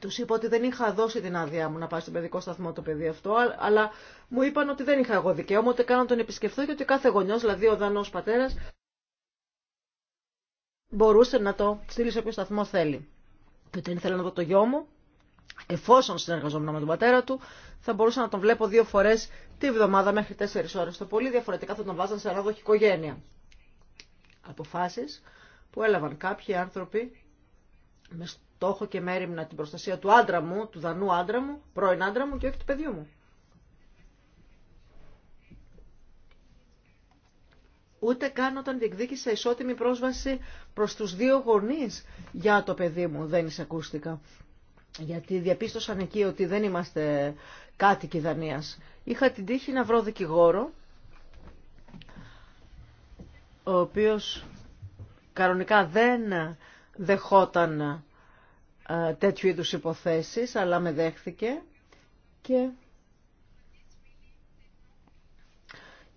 Του είπα ότι δεν είχα δώσει την άδειά μου να πάει στο παιδικό σταθμό το παιδί αυτό, αλλά μου είπαν ότι δεν είχα εγώ δικαίωμα, ότι κάνω τον επισκεφθώ και ότι κάθε γονιό, δηλαδή ο Δανό πατέρα μπορούσε να το στείλει σε όποιο σταθμό θέλει. Και δεν ήθελα να δω το γιο μου, εφόσον συνεργαζόμουν με τον πατέρα του, θα μπορούσα να τον βλέπω δύο φορέ τη βδομάδα μέχρι τέσσερι ώρε το πολύ. Διαφορετικά θα τον βάζαν σε ανάδοχη οικογένεια. Αποφάσει που έλαβαν κάποιοι άνθρωποι με στόχο και μέρημνα την προστασία του άντρα μου, του δανού άντρα μου, πρώην άντρα μου και όχι του παιδιού μου. ούτε καν όταν διεκδίκησα ισότιμη πρόσβαση προς τους δύο γονείς για το παιδί μου δεν εισακούστηκα. Γιατί διαπίστωσαν εκεί ότι δεν είμαστε κάτοικοι Δανίας. Είχα την τύχη να βρω δικηγόρο, ο οποίος κανονικά δεν δεχόταν ε, τέτοιου είδους υποθέσεις, αλλά με δέχθηκε και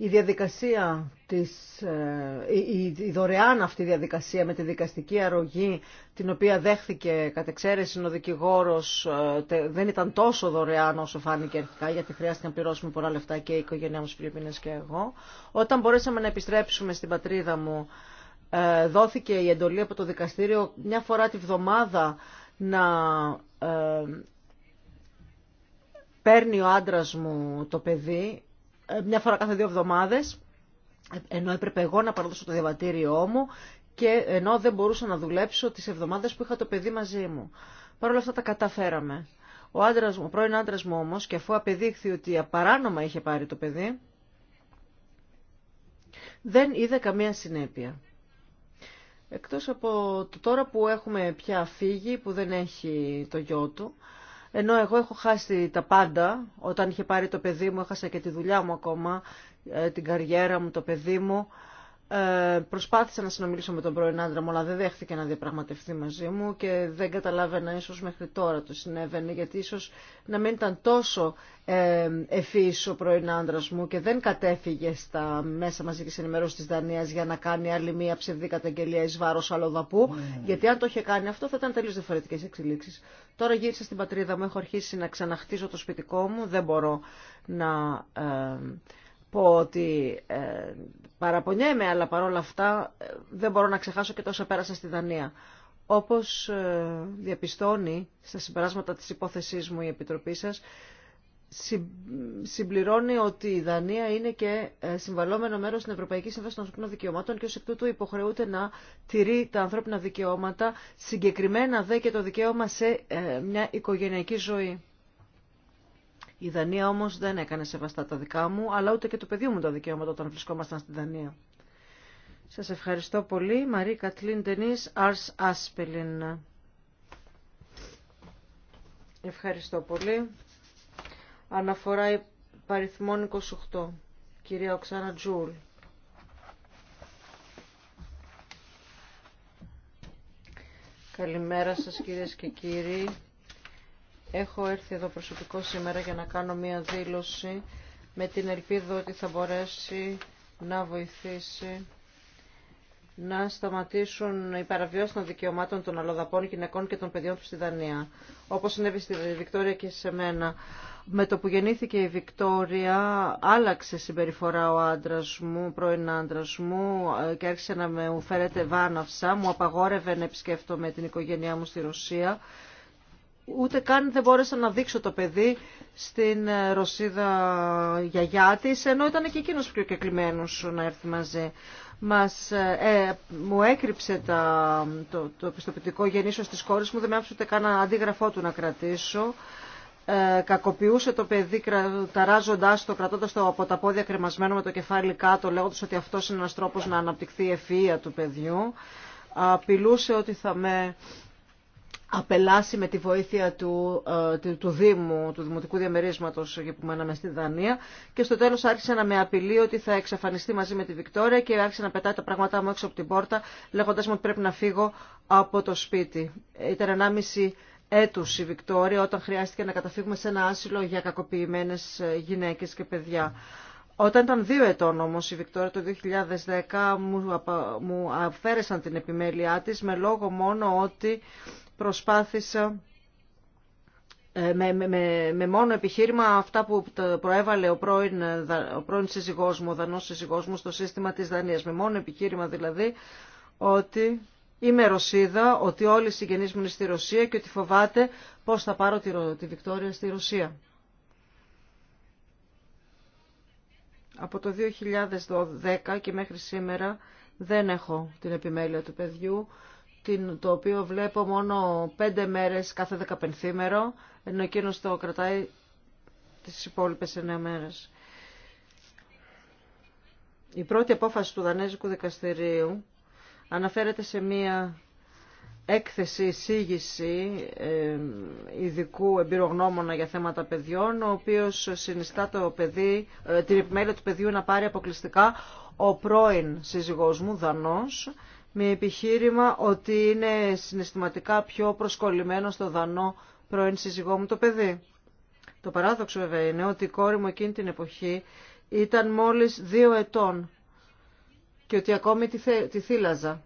η διαδικασία της, ε, η, δωρεάν αυτή διαδικασία με τη δικαστική αρρωγή την οποία δέχθηκε κατ' εξαίρεση ο δικηγόρος ε, δεν ήταν τόσο δωρεάν όσο φάνηκε αρχικά γιατί χρειάστηκε να πληρώσουμε πολλά λεφτά και η οικογένειά μου στις και εγώ. Όταν μπορέσαμε να επιστρέψουμε στην πατρίδα μου ε, δόθηκε η εντολή από το δικαστήριο μια φορά τη βδομάδα να παίρνει ο άντρας μου το παιδί μια φορά κάθε δύο εβδομάδες, ενώ έπρεπε εγώ να παραδώσω το διαβατήριό μου και ενώ δεν μπορούσα να δουλέψω τις εβδομάδες που είχα το παιδί μαζί μου. Παρ' όλα αυτά τα καταφέραμε. Ο, άντρας μου, ο πρώην άντρα μου όμως, και αφού απεδείχθη ότι απαράνομα είχε πάρει το παιδί, δεν είδε καμία συνέπεια. Εκτός από το τώρα που έχουμε πια φύγει, που δεν έχει το γιο του, ενώ εγώ έχω χάσει τα πάντα. Όταν είχε πάρει το παιδί μου, έχασα και τη δουλειά μου ακόμα, ε, την καριέρα μου, το παιδί μου. Ε, προσπάθησα να συνομιλήσω με τον πρώην άντρα μου, αλλά δεν δέχτηκε να διαπραγματευτεί μαζί μου και δεν καταλάβαινα ίσως μέχρι τώρα το συνέβαινε, γιατί ίσως να μην ήταν τόσο ε, ευφύης ο πρώην άντρα μου και δεν κατέφυγε στα μέσα μαζικής ενημέρωσης της Δανίας για να κάνει άλλη μία ψευδή καταγγελία εις βάρος αλλοδαπού, mm. Ναι. γιατί αν το είχε κάνει αυτό θα ήταν τελείως διαφορετικές εξελίξεις. Τώρα γύρισα στην πατρίδα μου, έχω αρχίσει να ξαναχτίζω το σπιτικό μου, δεν μπορώ να... Ε, πω ότι ε, παραπονιέμαι, αλλά παρόλα αυτά ε, δεν μπορώ να ξεχάσω και τόσα πέρασα στη Δανία. Όπως ε, διαπιστώνει στα συμπεράσματα της υπόθεσής μου η Επιτροπή σας, συμπληρώνει ότι η Δανία είναι και συμβαλόμενο μέρος στην Ευρωπαϊκή Σύμβαση των Ανθρωπίνων Δικαιωμάτων και ω εκ τούτου υποχρεούται να τηρεί τα ανθρώπινα δικαιώματα, συγκεκριμένα δε και το δικαίωμα σε μια οικογενειακή ζωή. Η Δανία όμως δεν έκανε σεβαστά τα δικά μου, αλλά ούτε και το παιδί μου τα δικαιώματα όταν βρισκόμασταν στη Δανία. Σας ευχαριστώ πολύ. Μαρή Κατλίν Τενής, Αρς Άσπελιν. Ευχαριστώ πολύ. Αναφορά η παριθμόν 28. Κυρία Οξάνα Τζούλ. Καλημέρα σας κυρίες και κύριοι. Έχω έρθει εδώ προσωπικό σήμερα για να κάνω μία δήλωση με την ελπίδα ότι θα μπορέσει να βοηθήσει να σταματήσουν οι παραβιώσεις των δικαιωμάτων των αλλοδαπών γυναικών και των παιδιών στη Δανία. Όπως συνέβη στη Βικτόρια και σε μένα. Με το που γεννήθηκε η Βικτόρια άλλαξε συμπεριφορά ο άντρα μου, πρώην άντρα μου ε, και άρχισε να με φέρεται βάναυσα. Μου απαγόρευε να επισκέφτομαι την οικογένειά μου στη Ρωσία ούτε καν δεν μπόρεσα να δείξω το παιδί στην ε, Ρωσίδα γιαγιά της, ενώ ήταν και εκείνος πιο κεκλημένος να έρθει μαζί. Μας, ε, ε μου έκρυψε τα, το, το πιστοποιητικό γεννήσεως της κόρης μου, δεν με άφησε ούτε καν αντίγραφό του να κρατήσω. Ε, κακοποιούσε το παιδί ταράζοντάς το, κρατώντας το από τα πόδια κρεμασμένο με το κεφάλι κάτω, λέγοντας ότι αυτός είναι ένας τρόπος να αναπτυχθεί η ευφυΐα του παιδιού. Απειλούσε ότι θα με απελάσει με τη βοήθεια του, ε, του, του Δήμου, του Δημοτικού Διαμερίσματος που μέναμε στη Δανία και στο τέλος άρχισε να με απειλεί ότι θα εξαφανιστεί μαζί με τη Βικτόρια και άρχισε να πετάει τα πράγματά μου έξω από την πόρτα λέγοντας μου ότι πρέπει να φύγω από το σπίτι. Ήταν 1,5 έτους η Βικτόρια όταν χρειάστηκε να καταφύγουμε σε ένα άσυλο για κακοποιημένες ε, γυναίκες και παιδιά. Όταν ήταν δύο ετών όμως η Βικτόρια το 2010 μου αφαίρεσαν την επιμέλειά τη με λόγο μόνο ότι προσπάθησα ε, με, με, με, μόνο επιχείρημα αυτά που προέβαλε ο πρώην, ο πρώην σύζυγός μου, ο δανός σύζυγός μου στο σύστημα της Δανίας. Με μόνο επιχείρημα δηλαδή ότι είμαι Ρωσίδα, ότι όλοι οι συγγενείς μου είναι στη Ρωσία και ότι φοβάται πώς θα πάρω τη, τη Βικτόρια στη Ρωσία. Από το 2010 και μέχρι σήμερα δεν έχω την επιμέλεια του παιδιού το οποίο βλέπω μόνο πέντε μέρες κάθε δεκαπενθήμερο, ενώ εκείνος το κρατάει τις υπόλοιπες εννέα μέρες. Η πρώτη απόφαση του Δανέζικου Δικαστηρίου αναφέρεται σε μία έκθεση εισήγηση ειδικού εμπειρογνώμονα για θέματα παιδιών, ο οποίος συνιστά το παιδί, ε, την επιμέλεια του παιδιού να πάρει αποκλειστικά ο πρώην σύζυγός μου, Δανός, με επιχείρημα ότι είναι συναισθηματικά πιο προσκολλημένο στο δανό πρώην σύζυγό μου το παιδί. Το παράδοξο βέβαια είναι ότι η κόρη μου εκείνη την εποχή ήταν μόλις δύο ετών και ότι ακόμη τη, θύλαζα.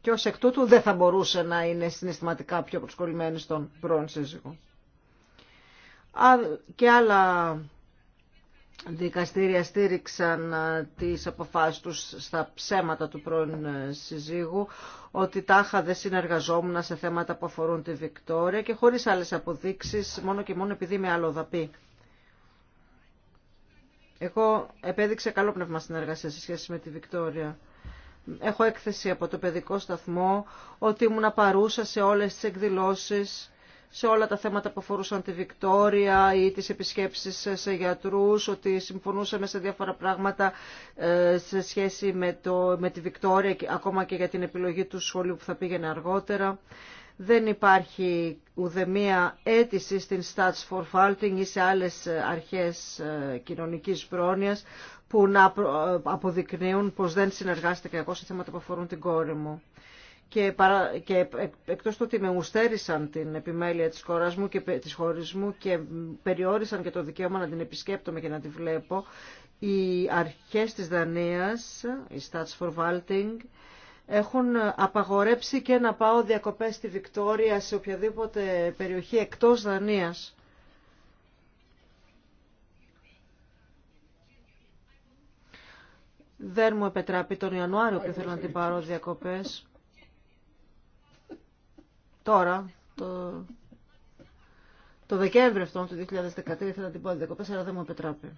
Και ως εκ τούτου δεν θα μπορούσε να είναι συναισθηματικά πιο προσκολλημένη στον πρώην σύζυγο. Και άλλα δικαστήρια στήριξαν τις αποφάσεις τους στα ψέματα του πρώην ε, συζύγου ότι τάχα δεν συνεργαζόμουν σε θέματα που αφορούν τη Βικτόρια και χωρίς άλλες αποδείξεις μόνο και μόνο επειδή είμαι άλλο δαπή. Εγώ επέδειξε καλό πνεύμα συνεργασία σε σχέση με τη Βικτόρια. Έχω έκθεση από το παιδικό σταθμό ότι ήμουν παρούσα σε όλες τις εκδηλώσεις σε όλα τα θέματα που αφορούσαν τη Βικτόρια ή τις επισκέψεις σε γιατρούς, ότι συμφωνούσαμε σε διάφορα πράγματα ε, σε σχέση με, το, με τη Βικτόρια, ακόμα και για την επιλογή του σχολείου που θα πήγαινε αργότερα. Δεν υπάρχει ουδεμία αίτηση στην Stats for Falting ή σε άλλες αρχές ε, κοινωνικής πρόνοιας που να ε, αποδεικνύουν πως δεν συνεργάστηκα εγώ σε θέματα που αφορούν την κόρη μου και, παρα, και εκτός του ότι με ουστέρισαν την επιμέλεια της χώρας μου και της χορίσμου μου και περιόρισαν και το δικαίωμα να την επισκέπτομαι και να τη βλέπω, οι αρχές της Δανίας, οι Stats for Valting, έχουν απαγορέψει και να πάω διακοπές στη Βικτόρια σε οποιαδήποτε περιοχή εκτός Δανίας. Δεν μου επετράπει τον Ιανουάριο που θέλω να την πάρω διακοπές τώρα, το, το Δεκέμβριο αυτόν του 2013 ήθελα την πω αλλά δεν μου επιτράπει.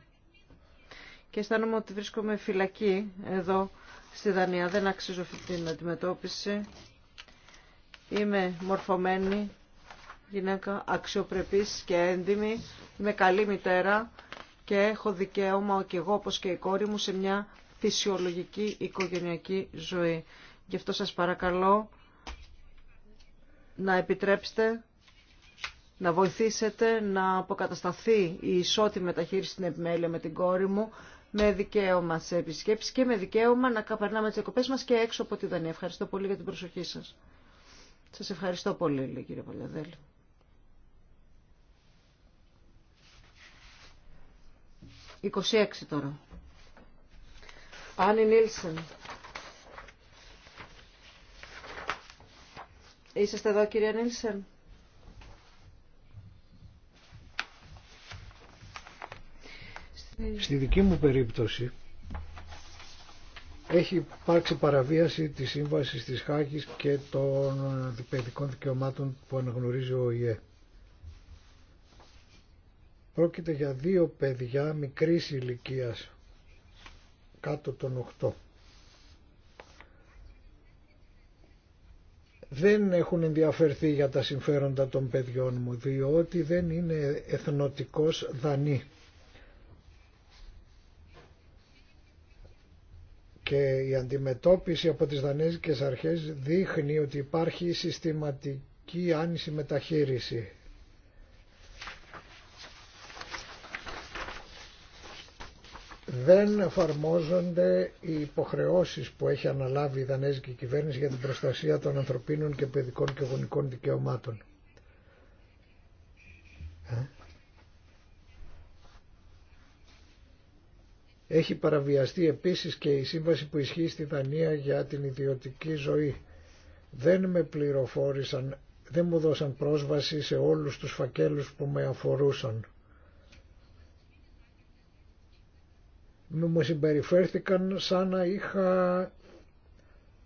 Και αισθάνομαι ότι βρίσκομαι φυλακή εδώ στη Δανία. Δεν αξίζω αυτή την αντιμετώπιση. Είμαι μορφωμένη γυναίκα, αξιοπρεπής και έντιμη. Είμαι καλή μητέρα και έχω δικαίωμα και εγώ όπως και η κόρη μου σε μια φυσιολογική οικογενειακή ζωή. Γι' αυτό σας παρακαλώ να επιτρέψετε να βοηθήσετε να αποκατασταθεί η ισότιμη μεταχείριση στην επιμέλεια με την κόρη μου, με δικαίωμα σε επισκέψεις και με δικαίωμα να καπερνάμε τι εκοπές μας και έξω από τη Δανία. Ευχαριστώ πολύ για την προσοχή σας. Σας ευχαριστώ πολύ, λέει κύριε Παλιαδέλη. «26 τώρα. Άννη Νίλσεν. Είσαστε εδώ κύριε Νίλσεν. Στη δική μου περίπτωση έχει υπάρξει παραβίαση της σύμβασης της Χάγης και των παιδικών δικαιωμάτων που αναγνωρίζει ο ΙΕ. Πρόκειται για δύο παιδιά μικρής ηλικίας, κάτω των 8. δεν έχουν ενδιαφερθεί για τα συμφέροντα των παιδιών μου διότι δεν είναι εθνοτικός δανή. Και η αντιμετώπιση από τις δανέζικες αρχές δείχνει ότι υπάρχει συστηματική άνηση μεταχείριση. δεν εφαρμόζονται οι υποχρεώσεις που έχει αναλάβει η Δανέζικη κυβέρνηση για την προστασία των ανθρωπίνων και παιδικών και γονικών δικαιωμάτων. Ε? Έχει παραβιαστεί επίσης και η σύμβαση που ισχύει στη Δανία για την ιδιωτική ζωή. Δεν με πληροφόρησαν, δεν μου δώσαν πρόσβαση σε όλους τους φακέλους που με αφορούσαν. μου συμπεριφέρθηκαν σαν να είχα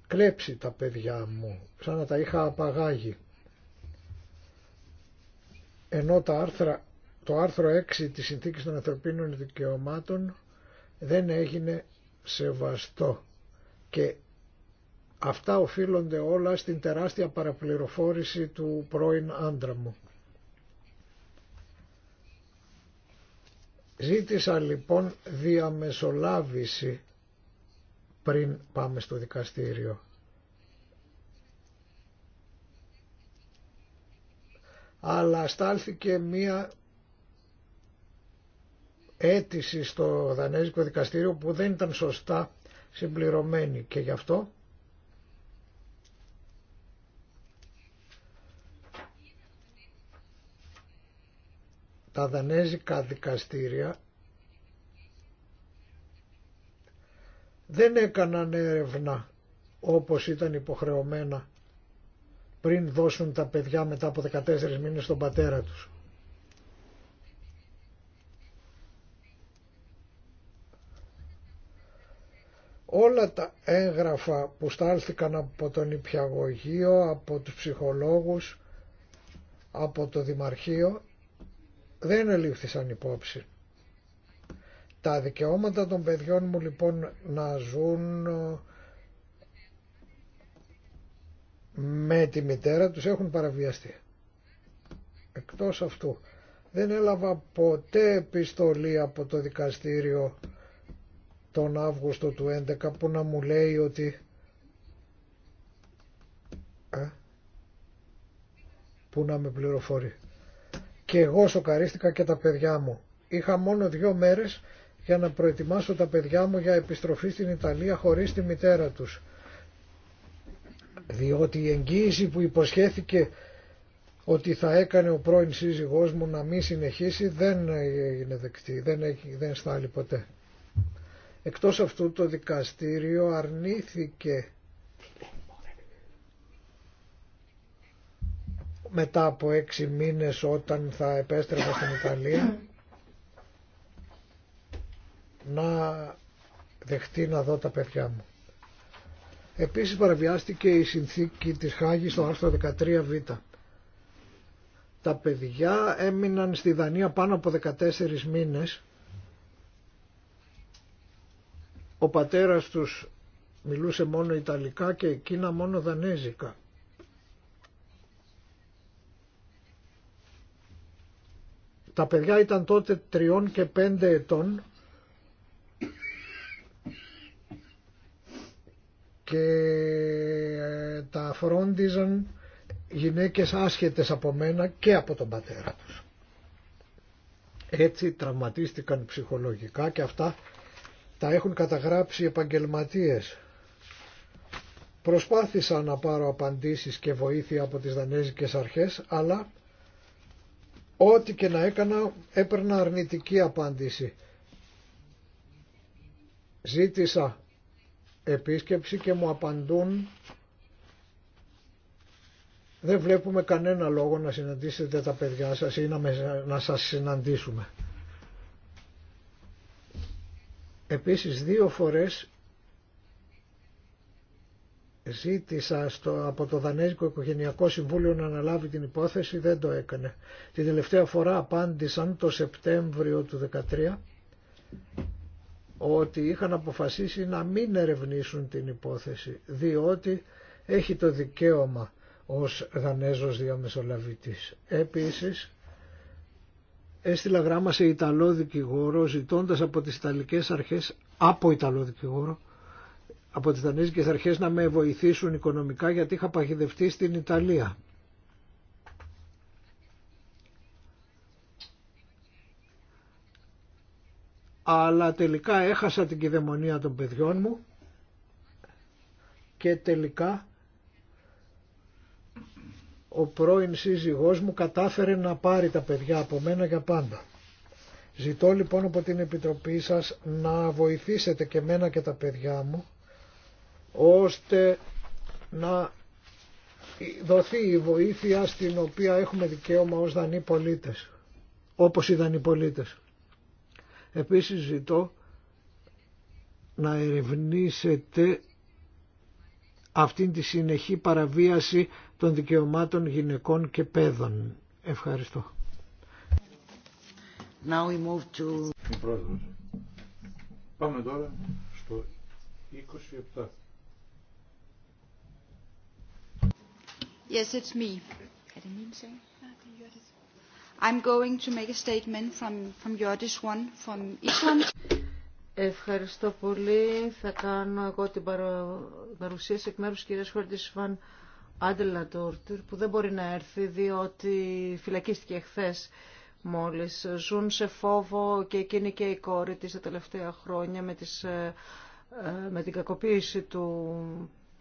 κλέψει τα παιδιά μου, σαν να τα είχα απαγάγει. Ενώ τα άρθρα, το άρθρο 6 της Συνθήκης των Ανθρωπίνων Δικαιωμάτων δεν έγινε σεβαστό και αυτά οφείλονται όλα στην τεράστια παραπληροφόρηση του πρώην άντρα μου. Ζήτησα λοιπόν διαμεσολάβηση πριν πάμε στο δικαστήριο. Αλλά στάλθηκε μία αίτηση στο Δανέζικο Δικαστήριο που δεν ήταν σωστά συμπληρωμένη και γι' αυτό τα δανέζικα δικαστήρια δεν έκαναν έρευνα όπως ήταν υποχρεωμένα πριν δώσουν τα παιδιά μετά από 14 μήνες στον πατέρα τους. Όλα τα έγγραφα που στάλθηκαν από τον Υπιαγωγείο, από τους ψυχολόγους, από το Δημαρχείο δεν ελήφθησαν υπόψη. Τα δικαιώματα των παιδιών μου λοιπόν να ζουν ε, με τη μητέρα τους έχουν παραβιαστεί. Εκτός αυτού δεν έλαβα ποτέ επιστολή από το δικαστήριο τον Αύγουστο του 11 που να μου λέει ότι ε, που να με πληροφορεί. Και εγώ σοκαρίστηκα και τα παιδιά μου. Είχα μόνο δύο μέρες για να προετοιμάσω τα παιδιά μου για επιστροφή στην Ιταλία χωρίς τη μητέρα τους. Διότι η εγγύηση που υποσχέθηκε ότι θα έκανε ο πρώην σύζυγός μου να μην συνεχίσει δεν είναι δεκτή, δεν, δεν στάλει ποτέ. Εκτός αυτού το δικαστήριο αρνήθηκε μετά από έξι μήνες όταν θα επέστρεφα στην Ιταλία να δεχτεί να δω τα παιδιά μου. Επίσης παραβιάστηκε η συνθήκη της Χάγης στο άρθρο 13β. Τα παιδιά έμειναν στη Δανία πάνω από 14 μήνες. Ο πατέρας τους μιλούσε μόνο Ιταλικά και εκείνα μόνο Δανέζικα. Τα παιδιά ήταν τότε τριών και πέντε ετών και ε, τα φρόντιζαν γυναίκες άσχετες από μένα και από τον πατέρα τους. Έτσι τραυματίστηκαν ψυχολογικά και αυτά τα έχουν καταγράψει επαγγελματίες. Προσπάθησα να πάρω απαντήσεις και βοήθεια από τις δανέζικες αρχές, αλλά ό,τι και να έκανα έπαιρνα αρνητική απάντηση. Ζήτησα επίσκεψη και μου απαντούν δεν βλέπουμε κανένα λόγο να συναντήσετε τα παιδιά σας ή να, με, να σας συναντήσουμε. Επίσης δύο φορές Ζήτησα στο, από το Δανέζικο Οικογενειακό Συμβούλιο να αναλάβει την υπόθεση, δεν το έκανε. Την τελευταία φορά απάντησαν το Σεπτέμβριο του 2013 ότι είχαν αποφασίσει να μην ερευνήσουν την υπόθεση, διότι έχει το δικαίωμα ως Δανέζος διαμεσολαβητής. Επίσης, έστειλα γράμμα σε Ιταλό δικηγόρο ζητώντας από τις Ιταλικές αρχές, από Ιταλό δικηγόρο, από τις και Αρχές να με βοηθήσουν οικονομικά γιατί είχα παγιδευτεί στην Ιταλία. Αλλά τελικά έχασα την κυδαιμονία των παιδιών μου και τελικά ο πρώην σύζυγός μου κατάφερε να πάρει τα παιδιά από μένα για πάντα. Ζητώ λοιπόν από την Επιτροπή σας να βοηθήσετε και μένα και τα παιδιά μου ώστε να δοθεί η βοήθεια στην οποία έχουμε δικαίωμα ως δανείοι πολίτες, όπως οι δανείοι πολίτες. Επίσης ζητώ να ερευνήσετε αυτήν τη συνεχή παραβίαση των δικαιωμάτων γυναικών και παιδών. Ευχαριστώ. Now we move to... Πάμε τώρα στο 27. going to a statement from, Ευχαριστώ πολύ. Θα κάνω εγώ την παρουσίαση εκ μέρους κυρίας Χόρτης Άντελα Τόρτυρ, που δεν μπορεί να έρθει διότι φυλακίστηκε χθε μόλις. Ζουν σε φόβο και εκείνη και η κόρη της τα τελευταία χρόνια με τις ε, ε, με την κακοποίηση του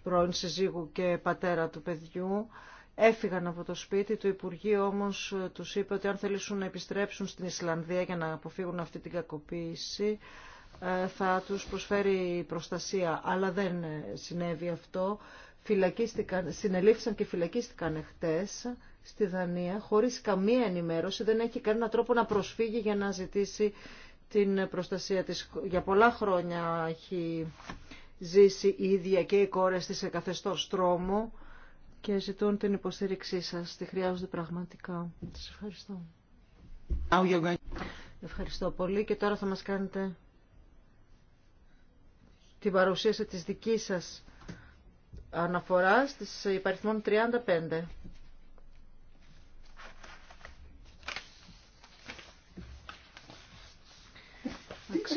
πρώην συζύγου και πατέρα του παιδιού. Έφυγαν από το σπίτι, το Υπουργείο όμως τους είπε ότι αν θέλουν να επιστρέψουν στην Ισλανδία για να αποφύγουν αυτή την κακοποίηση ε, θα τους προσφέρει προστασία. Αλλά δεν συνέβη αυτό. Φυλακίστηκαν, συνελήφθησαν και φυλακίστηκαν εχθές στη Δανία χωρίς καμία ενημέρωση. Δεν έχει κανένα τρόπο να προσφύγει για να ζητήσει την προστασία της. Για πολλά χρόνια έχει ζήσει η ίδια και οι της σε καθεστώς τρόμο και ζητούν την υποστήριξή σας. Τη χρειάζονται πραγματικά. Σας ευχαριστώ. Ευχαριστώ πολύ και τώρα θα μας κάνετε την παρουσίαση της δικής σας αναφοράς της υπαριθμών 35.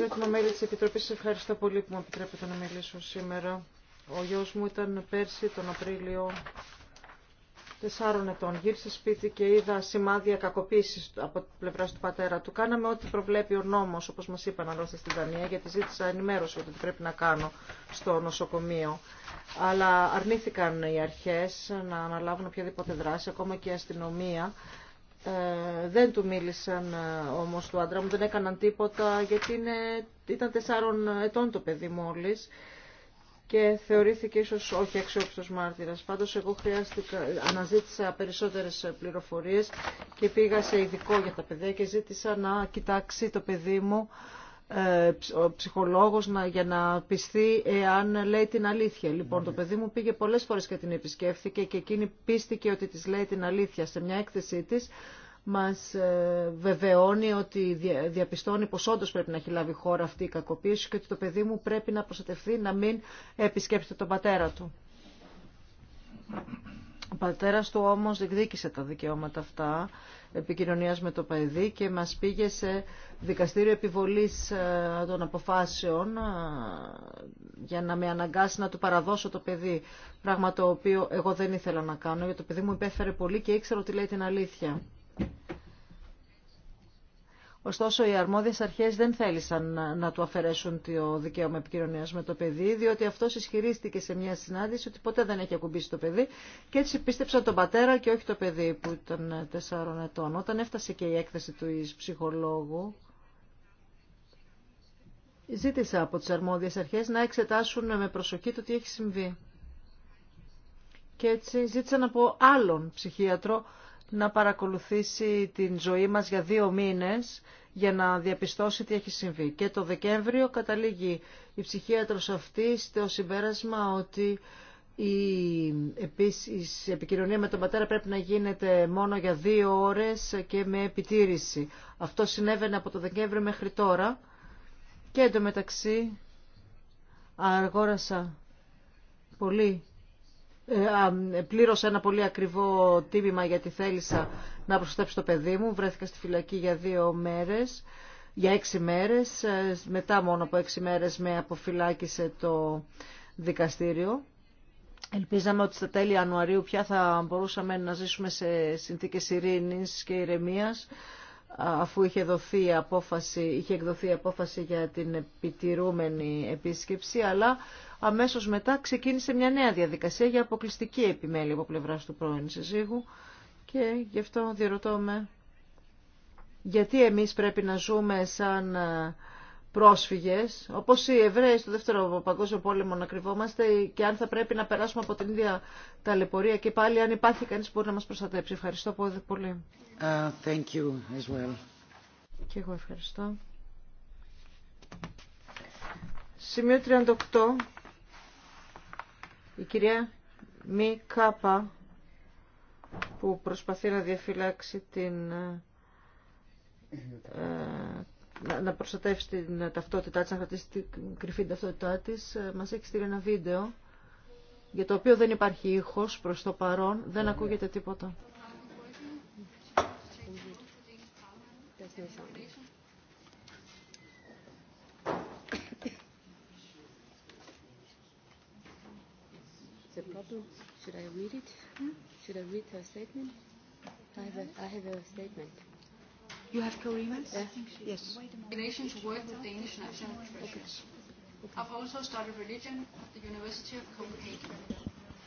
Αξιότιμα μέλη τη Επιτροπής, σας ευχαριστώ πολύ που μου επιτρέπετε να μιλήσω σήμερα. Ο γιος μου ήταν πέρσι τον Απρίλιο τεσσάρων ετών. Γύρισε σπίτι και είδα σημάδια κακοποίησης από την πλευρά του πατέρα του. Κάναμε ό,τι προβλέπει ο νόμος, όπως μας είπαν άλλωστε στην Δανία, γιατί ζήτησα ενημέρωση ότι πρέπει να κάνω στο νοσοκομείο. Αλλά αρνήθηκαν οι αρχές να αναλάβουν οποιαδήποτε δράση, ακόμα και η αστυνομία. Ε, δεν του μίλησαν ε, όμως του άντρα μου, δεν έκαναν τίποτα γιατί ήταν τεσσάρων ετών το παιδί μόλις και θεωρήθηκε ίσως όχι αξιόπιστος μάρτυρας. Πάντως εγώ χρειάστηκα, αναζήτησα περισσότερες πληροφορίες και πήγα σε ειδικό για τα παιδιά και ζήτησα να κοιτάξει το παιδί μου ε, ο ψυχολόγος να, για να πιστεί εάν λέει την αλήθεια. Λοιπόν, το ναι. παιδί μου πήγε πολλές φορές και την επισκέφθηκε και εκείνη πίστηκε ότι της λέει την αλήθεια. Σε μια έκθεσή της μας ε, βεβαιώνει ότι διαπιστώνει πως όντως πρέπει να έχει λάβει χώρα αυτή η κακοποίηση και ότι το παιδί μου πρέπει να προστατευτεί να μην επισκέπτεται τον πατέρα του. Ο πατέρας του όμως διεκδίκησε τα δικαιώματα αυτά επικοινωνίας με το παιδί και μας πήγε σε δικαστήριο επιβολής ε, των αποφάσεων ε, για να με αναγκάσει να του παραδώσω το παιδί. Πράγμα το οποίο εγώ δεν ήθελα να κάνω γιατί το παιδί μου υπέφερε πολύ και ήξερα ότι λέει την αλήθεια. Ωστόσο, οι αρμόδιε αρχέ δεν θέλησαν να του αφαιρέσουν το δικαίωμα επικοινωνία με το παιδί, διότι αυτό ισχυρίστηκε σε μια συνάντηση ότι ποτέ δεν έχει ακουμπήσει το παιδί και έτσι πίστεψαν τον πατέρα και όχι το παιδί που ήταν 4 ετών. Όταν έφτασε και η έκθεση του ψυχολόγου, ζήτησα από τις αρμόδιες αρχές να εξετάσουν με προσοχή το τι έχει συμβεί. Και έτσι ζήτησαν από άλλον ψυχίατρο να παρακολουθήσει την ζωή μας για δύο μήνες για να διαπιστώσει τι έχει συμβεί. Και το Δεκέμβριο καταλήγει η ψυχίατρος αυτή στο συμπέρασμα ότι η, επίσης, η επικοινωνία με τον πατέρα πρέπει να γίνεται μόνο για δύο ώρες και με επιτήρηση. Αυτό συνέβαινε από το Δεκέμβριο μέχρι τώρα και εντωμεταξύ αργόρασα πολύ ε, πλήρωσα ένα πολύ ακριβό τίμημα γιατί θέλησα να προστατέψω το παιδί μου. Βρέθηκα στη φυλακή για δύο μέρες, για έξι μέρες. Ε, μετά μόνο από έξι μέρες με αποφυλάκησε το δικαστήριο. Ελπίζαμε ότι στα τέλη Ιανουαρίου πια θα μπορούσαμε να ζήσουμε σε συνθήκες ειρήνης και ηρεμίας αφού είχε, δοθεί απόφαση, είχε εκδοθεί απόφαση για την επιτηρούμενη επίσκεψη, αλλά αμέσως μετά ξεκίνησε μια νέα διαδικασία για αποκλειστική επιμέλεια από πλευρά του πρώην συζύγου και γι' αυτό διερωτώ με γιατί εμείς πρέπει να ζούμε σαν πρόσφυγες, όπως οι Εβραίοι στο Δεύτερο Παγκόσμιο Πόλεμο να κρυβόμαστε και αν θα πρέπει να περάσουμε από την ίδια ταλαιπωρία και πάλι αν υπάρχει κανείς που μπορεί να μας προστατέψει. Ευχαριστώ πολύ. Uh, thank you as well. Και εγώ ευχαριστώ. Σημείο 38. Η κυρία Μη που προσπαθεί να διαφυλάξει την ε, να προστατεύσει την ταυτότητά της, να κρατήσει την κρυφή ταυτότητά της, ε, μας έχει στείλει ένα βίντεο για το οποίο δεν υπάρχει ήχος προς το παρόν, δεν ακούγεται τίποτα. problem, should I read it? Should I read her statement? I have a, I have a statement. You have Yeah. Yes. In relation to work with Danish national treasures. I've also studied religion at the University of Copenhagen.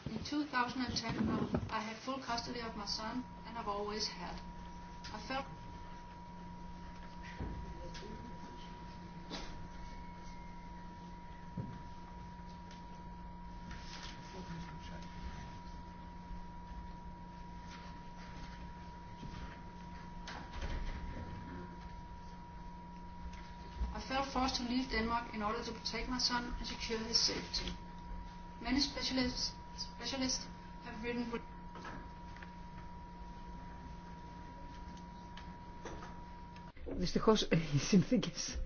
In 2010, I had full custody of my son, and I've always had. I felt forced to leave Denmark in order to protect my son and secure his safety. Many specialists specialists have written with Δυστυχώς οι συνθήκες,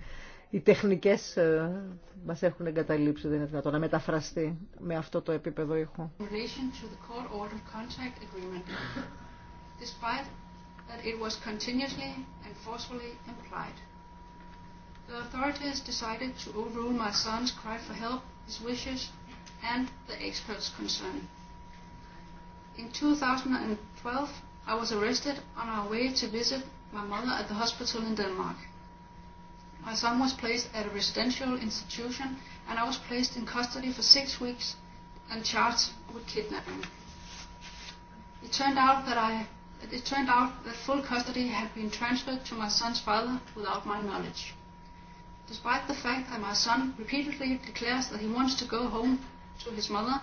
οι τεχνικές μας έχουν εγκαταλείψει, δεν είναι δυνατόν να μεταφραστεί με αυτό το επίπεδο ήχου. Despite that it was continuously and forcefully implied. The authorities decided to overrule my son's cry for help, his wishes, and the experts' concern. In 2012, I was arrested on our way to visit my mother at the hospital in Denmark. My son was placed at a residential institution, and I was placed in custody for six weeks and charged with kidnapping. It turned out that I it turned out that full custody had been transferred to my son's father without my knowledge. Despite the fact that my son repeatedly declares that he wants to go home to his mother,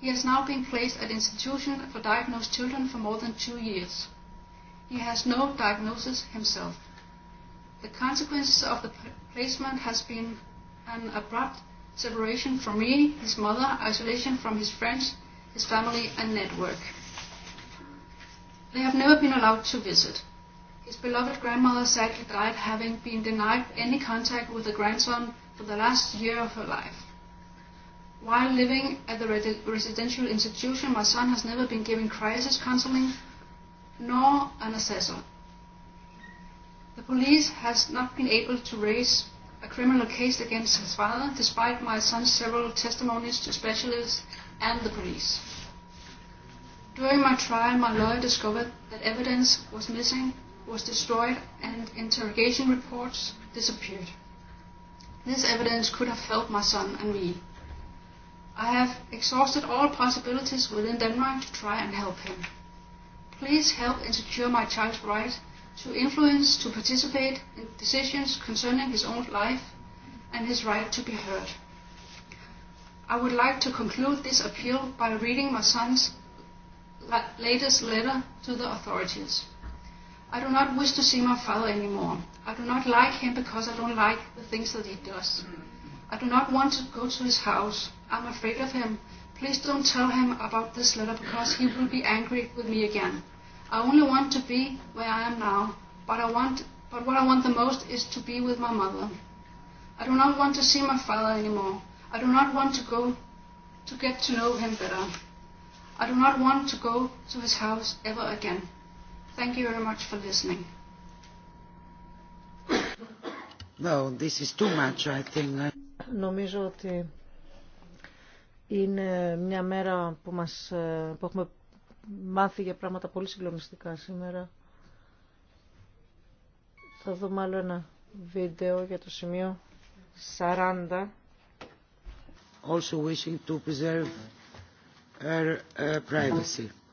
he has now been placed at institution for diagnosed children for more than two years. He has no diagnosis himself. The consequences of the placement has been an abrupt separation from me, his mother, isolation from his friends, his family and network. They have never been allowed to visit. His beloved grandmother sadly died having been denied any contact with the grandson for the last year of her life. While living at the residential institution, my son has never been given crisis counseling nor an assessor. The police has not been able to raise a criminal case against his father, despite my son's several testimonies to specialists and the police. During my trial, my lawyer discovered that evidence was missing was destroyed and interrogation reports disappeared. This evidence could have helped my son and me. I have exhausted all possibilities within Denmark to try and help him. Please help and secure my child's right to influence, to participate in decisions concerning his own life and his right to be heard. I would like to conclude this appeal by reading my son's latest letter to the authorities. I do not wish to see my father anymore. I do not like him because I don't like the things that he does. I do not want to go to his house. I'm afraid of him. Please don't tell him about this letter because he will be angry with me again. I only want to be where I am now, but I want but what I want the most is to be with my mother. I do not want to see my father anymore. I do not want to go to get to know him better. I do not want to go to his house ever again. Thank you very much for listening. No, this is too much, I think. Νομίζω ότι είναι μια μέρα που, μας, ε, που έχουμε μάθει για πράγματα πολύ συγκλονιστικά σήμερα. Θα δω μάλλον ένα βίντεο για το σημείο 40. Also wishing to preserve her ε, privacy.